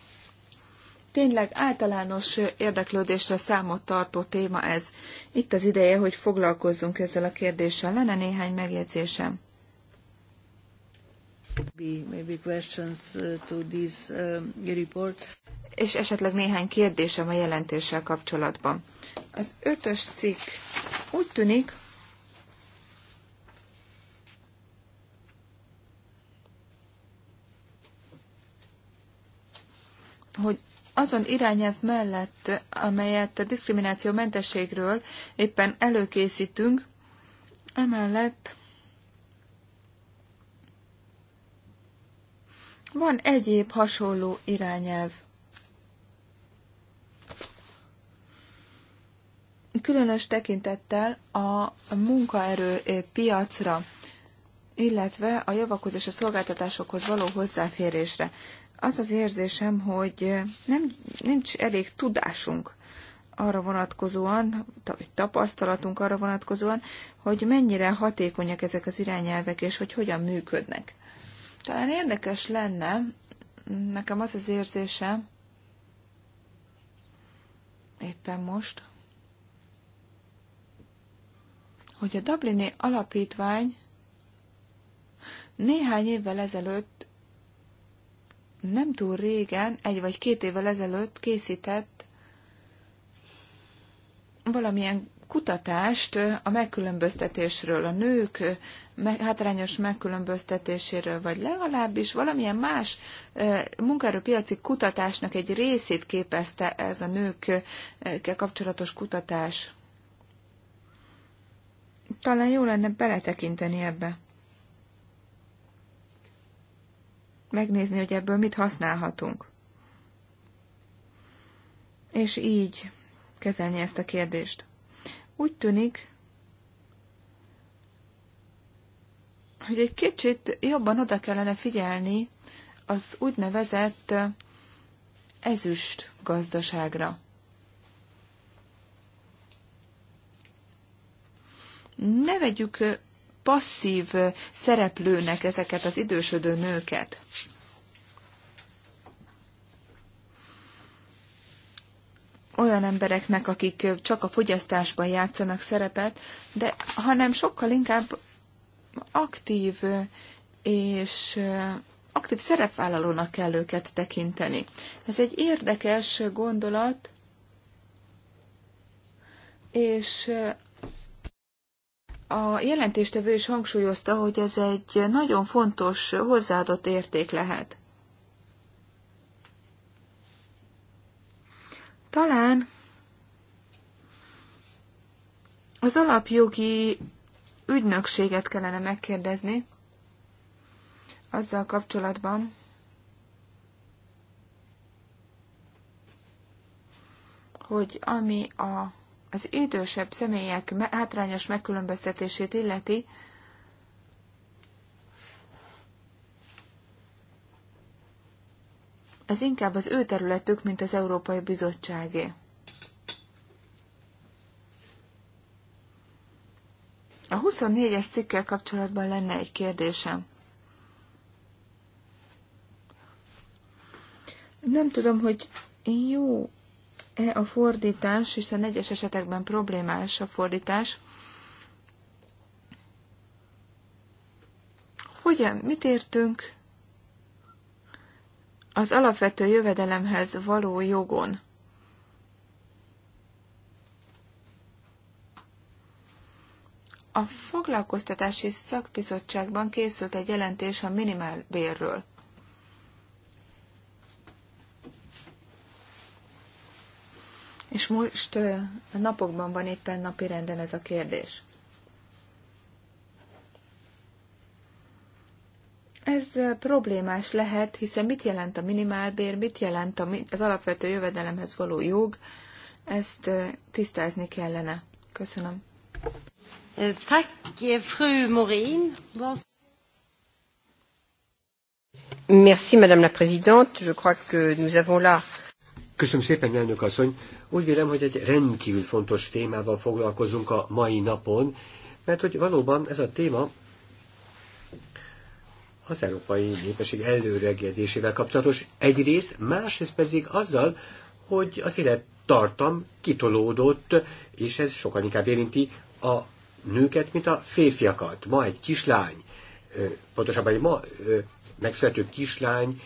Tényleg általános érdeklődésre számot tartó téma ez. Itt az ideje, hogy foglalkozzunk ezzel a kérdéssel. Lenne néhány megjegyzésem. Maybe questions uh, to this uh, report. És esetleg néhány kérdésem a jelentéssel kapcsolatban. Az ötös cikk úgy tűnik, hogy azon irányelv mellett, amelyet a diszkrimináció mentességről éppen előkészítünk, emellett van egyéb hasonló irányelv. Különös tekintettel a munkaerő piacra, illetve a javakhoz és a szolgáltatásokhoz való hozzáférésre az az érzésem, hogy nem, nincs elég tudásunk arra vonatkozóan, vagy tapasztalatunk arra vonatkozóan, hogy mennyire hatékonyak ezek az irányelvek, és hogy hogyan működnek. Talán érdekes lenne, nekem az az érzésem, éppen most, hogy a Dublini Alapítvány néhány évvel ezelőtt nem túl régen, egy vagy két évvel ezelőtt készített valamilyen kutatást a megkülönböztetésről, a nők hátrányos megkülönböztetéséről, vagy legalábbis valamilyen más munkaerőpiaci kutatásnak egy részét képezte ez a nőkkel kapcsolatos kutatás. Talán jó lenne beletekinteni ebbe. megnézni, hogy ebből mit használhatunk. És így kezelni ezt a kérdést. Úgy tűnik, hogy egy kicsit jobban oda kellene figyelni az úgynevezett ezüst gazdaságra. Ne vegyük passzív szereplőnek ezeket az idősödő nőket. olyan embereknek, akik csak a fogyasztásban játszanak szerepet, de hanem sokkal inkább aktív és aktív szerepvállalónak kell őket tekinteni. Ez egy érdekes gondolat, és a jelentéstevő is hangsúlyozta, hogy ez egy nagyon fontos hozzáadott érték lehet. Talán az alapjogi ügynökséget kellene megkérdezni azzal kapcsolatban, hogy ami a az idősebb személyek hátrányos megkülönböztetését illeti, ez inkább az ő területük, mint az Európai Bizottságé. A 24-es cikkel kapcsolatban lenne egy kérdésem. Nem tudom, hogy jó E a fordítás, hiszen egyes esetekben problémás a fordítás. Hogyan, mit értünk az alapvető jövedelemhez való jogon? A foglalkoztatási szakbizottságban készült egy jelentés a minimálbérről. és most a napokban van éppen napi renden ez a kérdés. Ez problémás lehet, hiszen mit jelent a minimálbér, mit jelent az alapvető jövedelemhez való jog, ezt tisztázni kellene. Köszönöm. fru Morin. Merci, Madame la Présidente. Je crois que nous avons là... Köszönöm szépen, elnök asszony. Úgy vélem, hogy egy rendkívül fontos témával foglalkozunk a mai napon, mert hogy valóban ez a téma az európai népesség előregedésével kapcsolatos egyrészt, másrészt pedig azzal, hogy az élet tartam kitolódott, és ez sokan inkább érinti a nőket, mint a férfiakat. Ma egy kislány, pontosabban egy ma megszülető kislány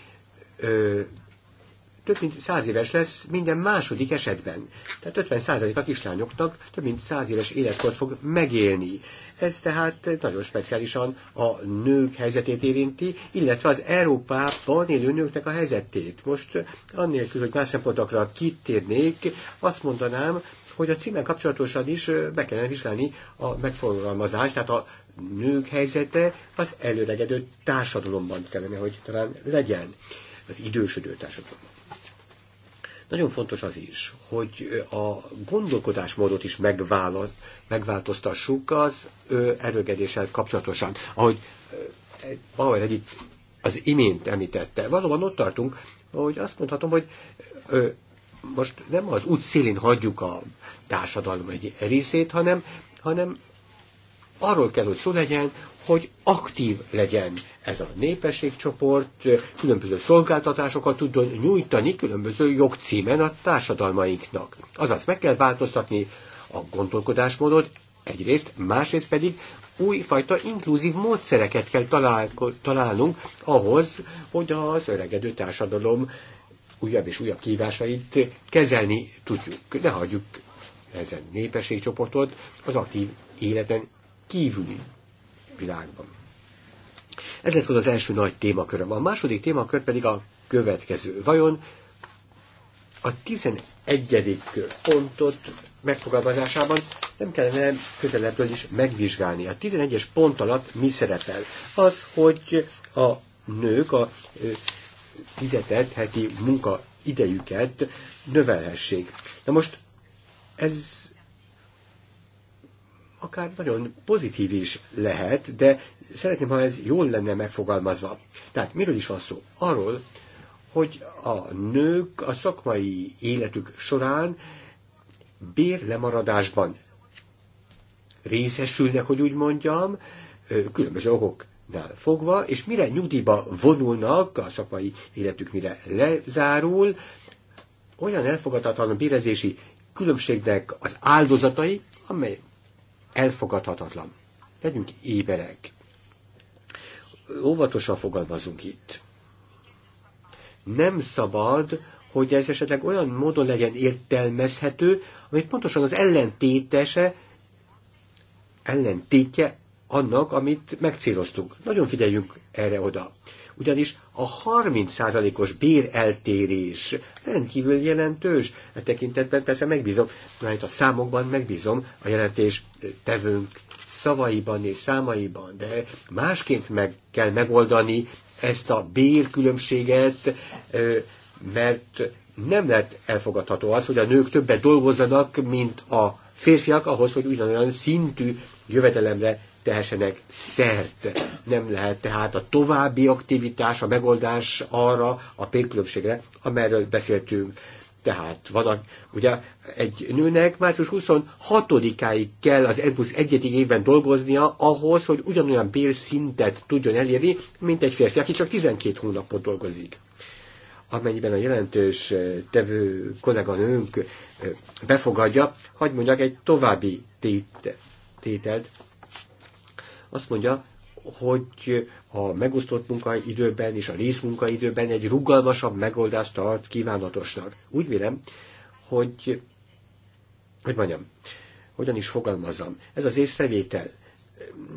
több mint száz éves lesz minden második esetben. Tehát 50 százalék a kislányoknak több mint száz éves életkort fog megélni. Ez tehát nagyon speciálisan a nők helyzetét érinti, illetve az Európában élő nőknek a helyzetét. Most annélkül, hogy más szempontokra kitérnék, azt mondanám, hogy a címen kapcsolatosan is be kellene vizsgálni a megfogalmazást, tehát a nők helyzete az előregedő társadalomban kellene, hogy talán legyen, az idősödő társadalomban. Nagyon fontos az is, hogy a gondolkodásmódot is megváltoztassuk az erőgedéssel kapcsolatosan. Ahogy Bauer egyik az imént említette. Valóban ott tartunk, hogy azt mondhatom, hogy most nem az út szélén hagyjuk a társadalom egy részét, hanem, hanem arról kell, hogy szó legyen, hogy aktív legyen ez a népességcsoport, különböző szolgáltatásokat tudjon nyújtani különböző jogcímen a társadalmainknak. Azaz meg kell változtatni a gondolkodásmódot egyrészt, másrészt pedig újfajta inkluzív módszereket kell talál, találnunk ahhoz, hogy az öregedő társadalom újabb és újabb kívásait kezelni tudjuk. Ne hagyjuk ezen népességcsoportot az aktív életen kívüli világban. Ez lett volna az első nagy témaköröm. A második témakör pedig a következő. Vajon a 11. pontot megfogalmazásában nem kellene közelebbről is megvizsgálni. A 11-es pont alatt mi szerepel? Az, hogy a nők a fizetett heti idejüket növelhessék. Na most ez akár nagyon pozitív is lehet, de szeretném, ha ez jól lenne megfogalmazva. Tehát miről is van szó? Arról, hogy a nők a szakmai életük során bérlemaradásban részesülnek, hogy úgy mondjam, különböző okoknál fogva, és mire nyugdíjba vonulnak, a szakmai életük mire lezárul, olyan elfogadhatatlan bérezési különbségnek az áldozatai, amely elfogadhatatlan. Legyünk éberek. Óvatosan fogalmazunk itt. Nem szabad, hogy ez esetleg olyan módon legyen értelmezhető, ami pontosan az ellentétese, ellentétje annak, amit megcéloztunk. Nagyon figyeljünk erre oda ugyanis a 30%-os béreltérés rendkívül jelentős. E tekintetben persze megbízom, mert a számokban megbízom a jelentés tevőnk szavaiban és számaiban, de másként meg kell megoldani ezt a bérkülönbséget, mert nem lett elfogadható az, hogy a nők többet dolgozzanak, mint a férfiak ahhoz, hogy ugyanolyan szintű jövedelemre tehessenek szert. Nem lehet tehát a további aktivitás, a megoldás arra a pénkülönbségre, amerről beszéltünk. Tehát van, ugye egy nőnek március 26-áig kell az N plusz évben dolgoznia ahhoz, hogy ugyanolyan bérszintet tudjon elérni, mint egy férfi, aki csak 12 hónapot dolgozik. Amennyiben a jelentős eh, tevő kolléganőnk eh, befogadja, hagyd mondjak egy további tételt, azt mondja, hogy a megosztott munkaidőben és a részmunkaidőben egy rugalmasabb megoldást tart kívánatosnak. Úgy vélem, hogy, hogy mondjam, hogyan is fogalmazzam, ez az észrevétel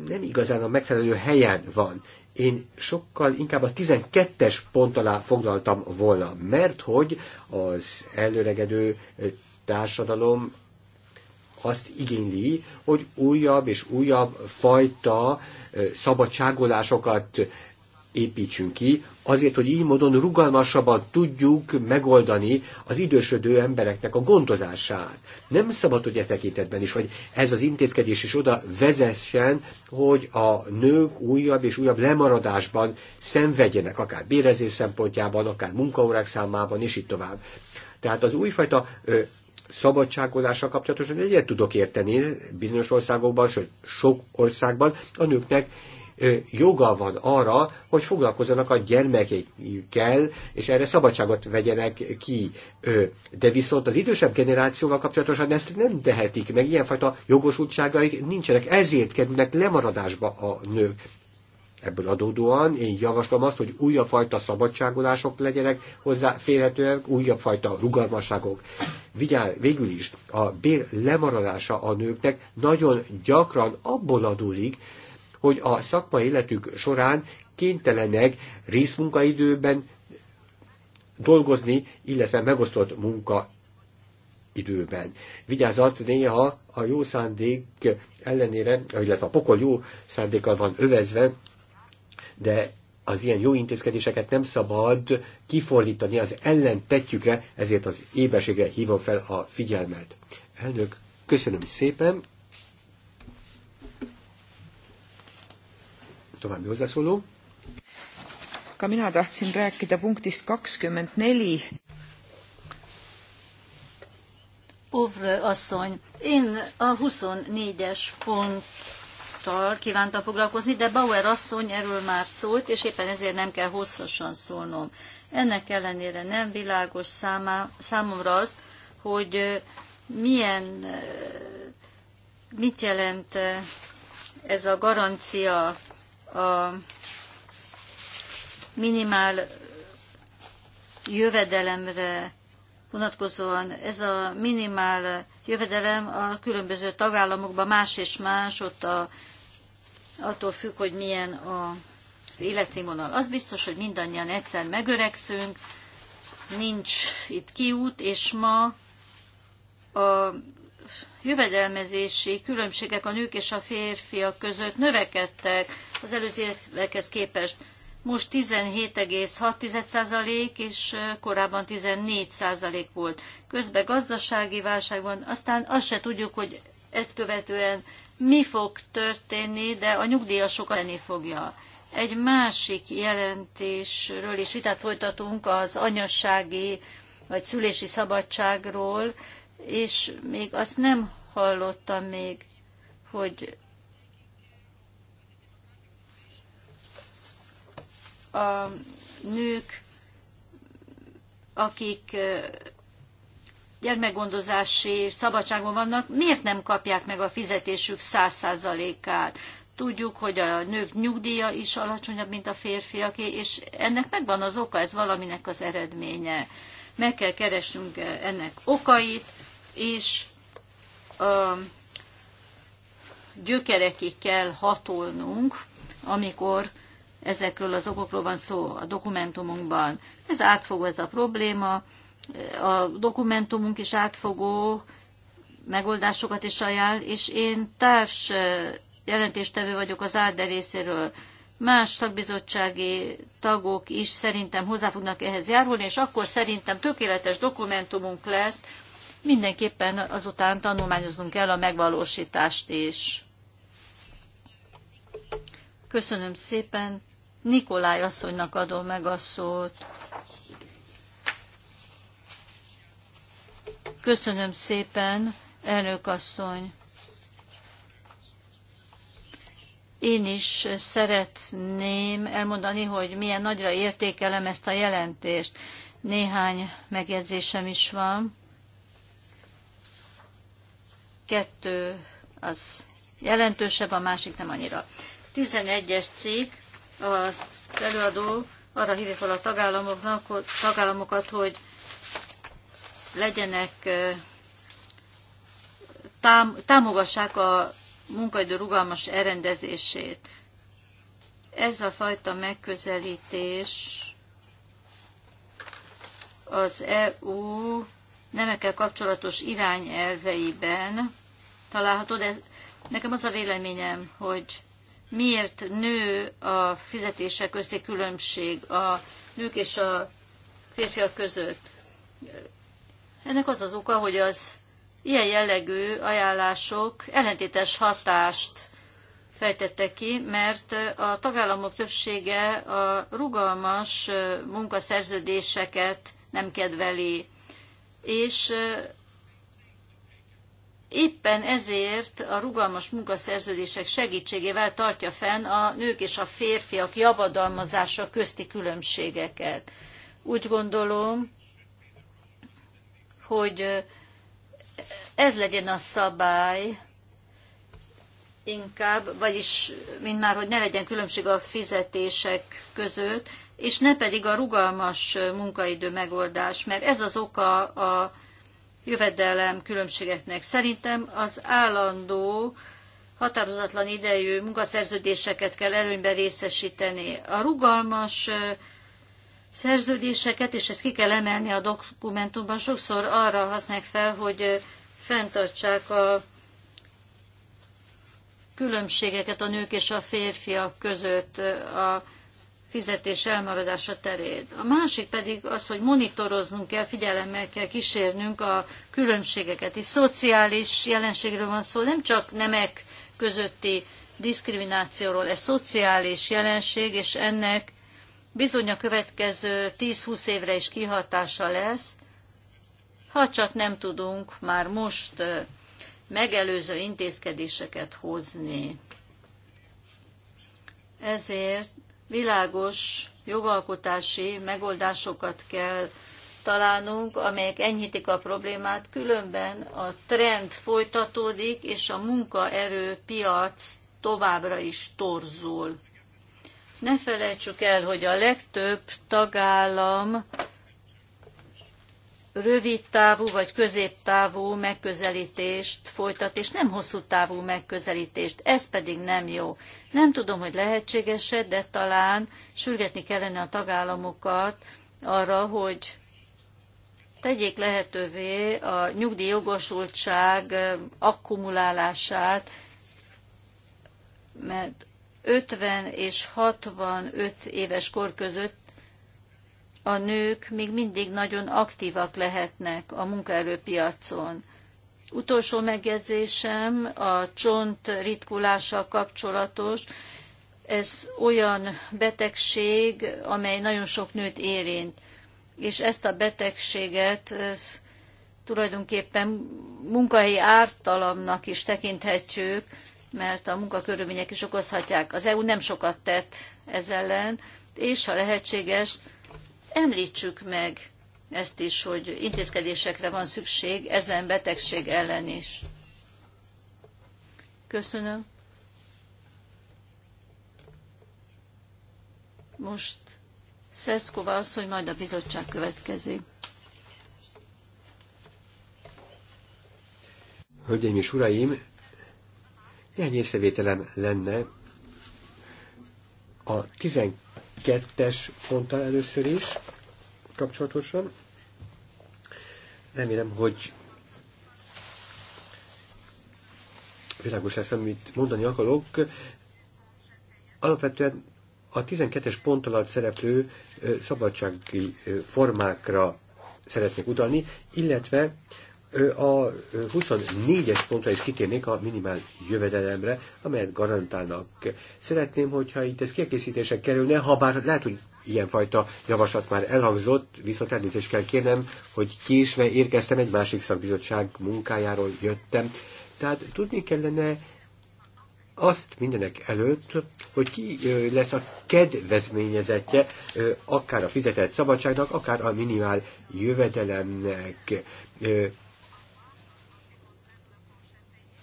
nem igazán a megfelelő helyen van. Én sokkal inkább a 12-es pont alá foglaltam volna, mert hogy az előregedő társadalom azt igényli, hogy újabb és újabb fajta szabadságolásokat építsünk ki, azért, hogy így módon rugalmasabban tudjuk megoldani az idősödő embereknek a gondozását. Nem szabad, hogy e tekintetben is, vagy ez az intézkedés is oda vezessen, hogy a nők újabb és újabb lemaradásban szenvedjenek, akár bérezés szempontjában, akár munkaórák számában, és így tovább. Tehát az újfajta szabadságolással kapcsolatosan egyet tudok érteni bizonyos országokban, sőt sok országban a nőknek joga van arra, hogy foglalkozzanak a gyermekeikkel, és erre szabadságot vegyenek ki. De viszont az idősebb generációval kapcsolatosan ezt nem tehetik, meg ilyenfajta jogosultságaik nincsenek, ezért kerülnek lemaradásba a nők. Ebből adódóan én javaslom azt, hogy újabb fajta szabadságolások legyenek hozzáférhetőek, újabb fajta rugalmasságok. Vigyál, végül is a bér lemaradása a nőknek nagyon gyakran abból adódik, hogy a szakmai életük során kénytelenek részmunkaidőben dolgozni, illetve megosztott munka időben. Vigyázat, néha a jó szándék ellenére, illetve a pokol jó szándékkal van övezve, de az ilyen jó intézkedéseket nem szabad kifordítani az ellentetjükre, ezért az éberségre hívom fel a figyelmet. Elnök, köszönöm szépen. További hozzászóló. Ka mina tahtsin rääkida punktist 24. Ovr asszony, én a 24-es pont tartalommal kívántam foglalkozni, de Bauer asszony erről már szólt, és éppen ezért nem kell hosszasan szólnom. Ennek ellenére nem világos számá, számomra az, hogy milyen, mit jelent ez a garancia a minimál jövedelemre vonatkozóan, ez a minimál jövedelem a különböző tagállamokban más és más, ott a, attól függ, hogy milyen a, az életszínvonal. Az biztos, hogy mindannyian egyszer megöregszünk, nincs itt kiút, és ma a jövedelmezési különbségek a nők és a férfiak között növekedtek az előző évekhez képest most 17,6% és korábban 14% volt. Közben gazdasági válság van, aztán azt se tudjuk, hogy ezt követően mi fog történni, de a nyugdíjasokat tenni fogja. Egy másik jelentésről is vitát folytatunk az anyassági vagy szülési szabadságról, és még azt nem hallottam még, hogy a nők, akik gyermekgondozási szabadságon vannak, miért nem kapják meg a fizetésük száz százalékát? Tudjuk, hogy a nők nyugdíja is alacsonyabb, mint a férfiaké, és ennek megvan az oka, ez valaminek az eredménye. Meg kell keresnünk ennek okait, és a gyökerekig kell hatolnunk, amikor ezekről az okokról van szó a dokumentumunkban. Ez átfogó ez a probléma, a dokumentumunk is átfogó megoldásokat is ajánl, és én társ jelentéstevő vagyok az ALDE részéről. Más szakbizottsági tagok is szerintem hozzá fognak ehhez járulni, és akkor szerintem tökéletes dokumentumunk lesz, mindenképpen azután tanulmányoznunk kell a megvalósítást is. Köszönöm szépen. Nikolaj asszonynak adom meg a szót. Köszönöm szépen, elnök asszony. Én is szeretném elmondani, hogy milyen nagyra értékelem ezt a jelentést. Néhány megjegyzésem is van. Kettő az jelentősebb, a másik nem annyira. 11-es cikk, az előadó arra hívja fel a tagállamoknak, tagállamokat, hogy legyenek tám, támogassák a munkaidő rugalmas elrendezését. Ez a fajta megközelítés az EU nemekkel kapcsolatos irányelveiben található, de nekem az a véleményem, hogy miért nő a fizetések közti különbség a nők és a férfiak között. Ennek az az oka, hogy az ilyen jellegű ajánlások ellentétes hatást fejtette ki, mert a tagállamok többsége a rugalmas munkaszerződéseket nem kedveli, és Éppen ezért a rugalmas munkaszerződések segítségével tartja fenn a nők és a férfiak javadalmazása közti különbségeket. Úgy gondolom, hogy ez legyen a szabály inkább, vagyis mint már, hogy ne legyen különbség a fizetések között, és ne pedig a rugalmas munkaidő megoldás, mert ez az oka a jövedelem különbségeknek. Szerintem az állandó határozatlan idejű munkaszerződéseket kell előnyben részesíteni. A rugalmas szerződéseket, és ezt ki kell emelni a dokumentumban, sokszor arra használják fel, hogy fenntartsák a különbségeket a nők és a férfiak között. A fizetés elmaradása terén. A másik pedig az, hogy monitoroznunk kell, figyelemmel kell kísérnünk a különbségeket. Itt szociális jelenségről van szó, nem csak nemek közötti diszkriminációról, ez szociális jelenség, és ennek bizony a következő 10-20 évre is kihatása lesz, ha csak nem tudunk már most megelőző intézkedéseket hozni. Ezért világos jogalkotási megoldásokat kell találnunk, amelyek enyhítik a problémát, különben a trend folytatódik, és a munkaerő piac továbbra is torzul. Ne felejtsük el, hogy a legtöbb tagállam rövid távú vagy középtávú megközelítést folytat, és nem hosszú távú megközelítést. Ez pedig nem jó. Nem tudom, hogy lehetséges -e, de talán sürgetni kellene a tagállamokat arra, hogy tegyék lehetővé a nyugdíjjogosultság akkumulálását, mert 50 és 65 éves kor között a nők még mindig nagyon aktívak lehetnek a munkaerőpiacon. Utolsó megjegyzésem a csont ritkulással kapcsolatos. Ez olyan betegség, amely nagyon sok nőt érint, és ezt a betegséget tulajdonképpen munkahelyi ártalamnak is tekinthetjük, mert a munkakörülmények is okozhatják. Az EU nem sokat tett ez ellen, és ha lehetséges, említsük meg ezt is, hogy intézkedésekre van szükség ezen betegség ellen is. Köszönöm. Most Szeszkova az, hogy majd a bizottság következik. Hölgyeim és uraim, néhány észrevételem lenne a 12 kettes ponttal először is kapcsolatosan. Remélem, hogy világos lesz, amit mondani akarok. Alapvetően a 12-es pont alatt szereplő szabadsági formákra szeretnék utalni, illetve a 24-es pontra is kitérnék a minimál jövedelemre, amelyet garantálnak. Szeretném, hogyha itt ez kiegészítése kerülne, ha bár lehet, hogy ilyenfajta javaslat már elhangzott, viszont elnézést kell kérnem, hogy késve érkeztem, egy másik szakbizottság munkájáról jöttem. Tehát tudni kellene azt mindenek előtt, hogy ki lesz a kedvezményezetje akár a fizetett szabadságnak, akár a minimál jövedelemnek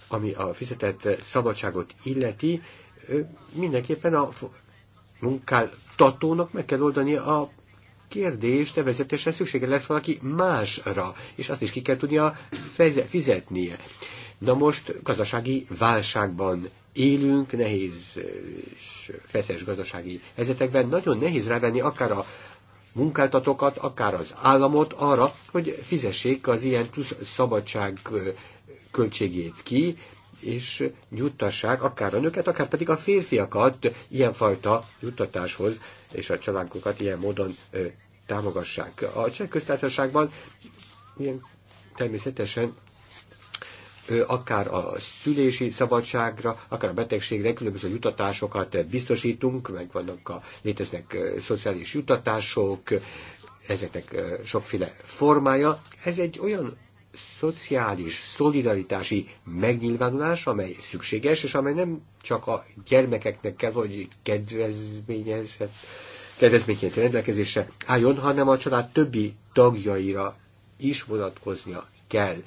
ami a fizetett szabadságot illeti, mindenképpen a munkáltatónak meg kell oldani a kérdés, nevezetesen szüksége lesz valaki másra, és azt is ki kell tudnia fizetnie. Na most gazdasági válságban élünk, nehéz és feszes gazdasági helyzetekben, nagyon nehéz rávenni akár a munkáltatókat, akár az államot arra, hogy fizessék az ilyen plusz szabadság költségét ki, és juttassák akár a nőket, akár pedig a férfiakat ilyenfajta juttatáshoz, és a családokat ilyen módon ö, támogassák. A cseh köztársaságban ilyen természetesen akár a szülési szabadságra, akár a betegségre különböző jutatásokat biztosítunk, meg vannak a, léteznek szociális jutatások, ezeknek sokféle formája. Ez egy olyan szociális, szolidaritási megnyilvánulás, amely szükséges, és amely nem csak a gyermekeknek kell, hogy kedvezményként rendelkezésre álljon, hanem a család többi tagjaira is vonatkoznia kell.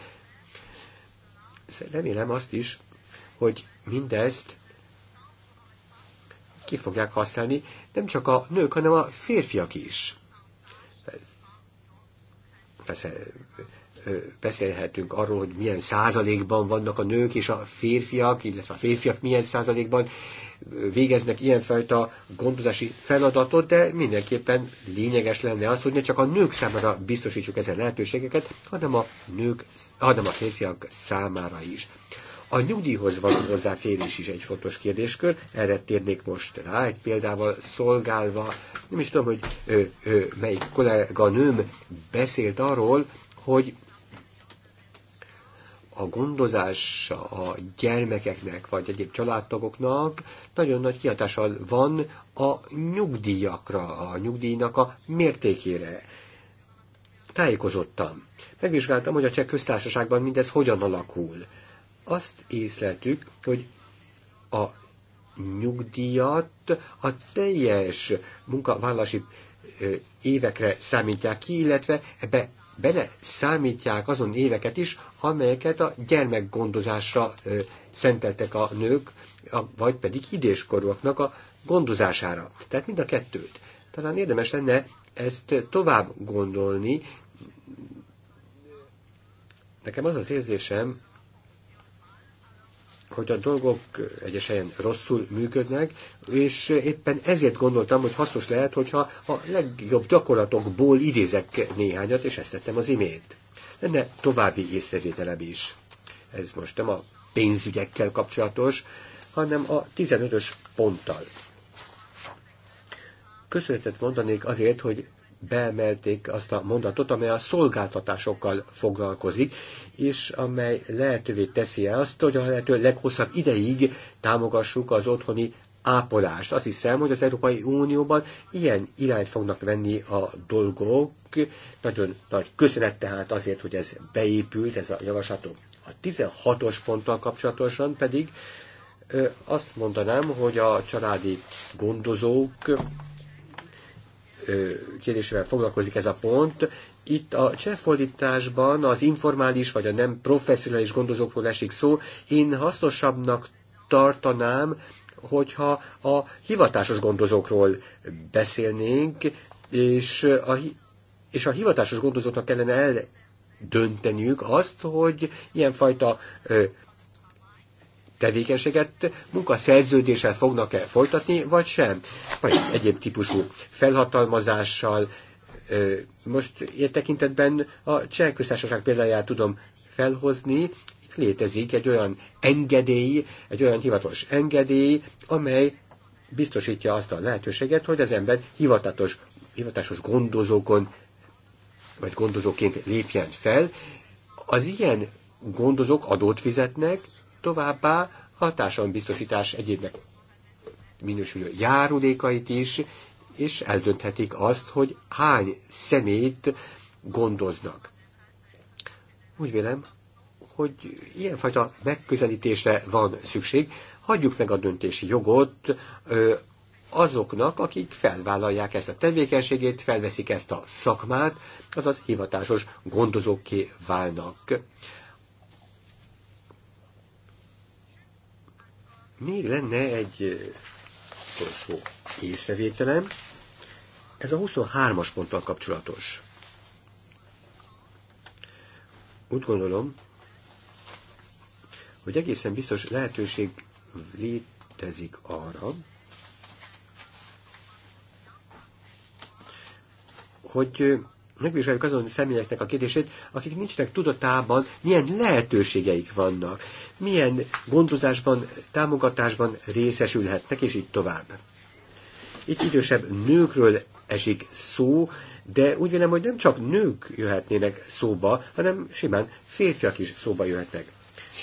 Remélem azt is, hogy mindezt ki fogják használni nem csak a nők, hanem a férfiak is. Persze beszélhetünk arról, hogy milyen százalékban vannak a nők és a férfiak, illetve a férfiak milyen százalékban végeznek ilyenfajta gondozási feladatot, de mindenképpen lényeges lenne az, hogy ne csak a nők számára biztosítsuk ezen lehetőségeket, hanem a, nők, hanem a férfiak számára is. A nyugdíjhoz való hozzáférés is egy fontos kérdéskör, erre térnék most rá, egy példával szolgálva, nem is tudom, hogy ö, ö, melyik kolléganőm nőm beszélt arról, hogy a gondozása a gyermekeknek, vagy egyéb családtagoknak nagyon nagy kihatással van a nyugdíjakra, a nyugdíjnak a mértékére. Tájékozottam. Megvizsgáltam, hogy a cseh köztársaságban mindez hogyan alakul. Azt észleltük, hogy a nyugdíjat a teljes munkavállalási évekre számítják ki, illetve ebbe bele számítják azon éveket is, amelyeket a gyermekgondozásra szenteltek a nők, vagy pedig idéskorúaknak a gondozására. Tehát mind a kettőt. Talán érdemes lenne ezt tovább gondolni. Nekem az az érzésem, hogy a dolgok egyes helyen rosszul működnek, és éppen ezért gondoltam, hogy hasznos lehet, hogyha a legjobb gyakorlatokból idézek néhányat, és ezt tettem az imént. Lenne további észrevételem is. Ez most nem a pénzügyekkel kapcsolatos, hanem a 15-ös ponttal. Köszönetet mondanék azért, hogy beemelték azt a mondatot, amely a szolgáltatásokkal foglalkozik, és amely lehetővé teszi azt, hogy a lehető leghosszabb ideig támogassuk az otthoni ápolást. Azt hiszem, hogy az Európai Unióban ilyen irányt fognak venni a dolgok. Nagyon nagy köszönet tehát azért, hogy ez beépült, ez a javaslatom. A 16-os ponttal kapcsolatosan pedig azt mondanám, hogy a családi gondozók kérdésével foglalkozik ez a pont. Itt a cseh az informális vagy a nem professzionális gondozókról esik szó. Én hasznosabbnak tartanám, hogyha a hivatásos gondozókról beszélnénk, és a, és a hivatásos gondozóknak kellene eldönteniük azt, hogy ilyenfajta tevékenységet munkaszerződéssel fognak-e folytatni, vagy sem, vagy egyéb típusú felhatalmazással. Most ilyen tekintetben a cseh köztársaság példáját tudom felhozni, létezik egy olyan engedély, egy olyan hivatalos engedély, amely biztosítja azt a lehetőséget, hogy az ember hivatatos, hivatásos gondozókon, vagy gondozóként lépjen fel. Az ilyen gondozók adót fizetnek, továbbá a társadalombiztosítás egyébnek minősülő járulékait is, és eldönthetik azt, hogy hány szemét gondoznak. Úgy vélem, hogy ilyenfajta megközelítésre van szükség. Hagyjuk meg a döntési jogot azoknak, akik felvállalják ezt a tevékenységét, felveszik ezt a szakmát, azaz hivatásos gondozóké válnak. Még lenne egy utolsó észrevételem, ez a 23-as ponttal kapcsolatos. Úgy gondolom, hogy egészen biztos lehetőség létezik arra, hogy megvizsgáljuk azon személyeknek a kérdését, akik nincsenek tudatában, milyen lehetőségeik vannak, milyen gondozásban, támogatásban részesülhetnek, és így tovább. Itt idősebb nőkről esik szó, de úgy vélem, hogy nem csak nők jöhetnének szóba, hanem simán férfiak is szóba jöhetnek.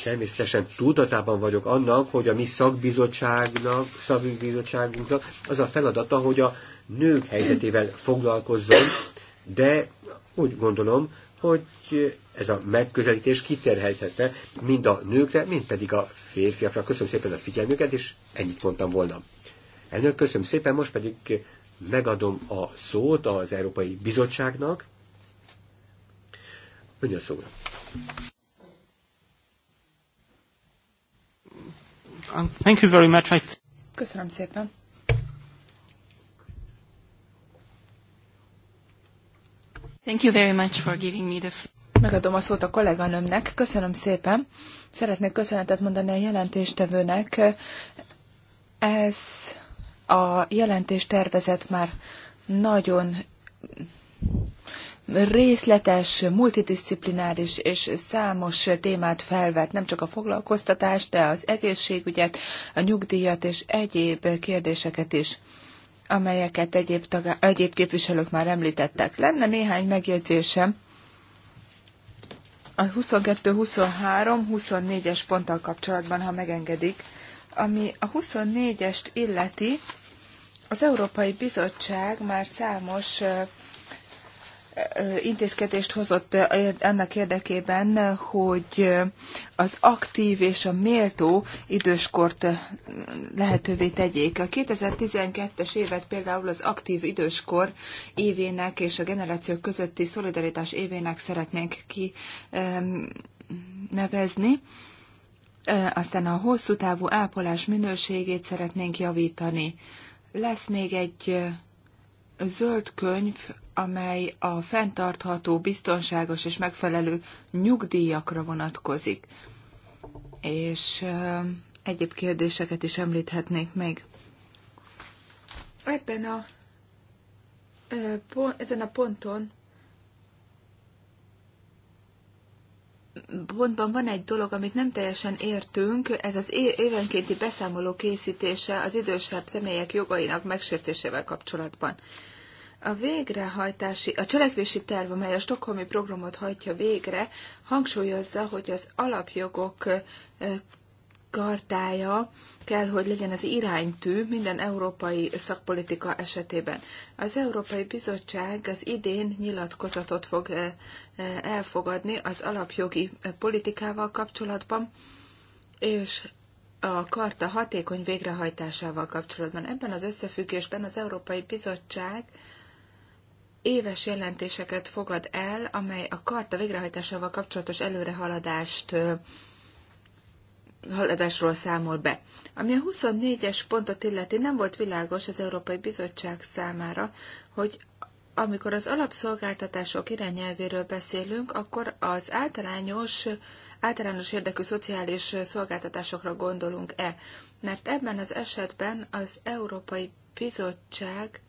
Természetesen tudatában vagyok annak, hogy a mi szakbizottságnak, szakbizottságunknak az a feladata, hogy a nők helyzetével foglalkozzon, de úgy gondolom, hogy ez a megközelítés kiterhelhetne mind a nőkre, mind pedig a férfiakra. Köszönöm szépen a figyelmüket, és ennyit mondtam volna. Elnök, köszönöm szépen, most pedig megadom a szót az Európai Bizottságnak. a szóra. Thank you very much. Köszönöm szépen. Thank you very much for giving me the Megadom a szót a kolléganőmnek. Köszönöm szépen. Szeretnék köszönetet mondani a jelentéstevőnek. Ez a jelentés tervezet már nagyon részletes, multidisciplináris és számos témát felvet, nem csak a foglalkoztatást, de az egészségügyet, a nyugdíjat és egyéb kérdéseket is amelyeket egyéb, tagá- egyéb képviselők már említettek. Lenne néhány megjegyzésem a 22, 23, 24-es ponttal kapcsolatban, ha megengedik. Ami a 24-est illeti, az Európai Bizottság már számos intézkedést hozott eh, annak érdekében, hogy eh, az aktív és a méltó időskort eh, lehetővé tegyék. A 2012-es évet például az aktív időskor évének és a generációk közötti szolidaritás évének szeretnénk ki nevezni. Aztán a hosszú távú ápolás minőségét szeretnénk javítani. Lesz még egy zöld könyv amely a fenntartható, biztonságos és megfelelő nyugdíjakra vonatkozik. És egyéb kérdéseket is említhetnék még. Ebben a, ezen a ponton pontban van egy dolog, amit nem teljesen értünk, ez az évenkénti beszámoló készítése az idősebb személyek jogainak megsértésével kapcsolatban. A végrehajtási, a cselekvési terv, amely a stokholmi programot hajtja végre, hangsúlyozza, hogy az alapjogok kartája kell, hogy legyen az iránytű minden európai szakpolitika esetében. Az Európai Bizottság az idén nyilatkozatot fog elfogadni az alapjogi politikával kapcsolatban, és a karta hatékony végrehajtásával kapcsolatban. Ebben az összefüggésben az Európai Bizottság éves jelentéseket fogad el, amely a karta végrehajtásával kapcsolatos előrehaladást haladásról számol be. Ami a 24-es pontot illeti, nem volt világos az Európai Bizottság számára, hogy amikor az alapszolgáltatások irányelvéről beszélünk, akkor az általányos, általános érdekű szociális szolgáltatásokra gondolunk-e? Mert ebben az esetben az Európai Bizottság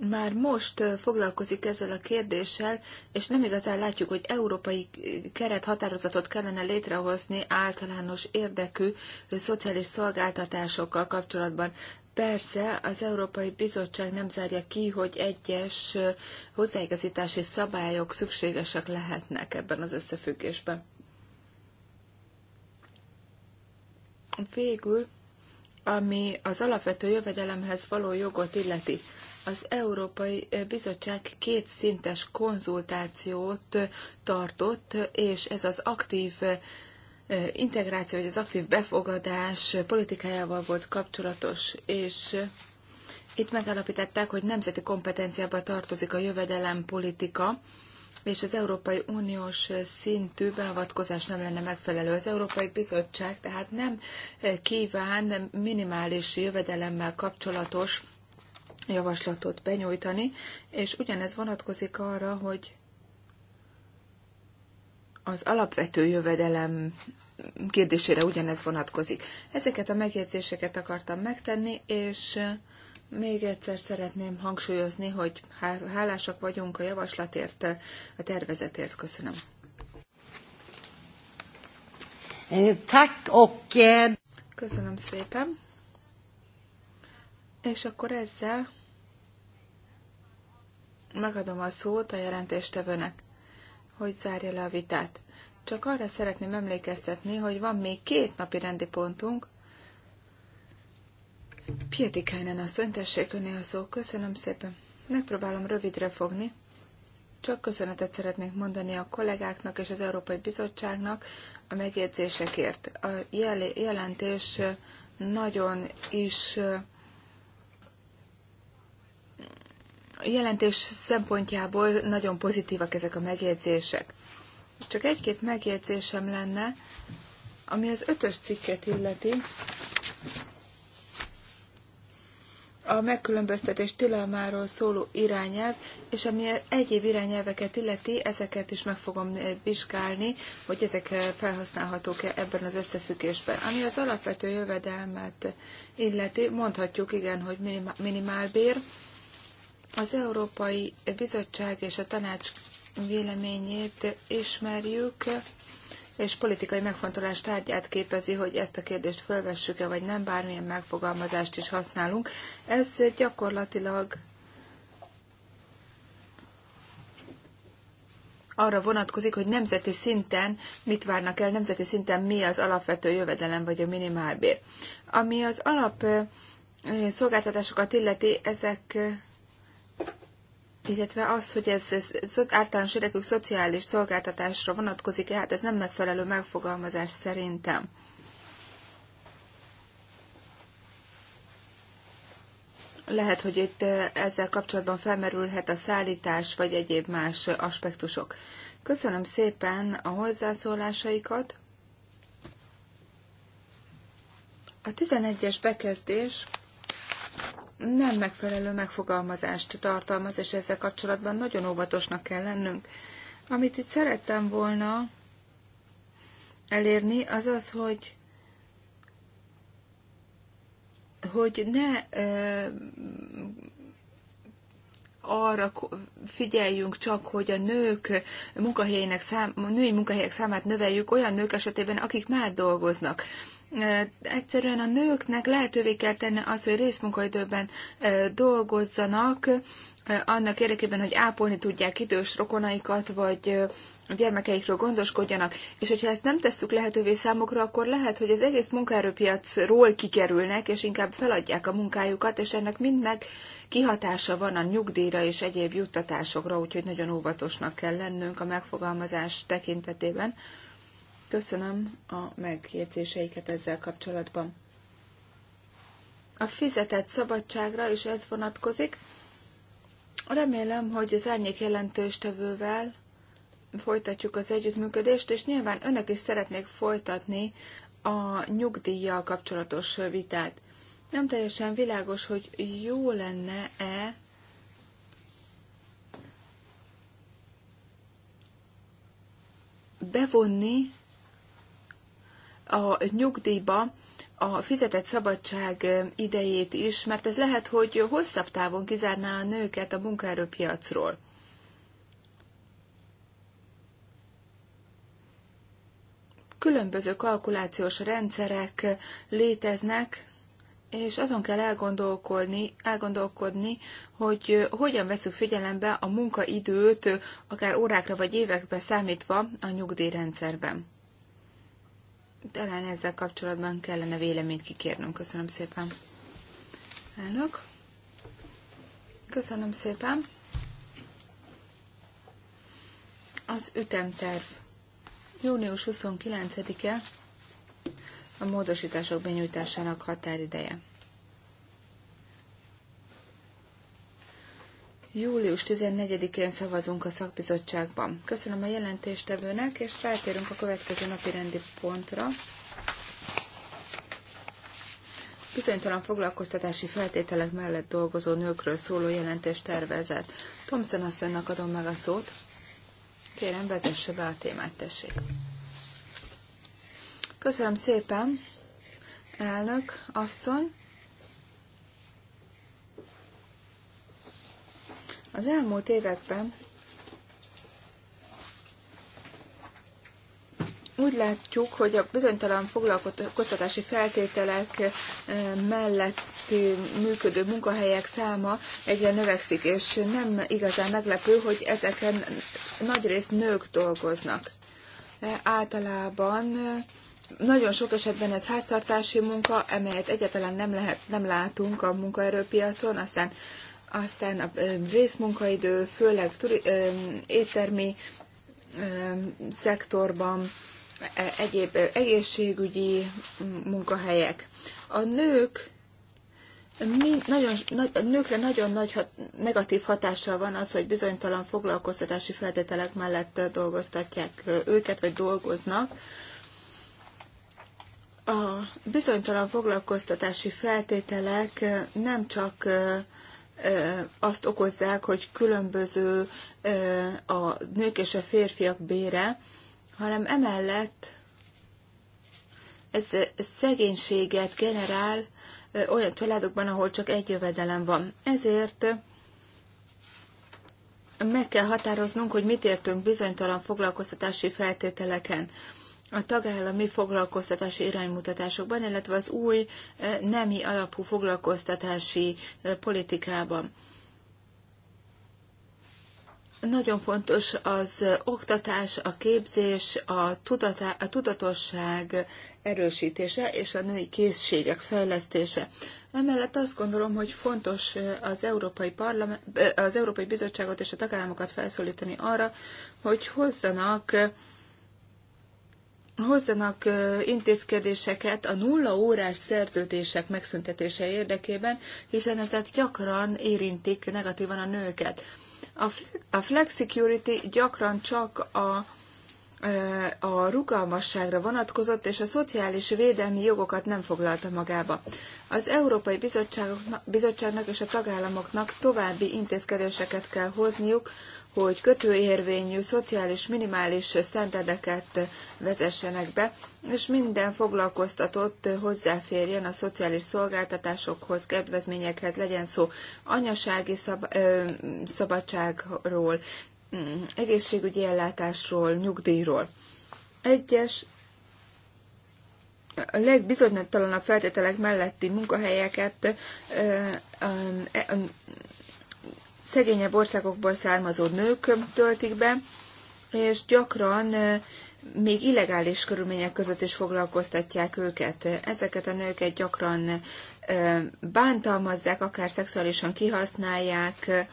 már most foglalkozik ezzel a kérdéssel, és nem igazán látjuk, hogy európai kerethatározatot kellene létrehozni általános érdekű szociális szolgáltatásokkal kapcsolatban. Persze az Európai Bizottság nem zárja ki, hogy egyes hozzáigazítási szabályok szükségesek lehetnek ebben az összefüggésben. Végül, ami az alapvető jövedelemhez való jogot illeti az Európai Bizottság két szintes konzultációt tartott, és ez az aktív eh, integráció, vagy az aktív befogadás politikájával volt kapcsolatos, és eh, itt megállapították, hogy nemzeti kompetenciába tartozik a jövedelempolitika, és az Európai Uniós szintű beavatkozás nem lenne megfelelő. Az Európai Bizottság tehát nem eh, kíván minimális jövedelemmel kapcsolatos javaslatot benyújtani, és ugyanez vonatkozik arra, hogy az alapvető jövedelem kérdésére ugyanez vonatkozik. Ezeket a megjegyzéseket akartam megtenni, és még egyszer szeretném hangsúlyozni, hogy hálásak vagyunk a javaslatért, a tervezetért. Köszönöm. Eh, Köszönöm szépen. És akkor ezzel megadom a szót a jelentéstevőnek, hogy zárja le a vitát. Csak arra szeretném emlékeztetni, hogy van még két napi rendi pontunk. Pietikájnen a szöntessék önni a szó. Köszönöm szépen. Megpróbálom rövidre fogni. Csak köszönetet szeretnék mondani a kollégáknak és az Európai Bizottságnak a megjegyzésekért. A jel jelentés nagyon is jelentés szempontjából nagyon pozitívak ezek a megjegyzések. Csak egy-két megjegyzésem lenne, ami az ötös cikket illeti, a megkülönböztetés tilalmáról szóló irányelv, és ami egyéb irányelveket illeti, ezeket is meg fogom vizsgálni, hogy ezek felhasználhatók-e ebben az összefüggésben. Ami az alapvető jövedelmet illeti, mondhatjuk igen, hogy minimálbér, minimál az Európai Bizottság és a Tanács véleményét ismerjük, és politikai megfontolás tárgyát képezi, hogy ezt a kérdést fölvessük-e, vagy nem, bármilyen megfogalmazást is használunk. Ez gyakorlatilag arra vonatkozik, hogy nemzeti szinten mit várnak el, nemzeti szinten mi az alapvető jövedelem vagy a minimálbér. Ami az alap eh, szolgáltatásokat illeti, ezek eh, illetve az, hogy ez, ez általános érdekű szociális szolgáltatásra vonatkozik, hát ez nem megfelelő megfogalmazás szerintem. Lehet, hogy itt ezzel kapcsolatban felmerülhet a szállítás vagy egyéb más aspektusok. Köszönöm szépen a hozzászólásaikat. A 11-es bekezdés nem megfelelő megfogalmazást tartalmaz, és ezzel kapcsolatban nagyon óvatosnak kell lennünk. Amit itt szerettem volna elérni, az az, hogy hogy ne ö, arra figyeljünk csak, hogy a nők munkahelyének szám, női munkahelyek számát növeljük olyan nők esetében, akik már dolgoznak. Egyszerűen a nőknek lehetővé kell tenni az, hogy részmunkaidőben dolgozzanak, annak érdekében, hogy ápolni tudják idős rokonaikat, vagy a gyermekeikről gondoskodjanak, és hogyha ezt nem tesszük lehetővé számukra, akkor lehet, hogy az egész munkaerőpiacról kikerülnek, és inkább feladják a munkájukat, és ennek mindnek kihatása van a nyugdíjra és egyéb juttatásokra, úgyhogy nagyon óvatosnak kell lennünk a megfogalmazás tekintetében. Köszönöm a megjegyzéseiket ezzel kapcsolatban. A fizetett szabadságra is ez vonatkozik. Remélem, hogy az árnyék tevővel folytatjuk az együttműködést, és nyilván önök is szeretnék folytatni a nyugdíjjal kapcsolatos vitát. Nem teljesen világos, hogy jó lenne-e bevonni a nyugdíjba a fizetett szabadság idejét is, mert ez lehet, hogy hosszabb távon kizárná a nőket a munkaerőpiacról. Különböző kalkulációs rendszerek léteznek, és azon kell elgondolkodni, elgondolkodni, hogy hogyan veszük figyelembe a munkaidőt, akár órákra vagy évekre számítva a nyugdíjrendszerben talán ezzel kapcsolatban kellene véleményt kikérnünk. Köszönöm szépen. Elnök. Köszönöm szépen. Az ütemterv. Június 29-e a módosítások benyújtásának határideje. Július 14-én szavazunk a szakbizottságban. Köszönöm a jelentéstevőnek, és rátérünk a következő napi rendi pontra. Bizonytalan foglalkoztatási feltételek mellett dolgozó nőkről szóló jelentés tervezett. Tomszen asszonynak adom meg a szót. Kérem, vezesse be a témát, tessék. Köszönöm szépen, elnök asszony. Az elmúlt években úgy látjuk, hogy a bizonytalan foglalkoztatási feltételek eh, mellett eh, működő munkahelyek száma egyre növekszik, és nem igazán meglepő, hogy ezeken nagyrészt nők dolgoznak. Eh, általában nagyon sok esetben ez háztartási munka, emelyet egyáltalán nem, lehet, nem látunk a munkaerőpiacon, aztán aztán a részmunkaidő, főleg turi, éttermi szektorban, e, egyéb egészségügyi munkahelyek. A nők mi, nagyon, nagy, a nőkre nagyon nagy hat, negatív hatással van az, hogy bizonytalan foglalkoztatási feltételek mellett dolgoztatják őket, vagy dolgoznak. A bizonytalan foglalkoztatási feltételek nem csak azt okozzák, hogy különböző a nők és a férfiak bére, hanem emellett ez szegénységet generál olyan családokban, ahol csak egy jövedelem van. Ezért meg kell határoznunk, hogy mit értünk bizonytalan foglalkoztatási feltételeken a tagállami foglalkoztatási iránymutatásokban, illetve az új eh, nemi alapú foglalkoztatási eh, politikában. Nagyon fontos az eh, oktatás, a képzés, a, tudatá, a tudatosság erősítése és a női készségek fejlesztése. Emellett azt gondolom, hogy fontos az Európai, Parlament, az Európai Bizottságot és a tagállamokat felszólítani arra, hogy hozzanak hozzanak intézkedéseket a nulla órás szerződések megszüntetése érdekében, hiszen ezek gyakran érintik negatívan a nőket. A flexicurity gyakran csak a, a rugalmasságra vonatkozott, és a szociális védelmi jogokat nem foglalta magába. Az Európai Bizottságnak és a tagállamoknak további intézkedéseket kell hozniuk, hogy kötőérvényű, szociális, minimális sztenderdeket vezessenek be, és minden foglalkoztatott hozzáférjen a szociális szolgáltatásokhoz, kedvezményekhez, legyen szó anyasági szab- szabadságról, mm, egészségügyi ellátásról, nyugdíjról. Egyes a legbizonytalanabb feltételek melletti munkahelyeket szegényebb országokból származó nők töltik be, és gyakran még illegális körülmények között is foglalkoztatják őket. Ezeket a nőket gyakran bántalmazzák, akár szexuálisan kihasználják,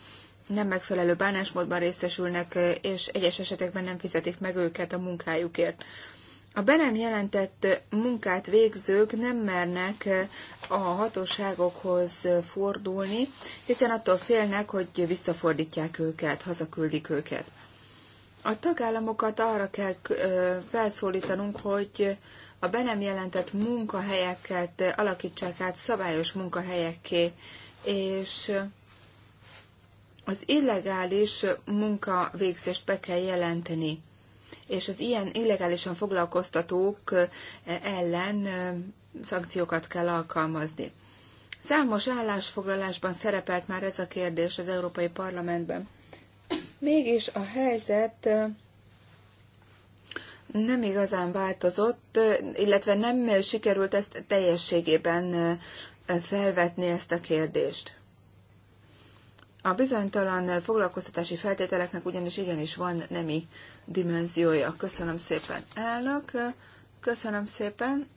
nem megfelelő bánásmódban részesülnek, és egyes esetekben nem fizetik meg őket a munkájukért. A be nem jelentett munkát végzők nem mernek a hatóságokhoz fordulni, hiszen attól félnek, hogy visszafordítják őket, hazaküldik őket. A tagállamokat arra kell felszólítanunk, hogy a be nem jelentett munkahelyeket alakítsák át szabályos munkahelyekké, és az illegális munkavégzést be kell jelenteni és az ilyen illegálisan foglalkoztatók ellen szankciókat kell alkalmazni. Számos állásfoglalásban szerepelt már ez a kérdés az Európai Parlamentben. Mégis a helyzet nem igazán változott, illetve nem sikerült ezt teljességében felvetni ezt a kérdést. A bizonytalan foglalkoztatási feltételeknek ugyanis igenis van nemi dimenziója. Köszönöm szépen, elnök. Köszönöm szépen.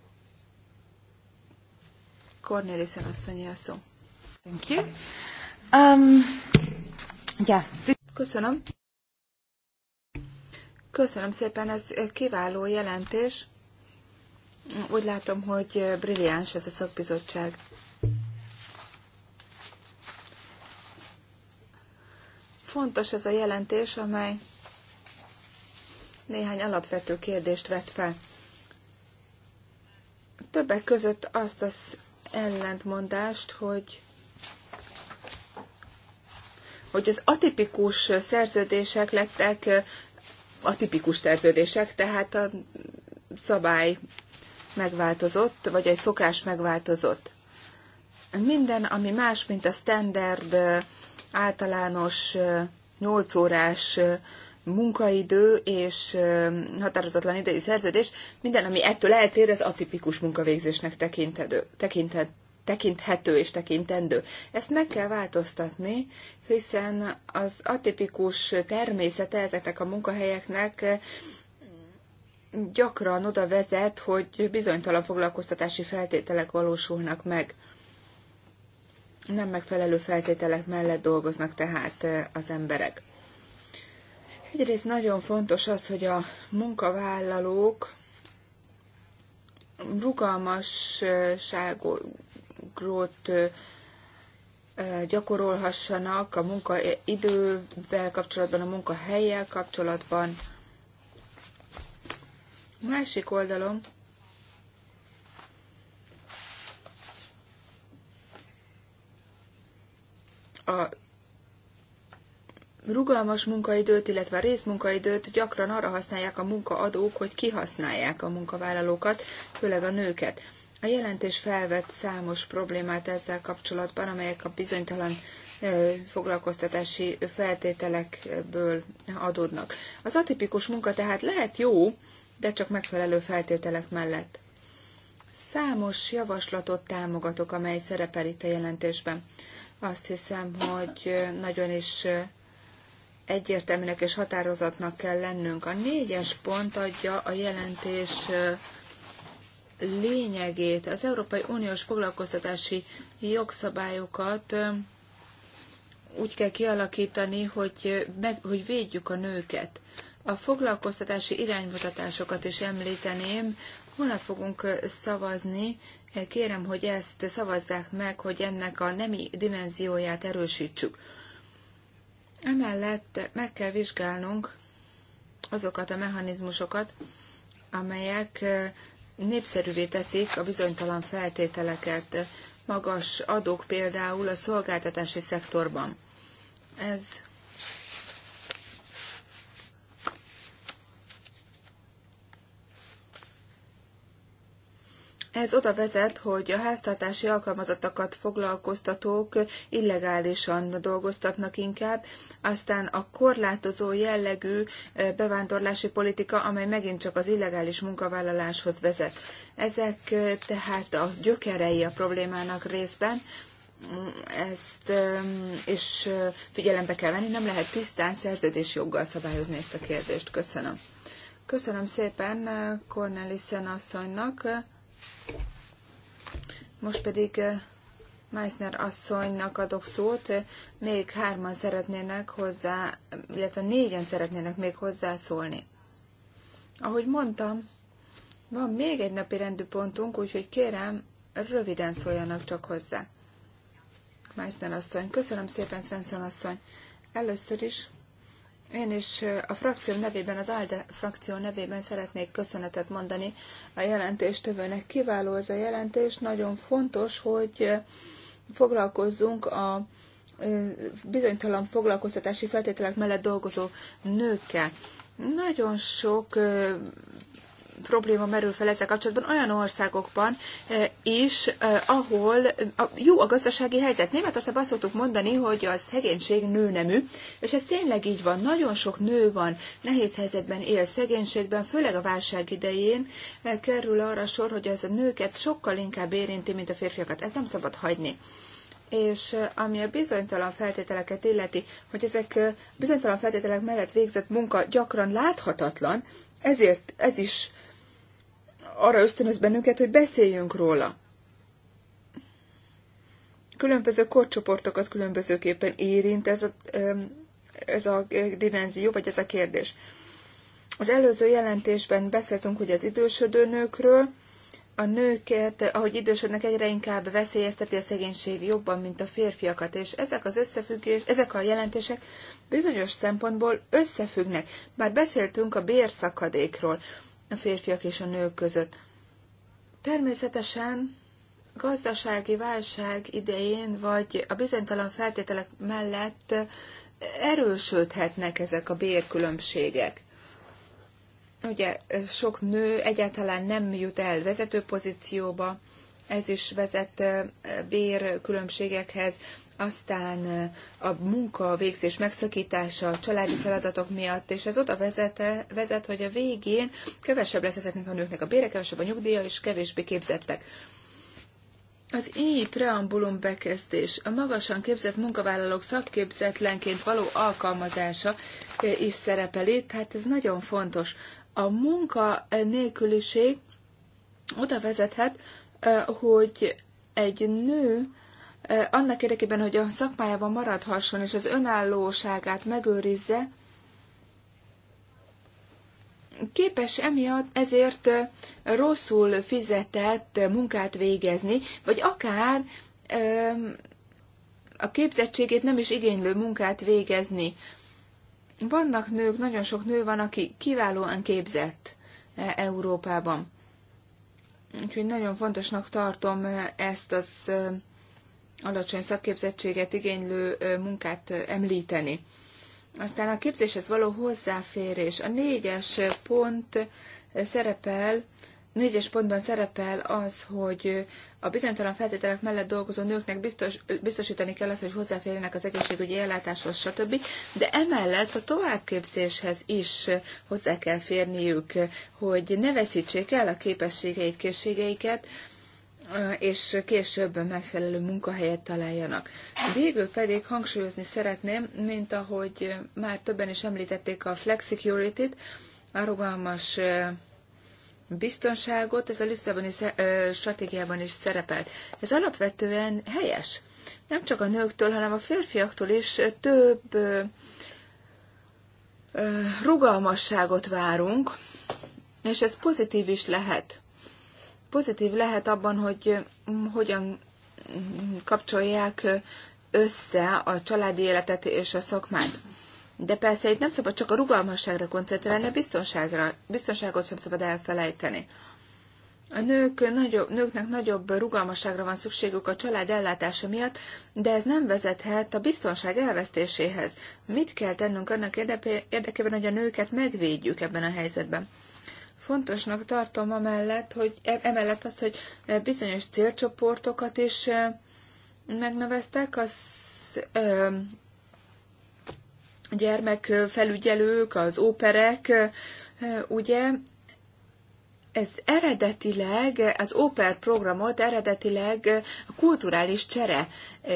Cornélisen asszonyi a szó. Thank you. Um, yeah. Köszönöm. Köszönöm szépen, ez kiváló jelentés. Úgy látom, hogy brilliáns ez a szakbizottság. Fontos ez a jelentés, amely néhány alapvető kérdést vet fel. Többek között azt az ellentmondást, hogy hogy az atipikus szerződések lettek atipikus szerződések, tehát a szabály megváltozott, vagy egy szokás megváltozott. Minden, ami más, mint a standard általános 8 órás munkaidő és határozatlan idei szerződés, minden, ami ettől eltér, az atipikus munkavégzésnek tekintedő, tekintet, tekinthető és tekintendő. Ezt meg kell változtatni, hiszen az atipikus természete ezeknek a munkahelyeknek gyakran oda vezet, hogy bizonytalan foglalkoztatási feltételek valósulnak meg. Nem megfelelő feltételek mellett dolgoznak tehát az emberek. Egyrészt nagyon fontos az, hogy a munkavállalók rugalmasságot gyakorolhassanak a munkaidővel kapcsolatban, a munkahelyel kapcsolatban. A másik oldalon a rugalmas munkaidőt, illetve a részmunkaidőt gyakran arra használják a munkaadók, hogy kihasználják a munkavállalókat, főleg a nőket. A jelentés felvet számos problémát ezzel kapcsolatban, amelyek a bizonytalan foglalkoztatási feltételekből adódnak. Az atipikus munka tehát lehet jó, de csak megfelelő feltételek mellett. Számos javaslatot támogatok, amely szerepel itt a jelentésben. Azt hiszem, hogy nagyon is egyértelműnek és határozatnak kell lennünk. A négyes pont adja a jelentés lényegét. Az Európai Uniós foglalkoztatási jogszabályokat úgy kell kialakítani, hogy, meg, hogy védjük a nőket. A foglalkoztatási iránymutatásokat is említeném, Holnap fogunk szavazni. Kérem, hogy ezt szavazzák meg, hogy ennek a nemi dimenzióját erősítsük. Emellett meg kell vizsgálnunk azokat a mechanizmusokat, amelyek népszerűvé teszik a bizonytalan feltételeket, magas adók például a szolgáltatási szektorban. Ez Ez oda vezet, hogy a háztartási alkalmazottakat foglalkoztatók illegálisan dolgoztatnak inkább, aztán a korlátozó jellegű bevándorlási politika, amely megint csak az illegális munkavállaláshoz vezet. Ezek tehát a gyökerei a problémának részben, ezt és figyelembe kell venni, nem lehet tisztán szerződés joggal szabályozni ezt a kérdést. Köszönöm. Köszönöm szépen Cornelissen asszonynak. Most pedig Meissner asszonynak adok szót, még hárman szeretnének hozzá, illetve négyen szeretnének még hozzászólni. Ahogy mondtam, van még egy napi rendű pontunk, úgyhogy kérem, röviden szóljanak csak hozzá. Meissner asszony, köszönöm szépen, Svensson asszony. Először is én is a frakció nevében, az ALDE frakció nevében szeretnék köszönetet mondani a jelentéstövőnek. Kiváló ez a jelentés, nagyon fontos, hogy foglalkozzunk a bizonytalan foglalkoztatási feltételek mellett dolgozó nőkkel. Nagyon sok probléma merül fel ezzel kapcsolatban olyan országokban eh, is, eh, ahol eh, jó a gazdasági helyzet. Németországban azt szoktuk mondani, hogy a szegénység nőnemű, és ez tényleg így van. Nagyon sok nő van, nehéz helyzetben él, szegénységben, főleg a válság idején kerül arra sor, hogy ez a nőket sokkal inkább érinti, mint a férfiakat. Ez nem szabad hagyni és ami a bizonytalan feltételeket illeti, hogy ezek bizonytalan feltételek mellett végzett munka gyakran láthatatlan, ezért ez is arra ösztönöz bennünket, hogy beszéljünk róla. Különböző korcsoportokat különbözőképpen érint ez a, ez a dimenzió, vagy ez a kérdés. Az előző jelentésben beszéltünk hogy az idősödő nőkről, a nőket, ahogy idősödnek, egyre inkább veszélyezteti a szegénység jobban, mint a férfiakat, és ezek az összefüggés, ezek a jelentések bizonyos szempontból összefüggnek. Már beszéltünk a bérszakadékról a férfiak és a nők között. Természetesen gazdasági válság idején, vagy a bizonytalan feltételek mellett erősödhetnek ezek a bérkülönbségek. Ugye sok nő egyáltalán nem jut el vezető pozícióba, ez is vezet bérkülönbségekhez, aztán a munka végzés megszakítása a családi feladatok miatt, és ez oda vezet, vezet, hogy a végén kevesebb lesz ezeknek a nőknek a bére, kevesebb a nyugdíja, és kevésbé képzettek. Az így preambulum bekezdés, a magasan képzett munkavállalók szakképzetlenként való alkalmazása is szerepel itt, tehát ez nagyon fontos. A munka nélküliség oda vezethet, hogy egy nő Eh, annak érdekében, hogy a szakmájában maradhasson és az önállóságát megőrizze, képes emiatt ezért eh, rosszul fizetett munkát végezni, vagy akár a képzettségét nem is igénylő munkát végezni. Vannak nők, nagyon sok nő van, aki kiválóan képzett eh, Európában. Úgyhogy nagyon fontosnak tartom ezt az alacsony szakképzettséget igénylő munkát említeni. Aztán a képzéshez való hozzáférés. A négyes pont szerepel, négyes pontban szerepel az, hogy a bizonytalan feltételek mellett dolgozó nőknek biztos, biztosítani kell az, hogy hozzáférjenek az egészségügyi ellátáshoz, stb. De emellett a továbbképzéshez is hozzá kell férniük, hogy ne veszítsék el a képességeik készségeiket, és később megfelelő munkahelyet találjanak. Végül pedig hangsúlyozni szeretném, mint ahogy már többen is említették a flexicurity-t, a rugalmas biztonságot, ez a Lisszaboni stratégiában is szerepelt. Ez alapvetően helyes. Nem csak a nőktől, hanem a férfiaktól is több rugalmasságot várunk, és ez pozitív is lehet pozitív lehet abban, hogy mm, hogyan mm, kapcsolják össze a családi életet és a szakmát. De persze itt nem szabad csak a rugalmasságra koncentrálni, a biztonságra, biztonságot sem szabad elfelejteni. A nők nagyobb, nőknek nagyobb rugalmasságra van szükségük a család ellátása miatt, de ez nem vezethet a biztonság elvesztéséhez. Mit kell tennünk annak érdekében, hogy a nőket megvédjük ebben a helyzetben? Fontosnak tartom amellett, hogy emellett azt, hogy bizonyos célcsoportokat is megneveztek, az gyermekfelügyelők, az óperek, ugye, ez eredetileg, az OPER programot eredetileg a kulturális csere e,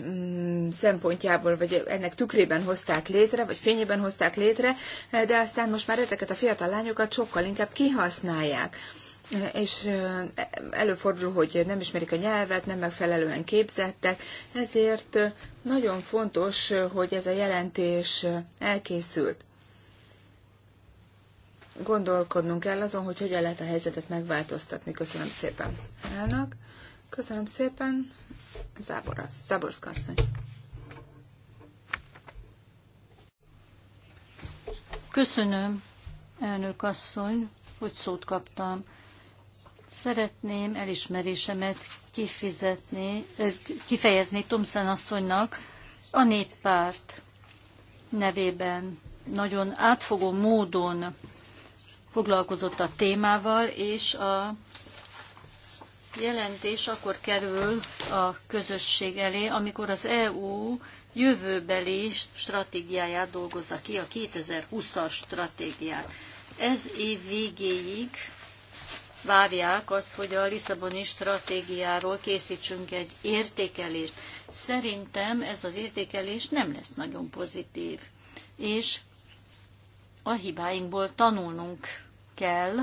mm, szempontjából, vagy ennek tükrében hozták létre, vagy fényében hozták létre, e, de aztán most már ezeket a fiatal lányokat sokkal inkább kihasználják e, és előfordul, hogy nem ismerik a nyelvet, nem megfelelően képzettek, ezért nagyon fontos, hogy ez a jelentés elkészült gondolkodnunk kell azon, hogy hogyan lehet a helyzetet megváltoztatni. Köszönöm szépen, elnök. Köszönöm szépen, Záborasz, Záborszka kasszony. Köszönöm, elnök asszony, hogy szót kaptam. Szeretném elismerésemet kifizetni, kifejezni Tomszen asszonynak a néppárt nevében. Nagyon átfogó módon foglalkozott a témával, és a jelentés akkor kerül a közösség elé, amikor az EU jövőbeli stratégiáját dolgozza ki, a 2020-as stratégiát. Ez év végéig várják azt, hogy a Lisszaboni stratégiáról készítsünk egy értékelést. Szerintem ez az értékelés nem lesz nagyon pozitív, és a hibáinkból tanulnunk kell,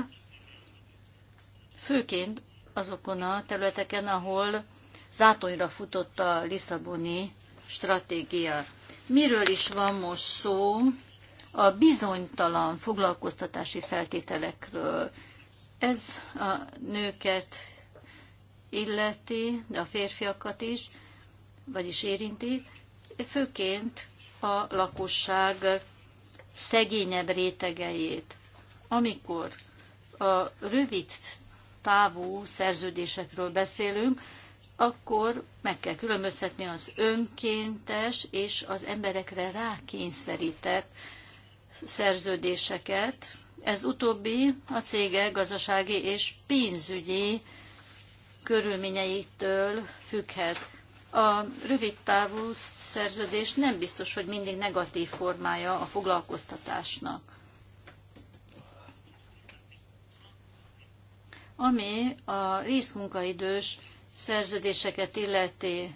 főként azokon a területeken, ahol zátonyra futott a Lisszaboni stratégia. Miről is van most szó? A bizonytalan foglalkoztatási feltételekről. Ez a nőket illeti, de a férfiakat is, vagyis érinti, főként a lakosság szegényebb rétegeit. Amikor a rövid távú szerződésekről beszélünk, akkor meg kell különböztetni az önkéntes és az emberekre rákényszerített szerződéseket. Ez utóbbi a cége gazdasági és pénzügyi körülményeitől függhet a rövid távú szerződés nem biztos, hogy mindig negatív formája a foglalkoztatásnak. Ami a részmunkaidős szerződéseket illeti,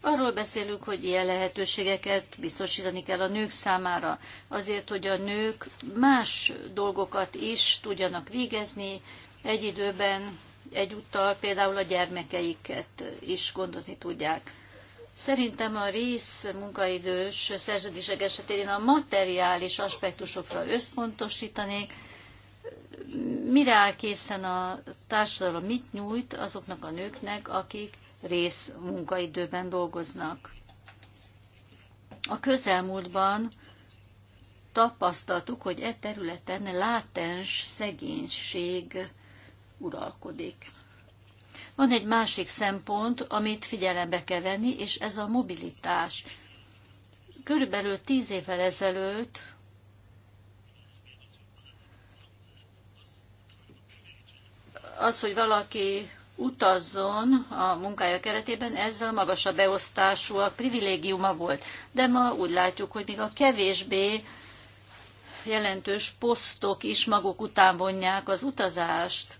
arról beszélünk, hogy ilyen lehetőségeket biztosítani kell a nők számára, azért, hogy a nők más dolgokat is tudjanak végezni egy időben, egyúttal például a gyermekeiket is gondozni tudják. Szerintem a rész munkaidős szerződések esetén a materiális aspektusokra összpontosítanék, mire áll készen a társadalom, mit nyújt azoknak a nőknek, akik rész munkaidőben dolgoznak. A közelmúltban tapasztaltuk, hogy e területen látens szegénység uralkodik. Van egy másik szempont, amit figyelembe kell venni, és ez a mobilitás. Körülbelül tíz évvel ezelőtt az, hogy valaki utazzon a munkája keretében, ezzel magasabb beosztásúak privilégiuma volt. De ma úgy látjuk, hogy még a kevésbé jelentős posztok is maguk után vonják az utazást.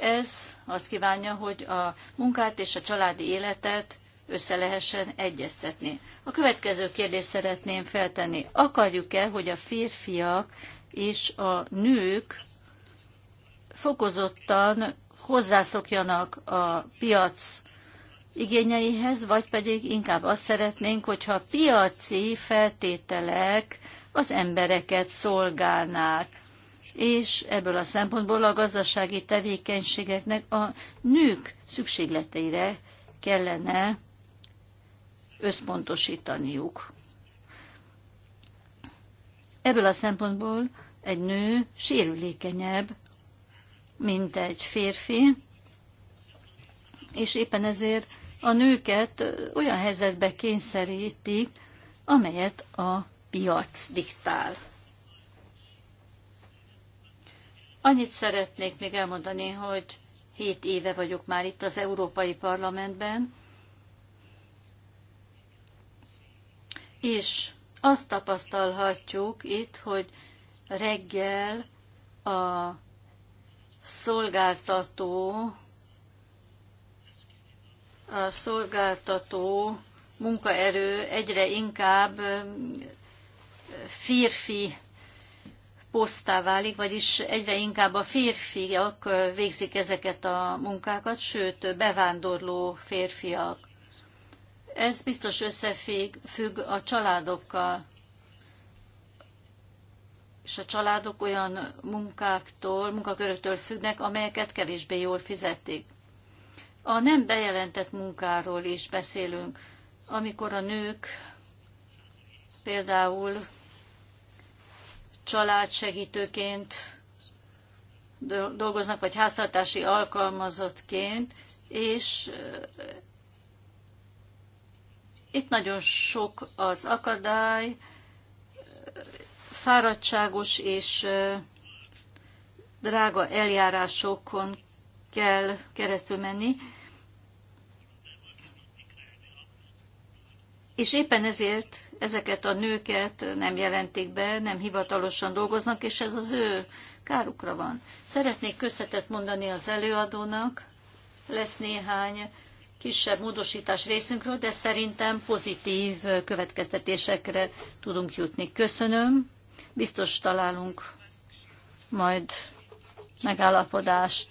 Ez azt kívánja, hogy a munkát és a családi életet össze lehessen egyeztetni. A következő kérdést szeretném feltenni. Akarjuk-e, hogy a férfiak és a nők fokozottan hozzászokjanak a piac igényeihez, vagy pedig inkább azt szeretnénk, hogyha a piaci feltételek az embereket szolgálnák, és ebből a szempontból a gazdasági tevékenységeknek a nők szükségleteire kellene összpontosítaniuk. Ebből a szempontból egy nő sérülékenyebb, mint egy férfi, és éppen ezért a nőket olyan helyzetbe kényszerítik, amelyet a piac diktál. Annyit szeretnék még elmondani, hogy hét éve vagyok már itt az Európai Parlamentben, és azt tapasztalhatjuk itt, hogy reggel a szolgáltató a szolgáltató munkaerő egyre inkább férfi posztá válik, vagyis egyre inkább a férfiak végzik ezeket a munkákat, sőt, bevándorló férfiak. Ez biztos összefügg a családokkal. És a családok olyan munkáktól, munkaköröktől függnek, amelyeket kevésbé jól fizetik. A nem bejelentett munkáról is beszélünk, amikor a nők például családsegítőként dolgoznak, vagy háztartási alkalmazottként, és eh, itt nagyon sok az akadály, fáradtságos és eh, drága eljárásokon kell keresztül menni. És éppen ezért ezeket a nőket nem jelentik be, nem hivatalosan dolgoznak, és ez az ő kárukra van. Szeretnék köszetet mondani az előadónak, lesz néhány kisebb módosítás részünkről, de szerintem pozitív következtetésekre tudunk jutni. Köszönöm, biztos találunk majd megállapodást.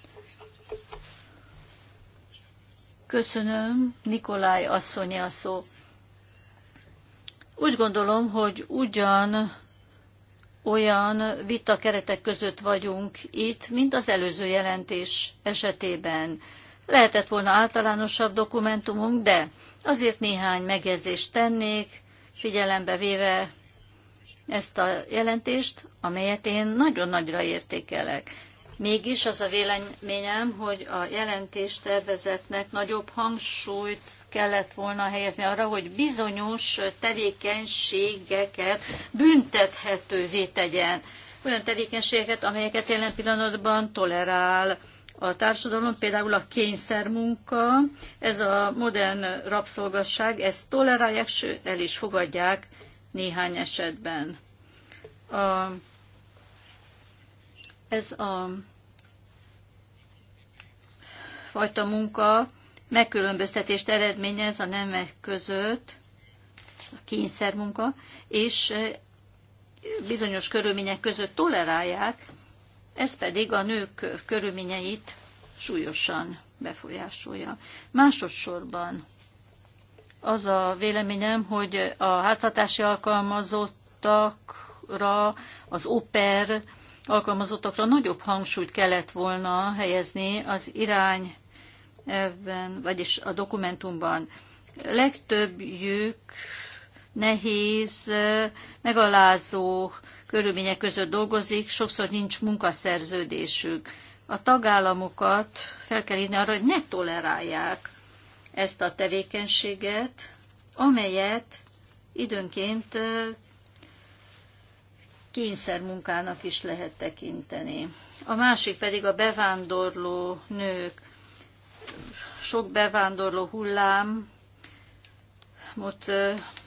Köszönöm, Nikolaj asszonyi a szó. Úgy gondolom, hogy ugyan olyan vita keretek között vagyunk itt, mint az előző jelentés esetében. Lehetett volna általánosabb dokumentumunk, de azért néhány megjegyzést tennék, figyelembe véve ezt a jelentést, amelyet én nagyon nagyra értékelek. Mégis az a véleményem, hogy a jelentés tervezetnek nagyobb hangsúlyt kellett volna helyezni arra, hogy bizonyos tevékenységeket büntethetővé tegyen. Olyan tevékenységeket, amelyeket jelen pillanatban tolerál a társadalom, például a kényszermunka, ez a modern rabszolgasság, ezt tolerálják, sőt el is fogadják néhány esetben. A, ez a fajta munka megkülönböztetést eredményez a nemek között, a kényszermunka, és e, bizonyos körülmények között tolerálják, ez pedig a nők körülményeit súlyosan befolyásolja. Másodszorban az a véleményem, hogy a háztartási alkalmazottakra, az oper alkalmazottakra nagyobb hangsúlyt kellett volna helyezni az irány elvben, vagyis a dokumentumban. Legtöbbjük nehéz, megalázó körülmények között dolgozik, sokszor nincs munkaszerződésük. A tagállamokat fel kell írni arra, hogy ne tolerálják ezt a tevékenységet, amelyet időnként kényszermunkának is lehet tekinteni. A másik pedig a bevándorló nők sok bevándorló hullám ott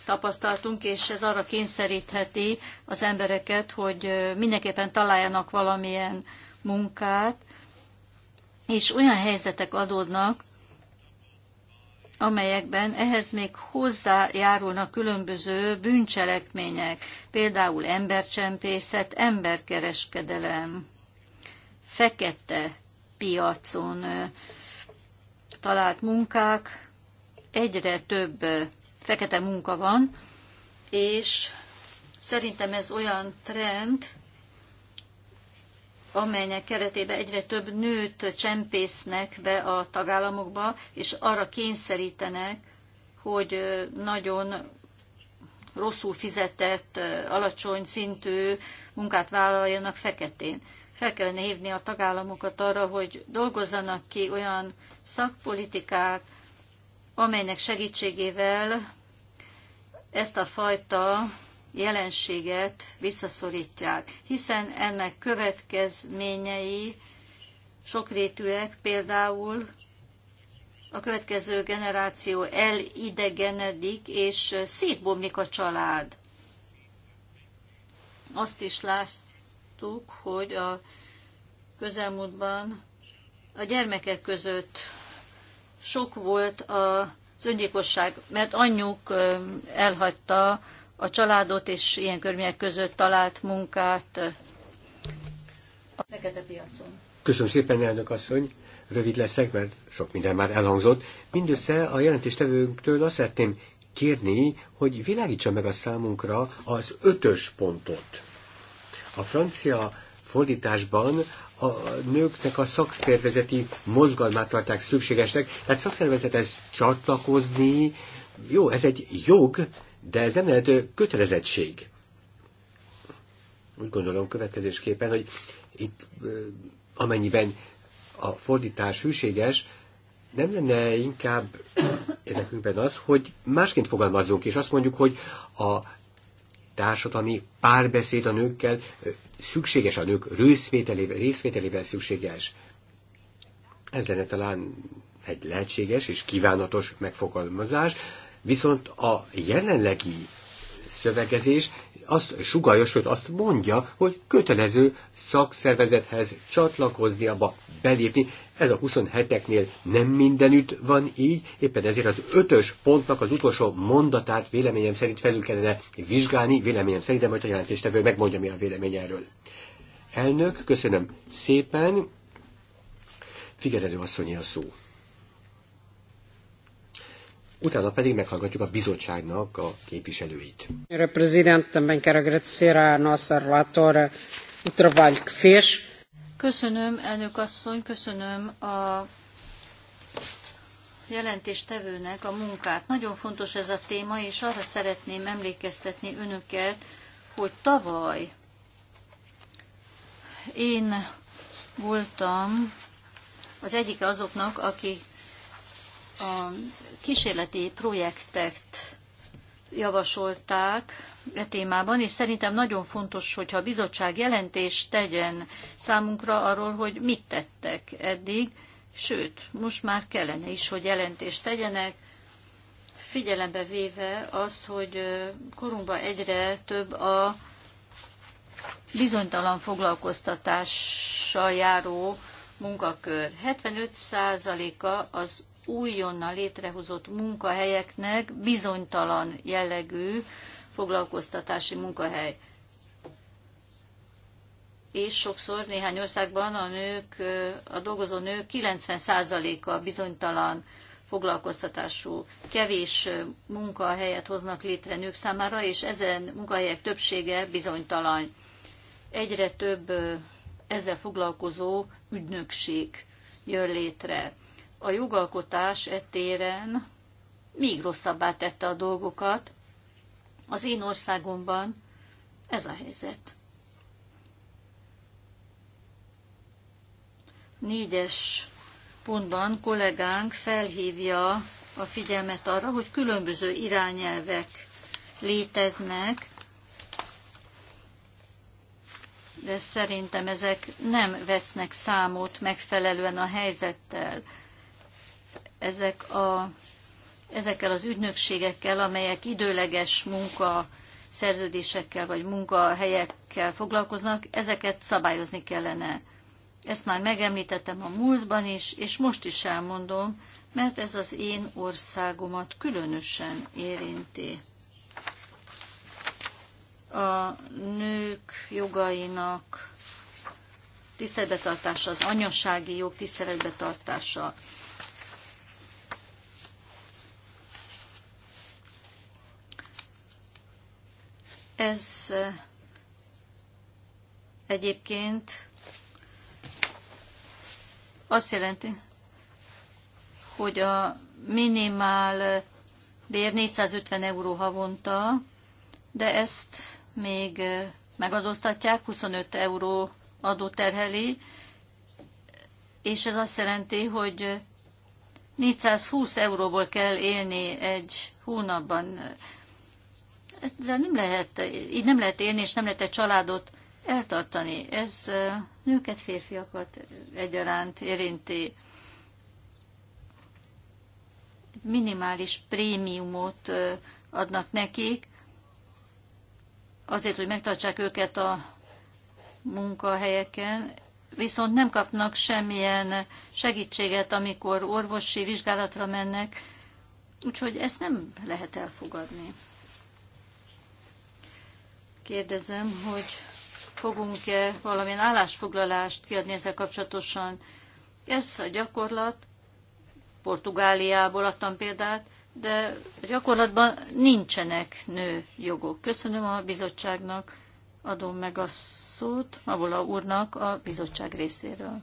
tapasztaltunk, és ez arra kényszerítheti az embereket, hogy mindenképpen találjanak valamilyen munkát, és olyan helyzetek adódnak, amelyekben ehhez még hozzájárulnak különböző bűncselekmények, például embercsempészet, emberkereskedelem, fekete piacon talált munkák, egyre több fekete munka van, és szerintem ez olyan trend, amelynek keretében egyre több nőt csempésznek be a tagállamokba, és arra kényszerítenek, hogy nagyon rosszul fizetett, alacsony szintű munkát vállaljanak feketén fel kellene hívni a tagállamokat arra, hogy dolgozzanak ki olyan szakpolitikát, amelynek segítségével ezt a fajta jelenséget visszaszorítják, hiszen ennek következményei sokrétűek, például a következő generáció elidegenedik, és szétbomlik a család. Azt is lát, láttuk, hogy a közelmúltban a gyermekek között sok volt az öngyilkosság, mert anyjuk elhagyta a családot, és ilyen körmények között talált munkát a fekete piacon. Köszönöm szépen, elnök asszony! Rövid leszek, mert sok minden már elhangzott. Mindössze a jelentéstevőnktől azt szeretném kérni, hogy világítsa meg a számunkra az ötös pontot. A francia fordításban a nőknek a szakszervezeti mozgalmát tartják szükségesnek, tehát szakszervezethez csatlakozni, jó, ez egy jog, de ez nem lehet kötelezettség. Úgy gondolom következésképpen, hogy itt amennyiben a fordítás hűséges, nem lenne inkább érdekünkben az, hogy másként fogalmazzunk, és azt mondjuk, hogy a társadalmi párbeszéd a nőkkel szükséges, a nők részvételével, részvételében szükséges. Ez lenne talán egy lehetséges és kívánatos megfogalmazás, viszont a jelenlegi szövegezés azt sugalja, sőt azt mondja, hogy kötelező szakszervezethez csatlakozni, abba belépni. Ez a 27-eknél nem mindenütt van így, éppen ezért az ötös pontnak az utolsó mondatát véleményem szerint felül kellene vizsgálni, véleményem szerint, de majd a jelentéstevő megmondja, mi a vélemény erről. Elnök, köszönöm szépen. Figyelő asszonyi a szó utána pedig meghallgatjuk a bizottságnak a képviselőit. Köszönöm, elnök asszony, köszönöm a jelentéstevőnek a munkát. Nagyon fontos ez a téma, és arra szeretném emlékeztetni önöket, hogy tavaly én voltam az egyik azoknak, aki a kísérleti projektet javasolták e témában, és szerintem nagyon fontos, hogyha a bizottság jelentést tegyen számunkra arról, hogy mit tettek eddig, sőt, most már kellene is, hogy jelentést tegyenek, figyelembe véve azt, hogy korunkban egyre több a bizonytalan foglalkoztatással járó munkakör. 75%-a az újonnan létrehozott munkahelyeknek bizonytalan jellegű foglalkoztatási munkahely. És sokszor néhány országban a nők, a dolgozó nők 90%-a bizonytalan foglalkoztatású, kevés munkahelyet hoznak létre nők számára, és ezen munkahelyek többsége bizonytalan. Egyre több ezzel foglalkozó ügynökség jön létre a jogalkotás etéren még rosszabbá tette a dolgokat. Az én országomban ez a helyzet. Négyes pontban kollégánk felhívja a figyelmet arra, hogy különböző irányelvek léteznek, de szerintem ezek nem vesznek számot megfelelően a helyzettel ezek a, ezekkel az ügynökségekkel, amelyek időleges munka szerződésekkel vagy munkahelyekkel foglalkoznak, ezeket szabályozni kellene. Ezt már megemlítettem a múltban is, és most is elmondom, mert ez az én országomat különösen érinti. A nők jogainak tiszteletbetartása, az anyasági jog tiszteletbetartása. Ez egyébként azt jelenti, hogy a minimál bér 450 euró havonta, de ezt még megadóztatják, 25 euró adó terheli, és ez azt jelenti, hogy 420 euróból kell élni egy hónapban de nem lehet, így nem lehet élni, és nem lehet egy családot eltartani. Ez nőket, férfiakat egyaránt érinti. Minimális prémiumot adnak nekik, azért, hogy megtartsák őket a munkahelyeken, viszont nem kapnak semmilyen segítséget, amikor orvosi vizsgálatra mennek, úgyhogy ezt nem lehet elfogadni kérdezem, hogy fogunk-e valamilyen állásfoglalást kiadni ezzel kapcsolatosan. Ez a gyakorlat, Portugáliából adtam példát, de a gyakorlatban nincsenek nő jogok. Köszönöm a bizottságnak, adom meg a szót Mavola úrnak a bizottság részéről.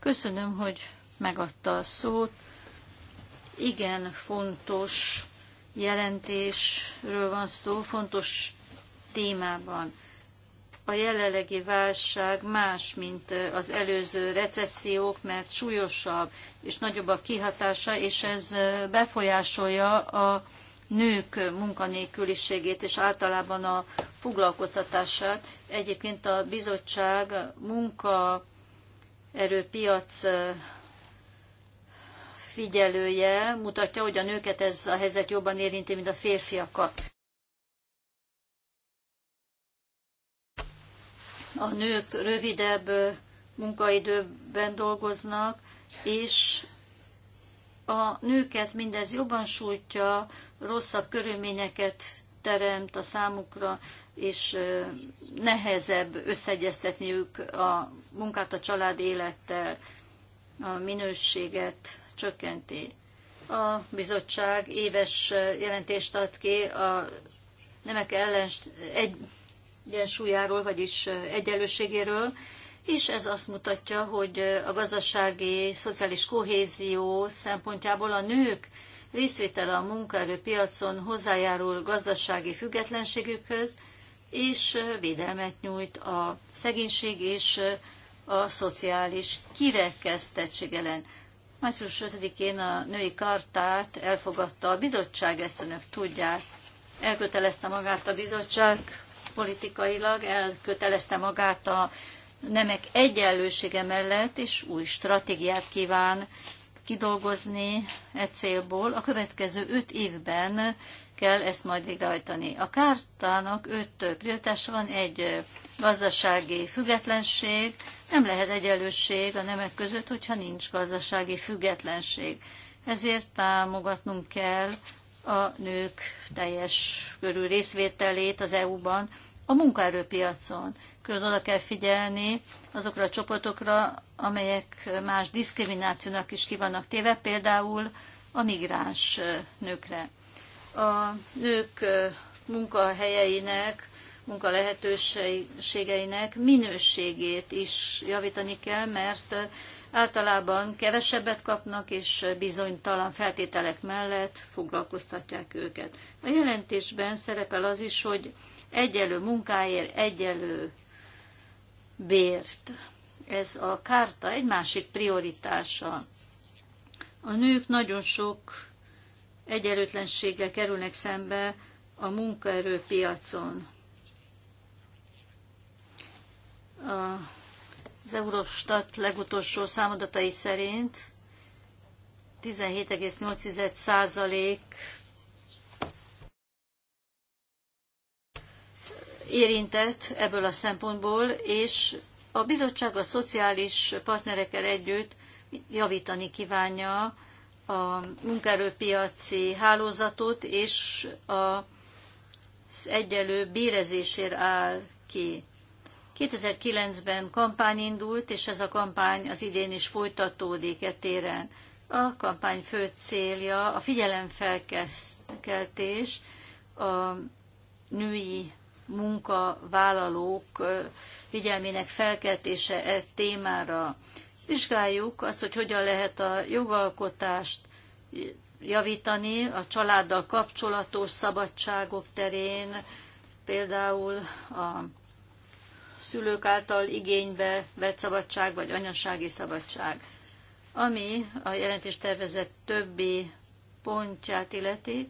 Köszönöm, hogy megadta a szót. Igen, fontos jelentésről van szó, fontos témában. A jelenlegi válság más, mint az előző recessziók, mert súlyosabb és nagyobb a kihatása, és ez befolyásolja a nők munkanélküliségét és általában a foglalkoztatását. Egyébként a bizottság munkaerőpiac megfigyelője mutatja, hogy a nőket ez a helyzet jobban érinti, mint a férfiakat. A nők rövidebb munkaidőben dolgoznak, és a nőket mindez jobban sújtja, rosszabb körülményeket teremt a számukra, és nehezebb összeegyeztetniük a munkát a család élettel, a minőséget csökkenti. A bizottság éves jelentést ad ki a nemek ellen egy, egyensúlyáról, vagyis egyenlőségéről, és ez azt mutatja, hogy a gazdasági, szociális kohézió szempontjából a nők részvétele a munkaerőpiacon hozzájárul gazdasági függetlenségükhöz, és védelmet nyújt a szegénység és a szociális kirekesztettség ellen. Március 5-én a női kartát elfogadta a bizottság, ezt önök tudják. Elkötelezte magát a bizottság politikailag, elkötelezte magát a nemek egyenlősége mellett, és új stratégiát kíván kidolgozni e célból. A következő öt évben kell ezt majd végrehajtani. A kártának öt prioritása van, egy gazdasági függetlenség, nem lehet egyenlőség a nemek között, hogyha nincs gazdasági függetlenség. Ezért támogatnunk kell a nők teljes körű részvételét az EU-ban, a munkaerőpiacon. Külön oda kell figyelni azokra a csoportokra, amelyek más diszkriminációnak is kivannak téve, például a migráns nőkre. A nők munkahelyeinek munkalehetőségeinek minőségét is javítani kell, mert általában kevesebbet kapnak, és bizonytalan feltételek mellett foglalkoztatják őket. A jelentésben szerepel az is, hogy egyelő munkáért egyelő bért. Ez a kárta egy másik prioritása. A nők nagyon sok egyenlőtlenséggel kerülnek szembe a munkaerőpiacon. az Eurostat legutolsó számadatai szerint 17,8 százalék érintett ebből a szempontból, és a bizottság a szociális partnerekkel együtt javítani kívánja a munkaerőpiaci hálózatot, és az egyelő bérezésért áll ki. 2009-ben kampány indult, és ez a kampány az idén is folytatódik e téren. A kampány fő célja a figyelemfelkeltés a női munkavállalók figyelmének felkeltése e témára. Vizsgáljuk azt, hogy hogyan lehet a jogalkotást javítani a családdal kapcsolatos szabadságok terén, például a szülők által igénybe vett szabadság, vagy anyasági szabadság. Ami a jelentés tervezett többi pontját illeti,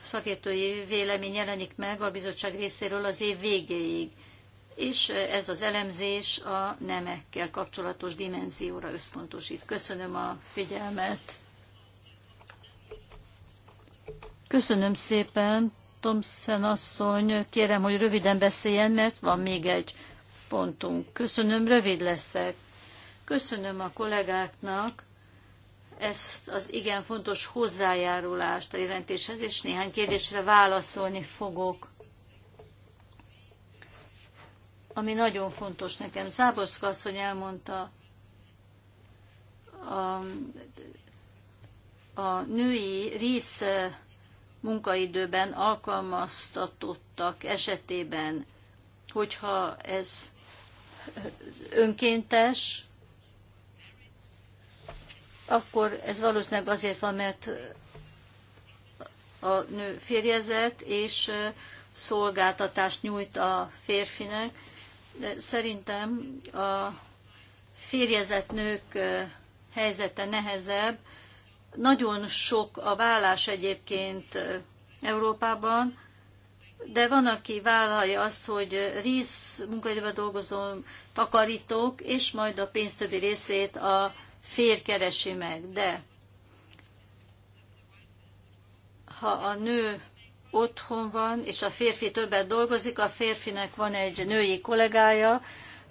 szakértői vélemény jelenik meg a bizottság részéről az év végéig, és ez az elemzés a nemekkel kapcsolatos dimenzióra összpontosít. Köszönöm a figyelmet! Köszönöm szépen! Thompson asszony, kérem, hogy röviden beszéljen, mert van még egy pontunk. Köszönöm, rövid leszek. Köszönöm a kollégáknak ezt az igen fontos hozzájárulást a jelentéshez, és néhány kérdésre válaszolni fogok, ami nagyon fontos nekem. Záborszka asszony elmondta, a, a női rész munkaidőben alkalmaztatottak esetében, hogyha ez önkéntes, akkor ez valószínűleg azért van, mert a nő férjezett, és szolgáltatást nyújt a férfinek. De szerintem a férjezett nők helyzete nehezebb, nagyon sok a vállás egyébként Európában, de van, aki vállalja azt, hogy rész munkaidőben dolgozó takarítók, és majd a pénz többi részét a fér keresi meg. De ha a nő otthon van, és a férfi többet dolgozik, a férfinek van egy női kollégája,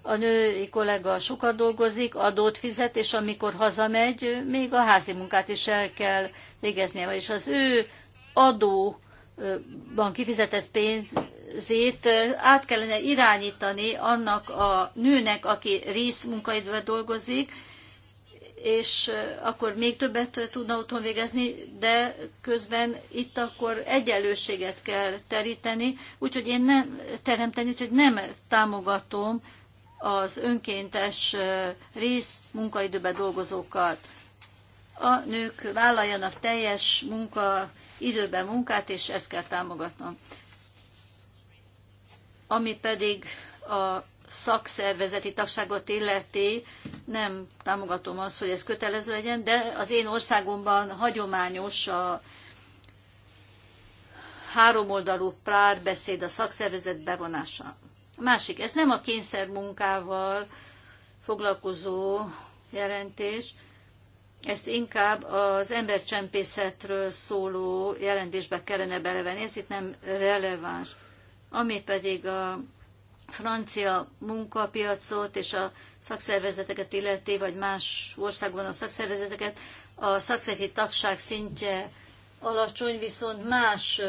a női kollega sokat dolgozik, adót fizet, és amikor hazamegy, még a házi munkát is el kell végeznie, és az ő adóban kifizetett pénzét át kellene irányítani annak a nőnek, aki részmunkaidőben dolgozik, és akkor még többet tudna otthon végezni, de közben itt akkor egyenlőséget kell teríteni, úgyhogy én nem teremteni, úgyhogy nem támogatom az önkéntes rész munkaidőben dolgozókat. A nők vállaljanak teljes munka időben munkát, és ezt kell támogatnom. Ami pedig a szakszervezeti tagságot illeti, nem támogatom azt, hogy ez kötelező legyen, de az én országomban hagyományos a háromoldalú párbeszéd a szakszervezet bevonása másik. Ez nem a munkával foglalkozó jelentés, ezt inkább az embercsempészetről szóló jelentésbe kellene belevenni, ez itt nem releváns. Ami pedig a francia munkapiacot és a szakszervezeteket illeti, vagy más országban a szakszervezeteket, a szakszervezeti tagság szintje alacsony, viszont más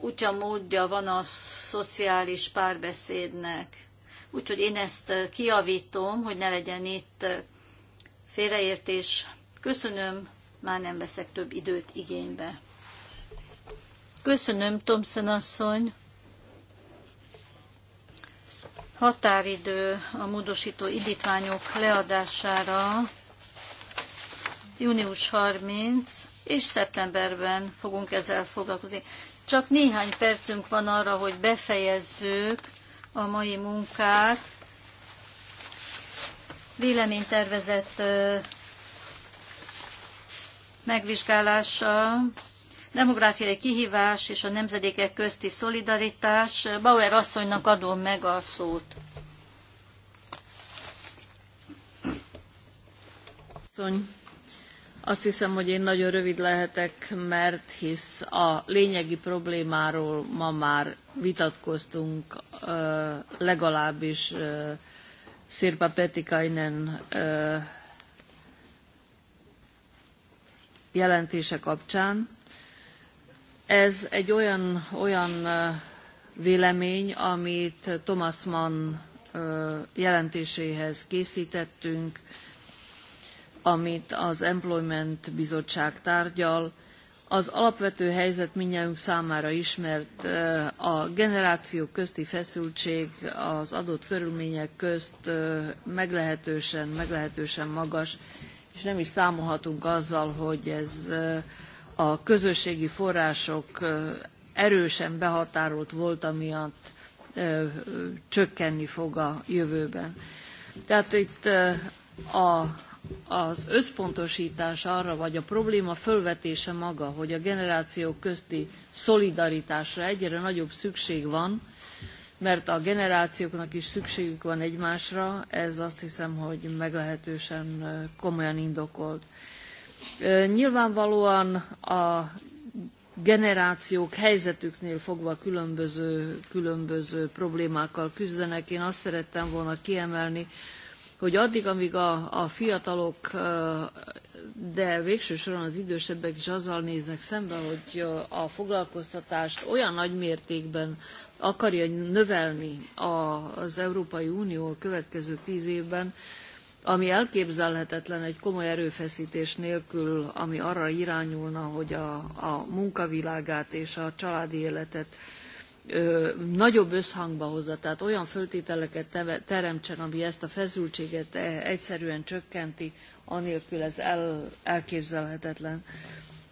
útja módja van a szociális párbeszédnek. Úgyhogy én ezt eh, kiavítom, hogy ne legyen itt eh, félreértés. Köszönöm, már nem veszek több időt igénybe. Köszönöm, Tomszen asszony. Határidő a módosító indítványok leadására június 30, és szeptemberben fogunk ezzel foglalkozni. Csak néhány percünk van arra, hogy befejezzük a mai munkát. Véleménytervezett megvizsgálása, demográfiai kihívás és a nemzedékek közti szolidaritás. Bauer asszonynak adom meg a szót. Asszony. Azt hiszem, hogy én nagyon rövid lehetek, mert hisz a lényegi problémáról ma már vitatkoztunk legalábbis Szirpa Petikainen jelentése kapcsán. Ez egy olyan, olyan vélemény, amit Thomas Mann jelentéséhez készítettünk, amit az Employment Bizottság tárgyal. Az alapvető helyzet mindjárt számára ismert, a generációk közti feszültség az adott körülmények közt meglehetősen, meglehetősen magas, és nem is számolhatunk azzal, hogy ez a közösségi források erősen behatárolt volt, amiatt csökkenni fog a jövőben. Tehát itt a az összpontosítás arra, vagy a probléma fölvetése maga, hogy a generációk közti szolidaritásra egyre nagyobb szükség van, mert a generációknak is szükségük van egymásra, ez azt hiszem, hogy meglehetősen komolyan indokolt. Nyilvánvalóan a generációk helyzetüknél fogva különböző, különböző problémákkal küzdenek. Én azt szerettem volna kiemelni, hogy addig, amíg a, a fiatalok, de végső soron az idősebbek is azzal néznek szembe, hogy a foglalkoztatást olyan nagy mértékben akarja növelni az Európai Unió a következő tíz évben, ami elképzelhetetlen egy komoly erőfeszítés nélkül, ami arra irányulna, hogy a, a munkavilágát és a családi életet ö, nagyobb összhangba hozza, tehát olyan föltételeket teremtsen, ami ezt a feszültséget e, egyszerűen csökkenti, anélkül ez el, elképzelhetetlen.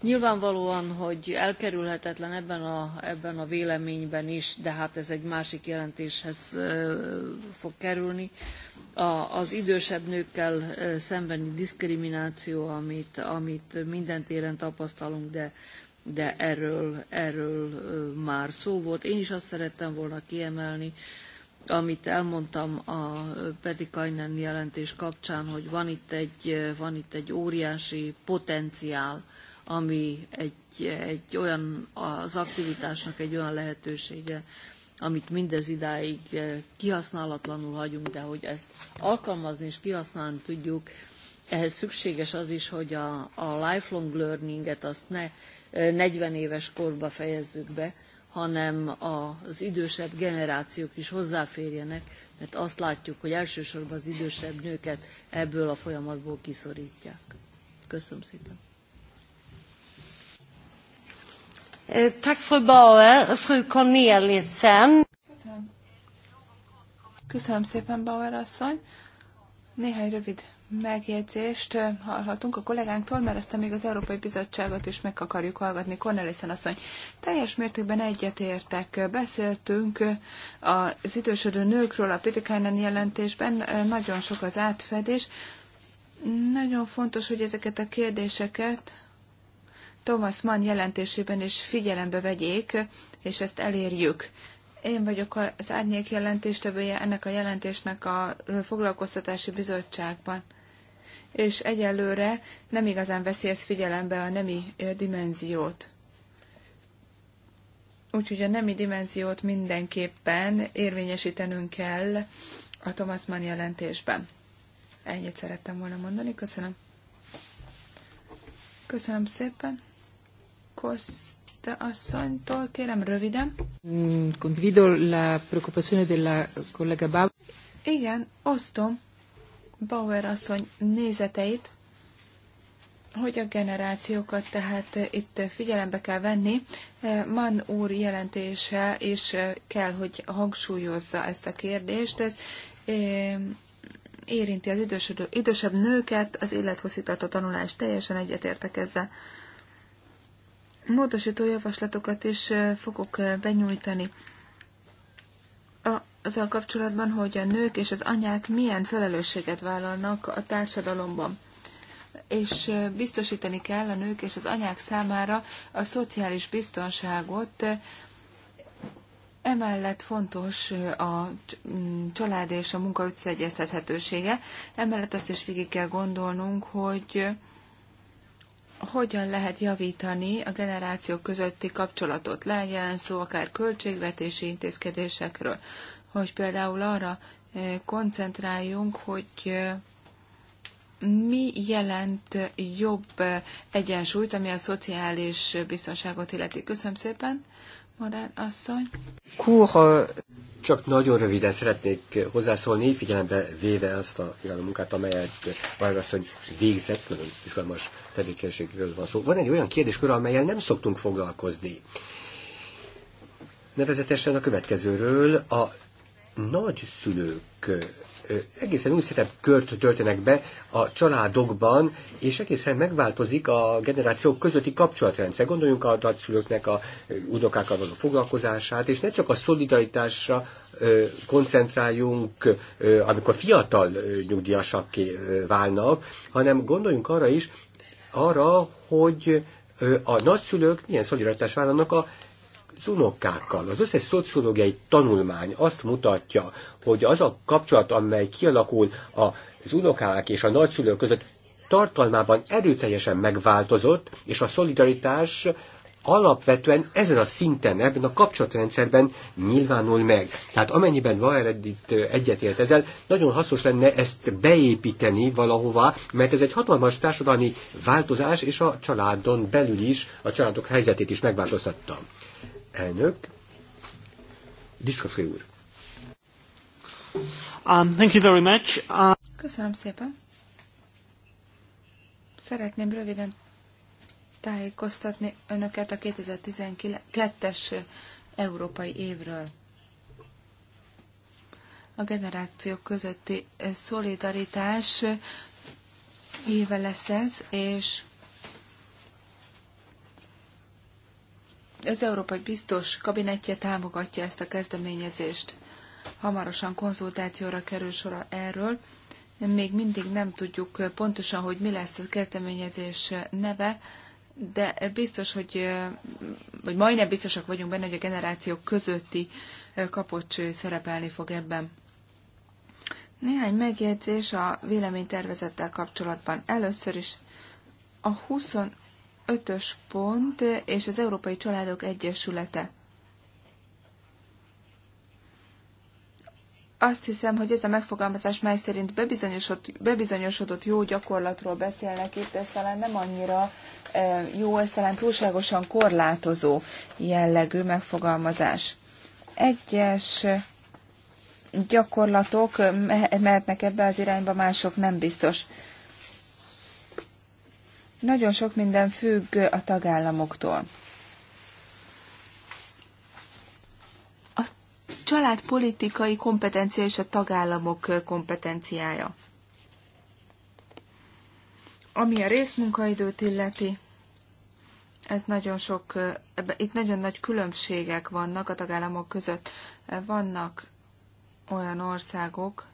Nyilvánvalóan, hogy elkerülhetetlen ebben a, ebben a véleményben is, de hát ez egy másik jelentéshez fog kerülni, a, az idősebb nőkkel szembeni diszkrimináció, amit, amit minden téren tapasztalunk, de de erről, erről már szó volt. Én is azt szerettem volna kiemelni, amit elmondtam a Peti Kajnen jelentés kapcsán, hogy van itt egy, van itt egy óriási potenciál, ami egy, egy olyan, az aktivitásnak egy olyan lehetősége, amit mindez idáig kihasználatlanul hagyunk, de hogy ezt alkalmazni és kihasználni tudjuk, ehhez szükséges az is, hogy a, a lifelong et azt ne 40 éves korba fejezzük be, hanem az idősebb generációk is hozzáférjenek, mert azt látjuk, hogy elsősorban az idősebb nőket ebből a folyamatból kiszorítják. Köszönöm szépen. Eh, tack fru Bauer, fru Cornelissen. Köszönöm szépen, Bauer asszony. Néhány rövid megjegyzést hallhatunk a kollégánktól, mert aztán még az Európai Bizottságot is meg akarjuk hallgatni. Cornelissen asszony, teljes mértékben egyetértek. Beszéltünk az idősödő nőkről a Pitikánen jelentésben, nagyon sok az átfedés. Nagyon fontos, hogy ezeket a kérdéseket Thomas Mann jelentésében is figyelembe vegyék, és ezt elérjük. Én vagyok az árnyék jelentéstevője ennek a jelentésnek a foglalkoztatási bizottságban. És egyelőre nem igazán veszi ez figyelembe a nemi dimenziót. Úgyhogy a nemi dimenziót mindenképpen érvényesítenünk kell a Thomas Mann jelentésben. Ennyit szerettem volna mondani. Köszönöm. Köszönöm szépen. Kost. Schmidt asszonytól. Kérem röviden. Mm, condivido la preoccupazione della collega Bauer. Igen, osztom Bauer asszony nézeteit, hogy a generációkat tehát itt figyelembe kell venni. Eh, Mann úr jelentése is eh, kell, hogy hangsúlyozza ezt a kérdést. Ez eh, érinti az idősödő, idősebb nőket, az élethosszítató tanulás teljesen egyetértek ezzel módosító javaslatokat is fogok benyújtani. azzal kapcsolatban, hogy a nők és az anyák milyen felelősséget vállalnak a társadalomban. És biztosítani kell a nők és az anyák számára a szociális biztonságot. Emellett fontos a család és a munka összeegyeztethetősége. Emellett azt is végig kell gondolnunk, hogy hogyan lehet javítani a generációk közötti kapcsolatot. Legyen szó akár költségvetési intézkedésekről, hogy például arra eh, koncentráljunk, hogy eh, mi jelent jobb eh, egyensúlyt, ami a szociális biztonságot illeti. Köszönöm szépen. Morán asszony. Kúha. Csak nagyon röviden szeretnék hozzászólni, figyelembe véve azt a kiváló munkát, amelyet Vajrasszony végzett, nagyon izgalmas tevékenységről van szó. Van egy olyan kérdéskör, amelyel nem szoktunk foglalkozni. Nevezetesen a következőről a nagyszülők egészen új szerepkört töltenek be a családokban, és egészen megváltozik a generációk közötti kapcsolatrendszer. Gondoljunk a nagyszülőknek a unokákkal való foglalkozását, és ne csak a szolidaritásra koncentráljunk, amikor fiatal nyugdíjasak válnak, hanem gondoljunk arra is, arra, hogy a nagyszülők milyen szolidaritást vállalnak a az unokákkal. Az összes szociológiai tanulmány azt mutatja, hogy az a kapcsolat, amely kialakul az unokák és a nagyszülők között, tartalmában erőteljesen megváltozott, és a szolidaritás alapvetően ezen a szinten, ebben a kapcsolatrendszerben nyilvánul meg. Tehát amennyiben Vaered itt egyetért ezzel, nagyon hasznos lenne ezt beépíteni valahova, mert ez egy hatalmas társadalmi változás, és a családon belül is a családok helyzetét is megváltoztatta. Elnök. Diszkafé úr. Um, thank you very much. Uh... Köszönöm szépen. Szeretném röviden tájékoztatni önöket a 2012-es európai évről. A generációk közötti szolidaritás éve lesz ez, és az Európai Biztos kabinetje támogatja ezt a kezdeményezést. Hamarosan konzultációra kerül sor erről. Még mindig nem tudjuk pontosan, hogy mi lesz a kezdeményezés neve, de biztos, hogy vagy majdnem biztosak vagyunk benne, hogy a generációk közötti kapocs szerepelni fog ebben. Néhány megjegyzés a véleménytervezettel kapcsolatban. Először is a 20 ötös pont és az Európai Családok Egyesülete. Azt hiszem, hogy ez a megfogalmazás mely szerint bebizonyosodott, bebizonyosodott jó gyakorlatról beszélnek itt, ez talán nem annyira e, jó, ez talán túlságosan korlátozó jellegű megfogalmazás. Egyes gyakorlatok mehetnek ebbe az irányba, mások nem biztos. Nagyon sok minden függ a tagállamoktól. A család politikai kompetencia és a tagállamok kompetenciája. Ami a részmunkaidőt illeti, ez nagyon sok, itt nagyon nagy különbségek vannak a tagállamok között. Vannak olyan országok,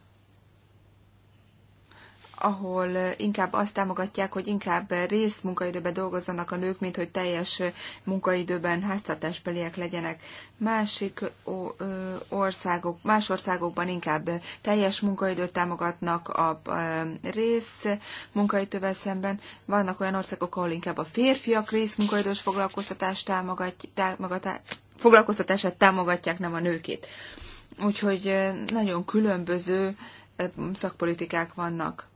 ahol inkább azt támogatják, hogy inkább rész munkaidőben dolgozzanak a nők, mint hogy teljes munkaidőben háztartásbeliek legyenek. Másik országok, más országokban inkább teljes munkaidőt támogatnak a rész munkaidővel szemben. Vannak olyan országok, ahol inkább a férfiak rész munkaidős foglalkoztatást támogatják, foglalkoztatását támogatják, nem a nőkét. Úgyhogy nagyon különböző szakpolitikák vannak.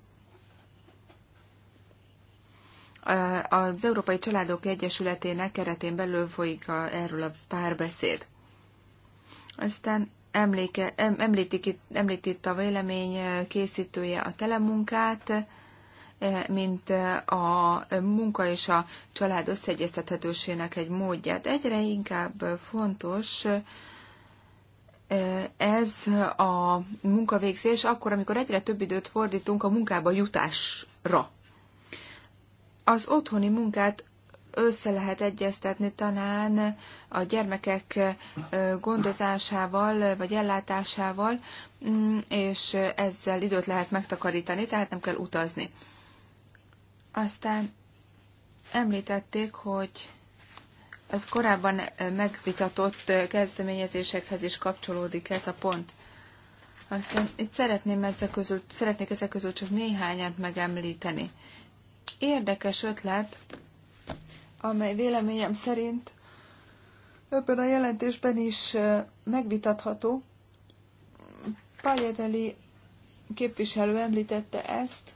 Az Európai Családok Egyesületének keretén belül folyik a, erről a párbeszéd. Aztán emléke, em, említik itt, említ itt a vélemény készítője a telemunkát, e, mint a munka és a család összeegyeztethetősének egy módját. Egyre inkább fontos e, ez a munkavégzés akkor, amikor egyre több időt fordítunk a munkába jutásra az otthoni munkát össze lehet egyeztetni talán a gyermekek gondozásával vagy ellátásával, mm, és ezzel időt lehet megtakarítani, tehát nem kell utazni. Aztán említették, hogy az korábban megvitatott kezdeményezésekhez is kapcsolódik ez a pont. Aztán itt szeretném ezek közül, szeretnék ezek közül csak néhányat megemlíteni érdekes ötlet, amely véleményem szerint ebben a jelentésben is megvitatható. Pajedeli képviselő említette ezt,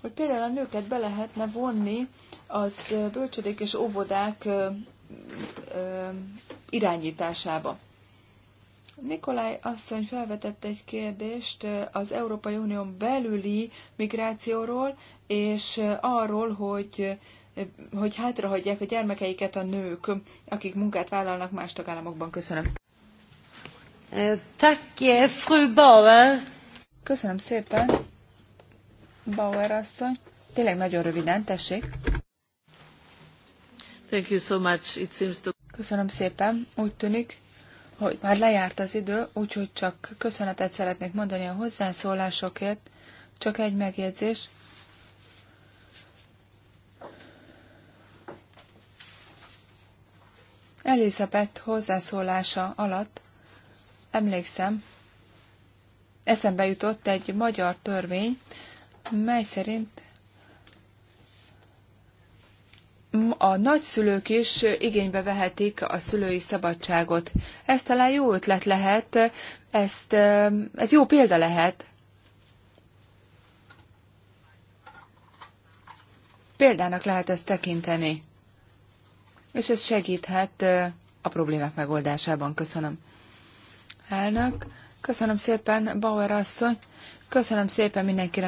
hogy például a nőket be lehetne vonni az bölcsödék és óvodák irányításába. Nikolaj asszony felvetett egy kérdést az Európai Unión belüli migrációról, és arról, hogy hogy hátrahagyják a gyermekeiket a nők, akik munkát vállalnak más tagállamokban. Köszönöm. Eh, Bauer. Köszönöm szépen, Bauer asszony. Tényleg nagyon röviden, tessék. Thank you so much. It seems to... Köszönöm szépen. Úgy tűnik, hogy már lejárt az idő, úgyhogy csak köszönetet szeretnék mondani a hozzászólásokért. Csak egy megjegyzés. Elizabeth hozzászólása alatt emlékszem, eszembe jutott egy magyar törvény, mely szerint a nagyszülők is igénybe vehetik a szülői szabadságot. Ez talán jó ötlet lehet, ezt, ez jó példa lehet. Példának lehet ezt tekinteni. És ez segíthet a problémák megoldásában. Köszönöm. Elnök, köszönöm szépen, Bauer asszony, köszönöm szépen mindenkinek.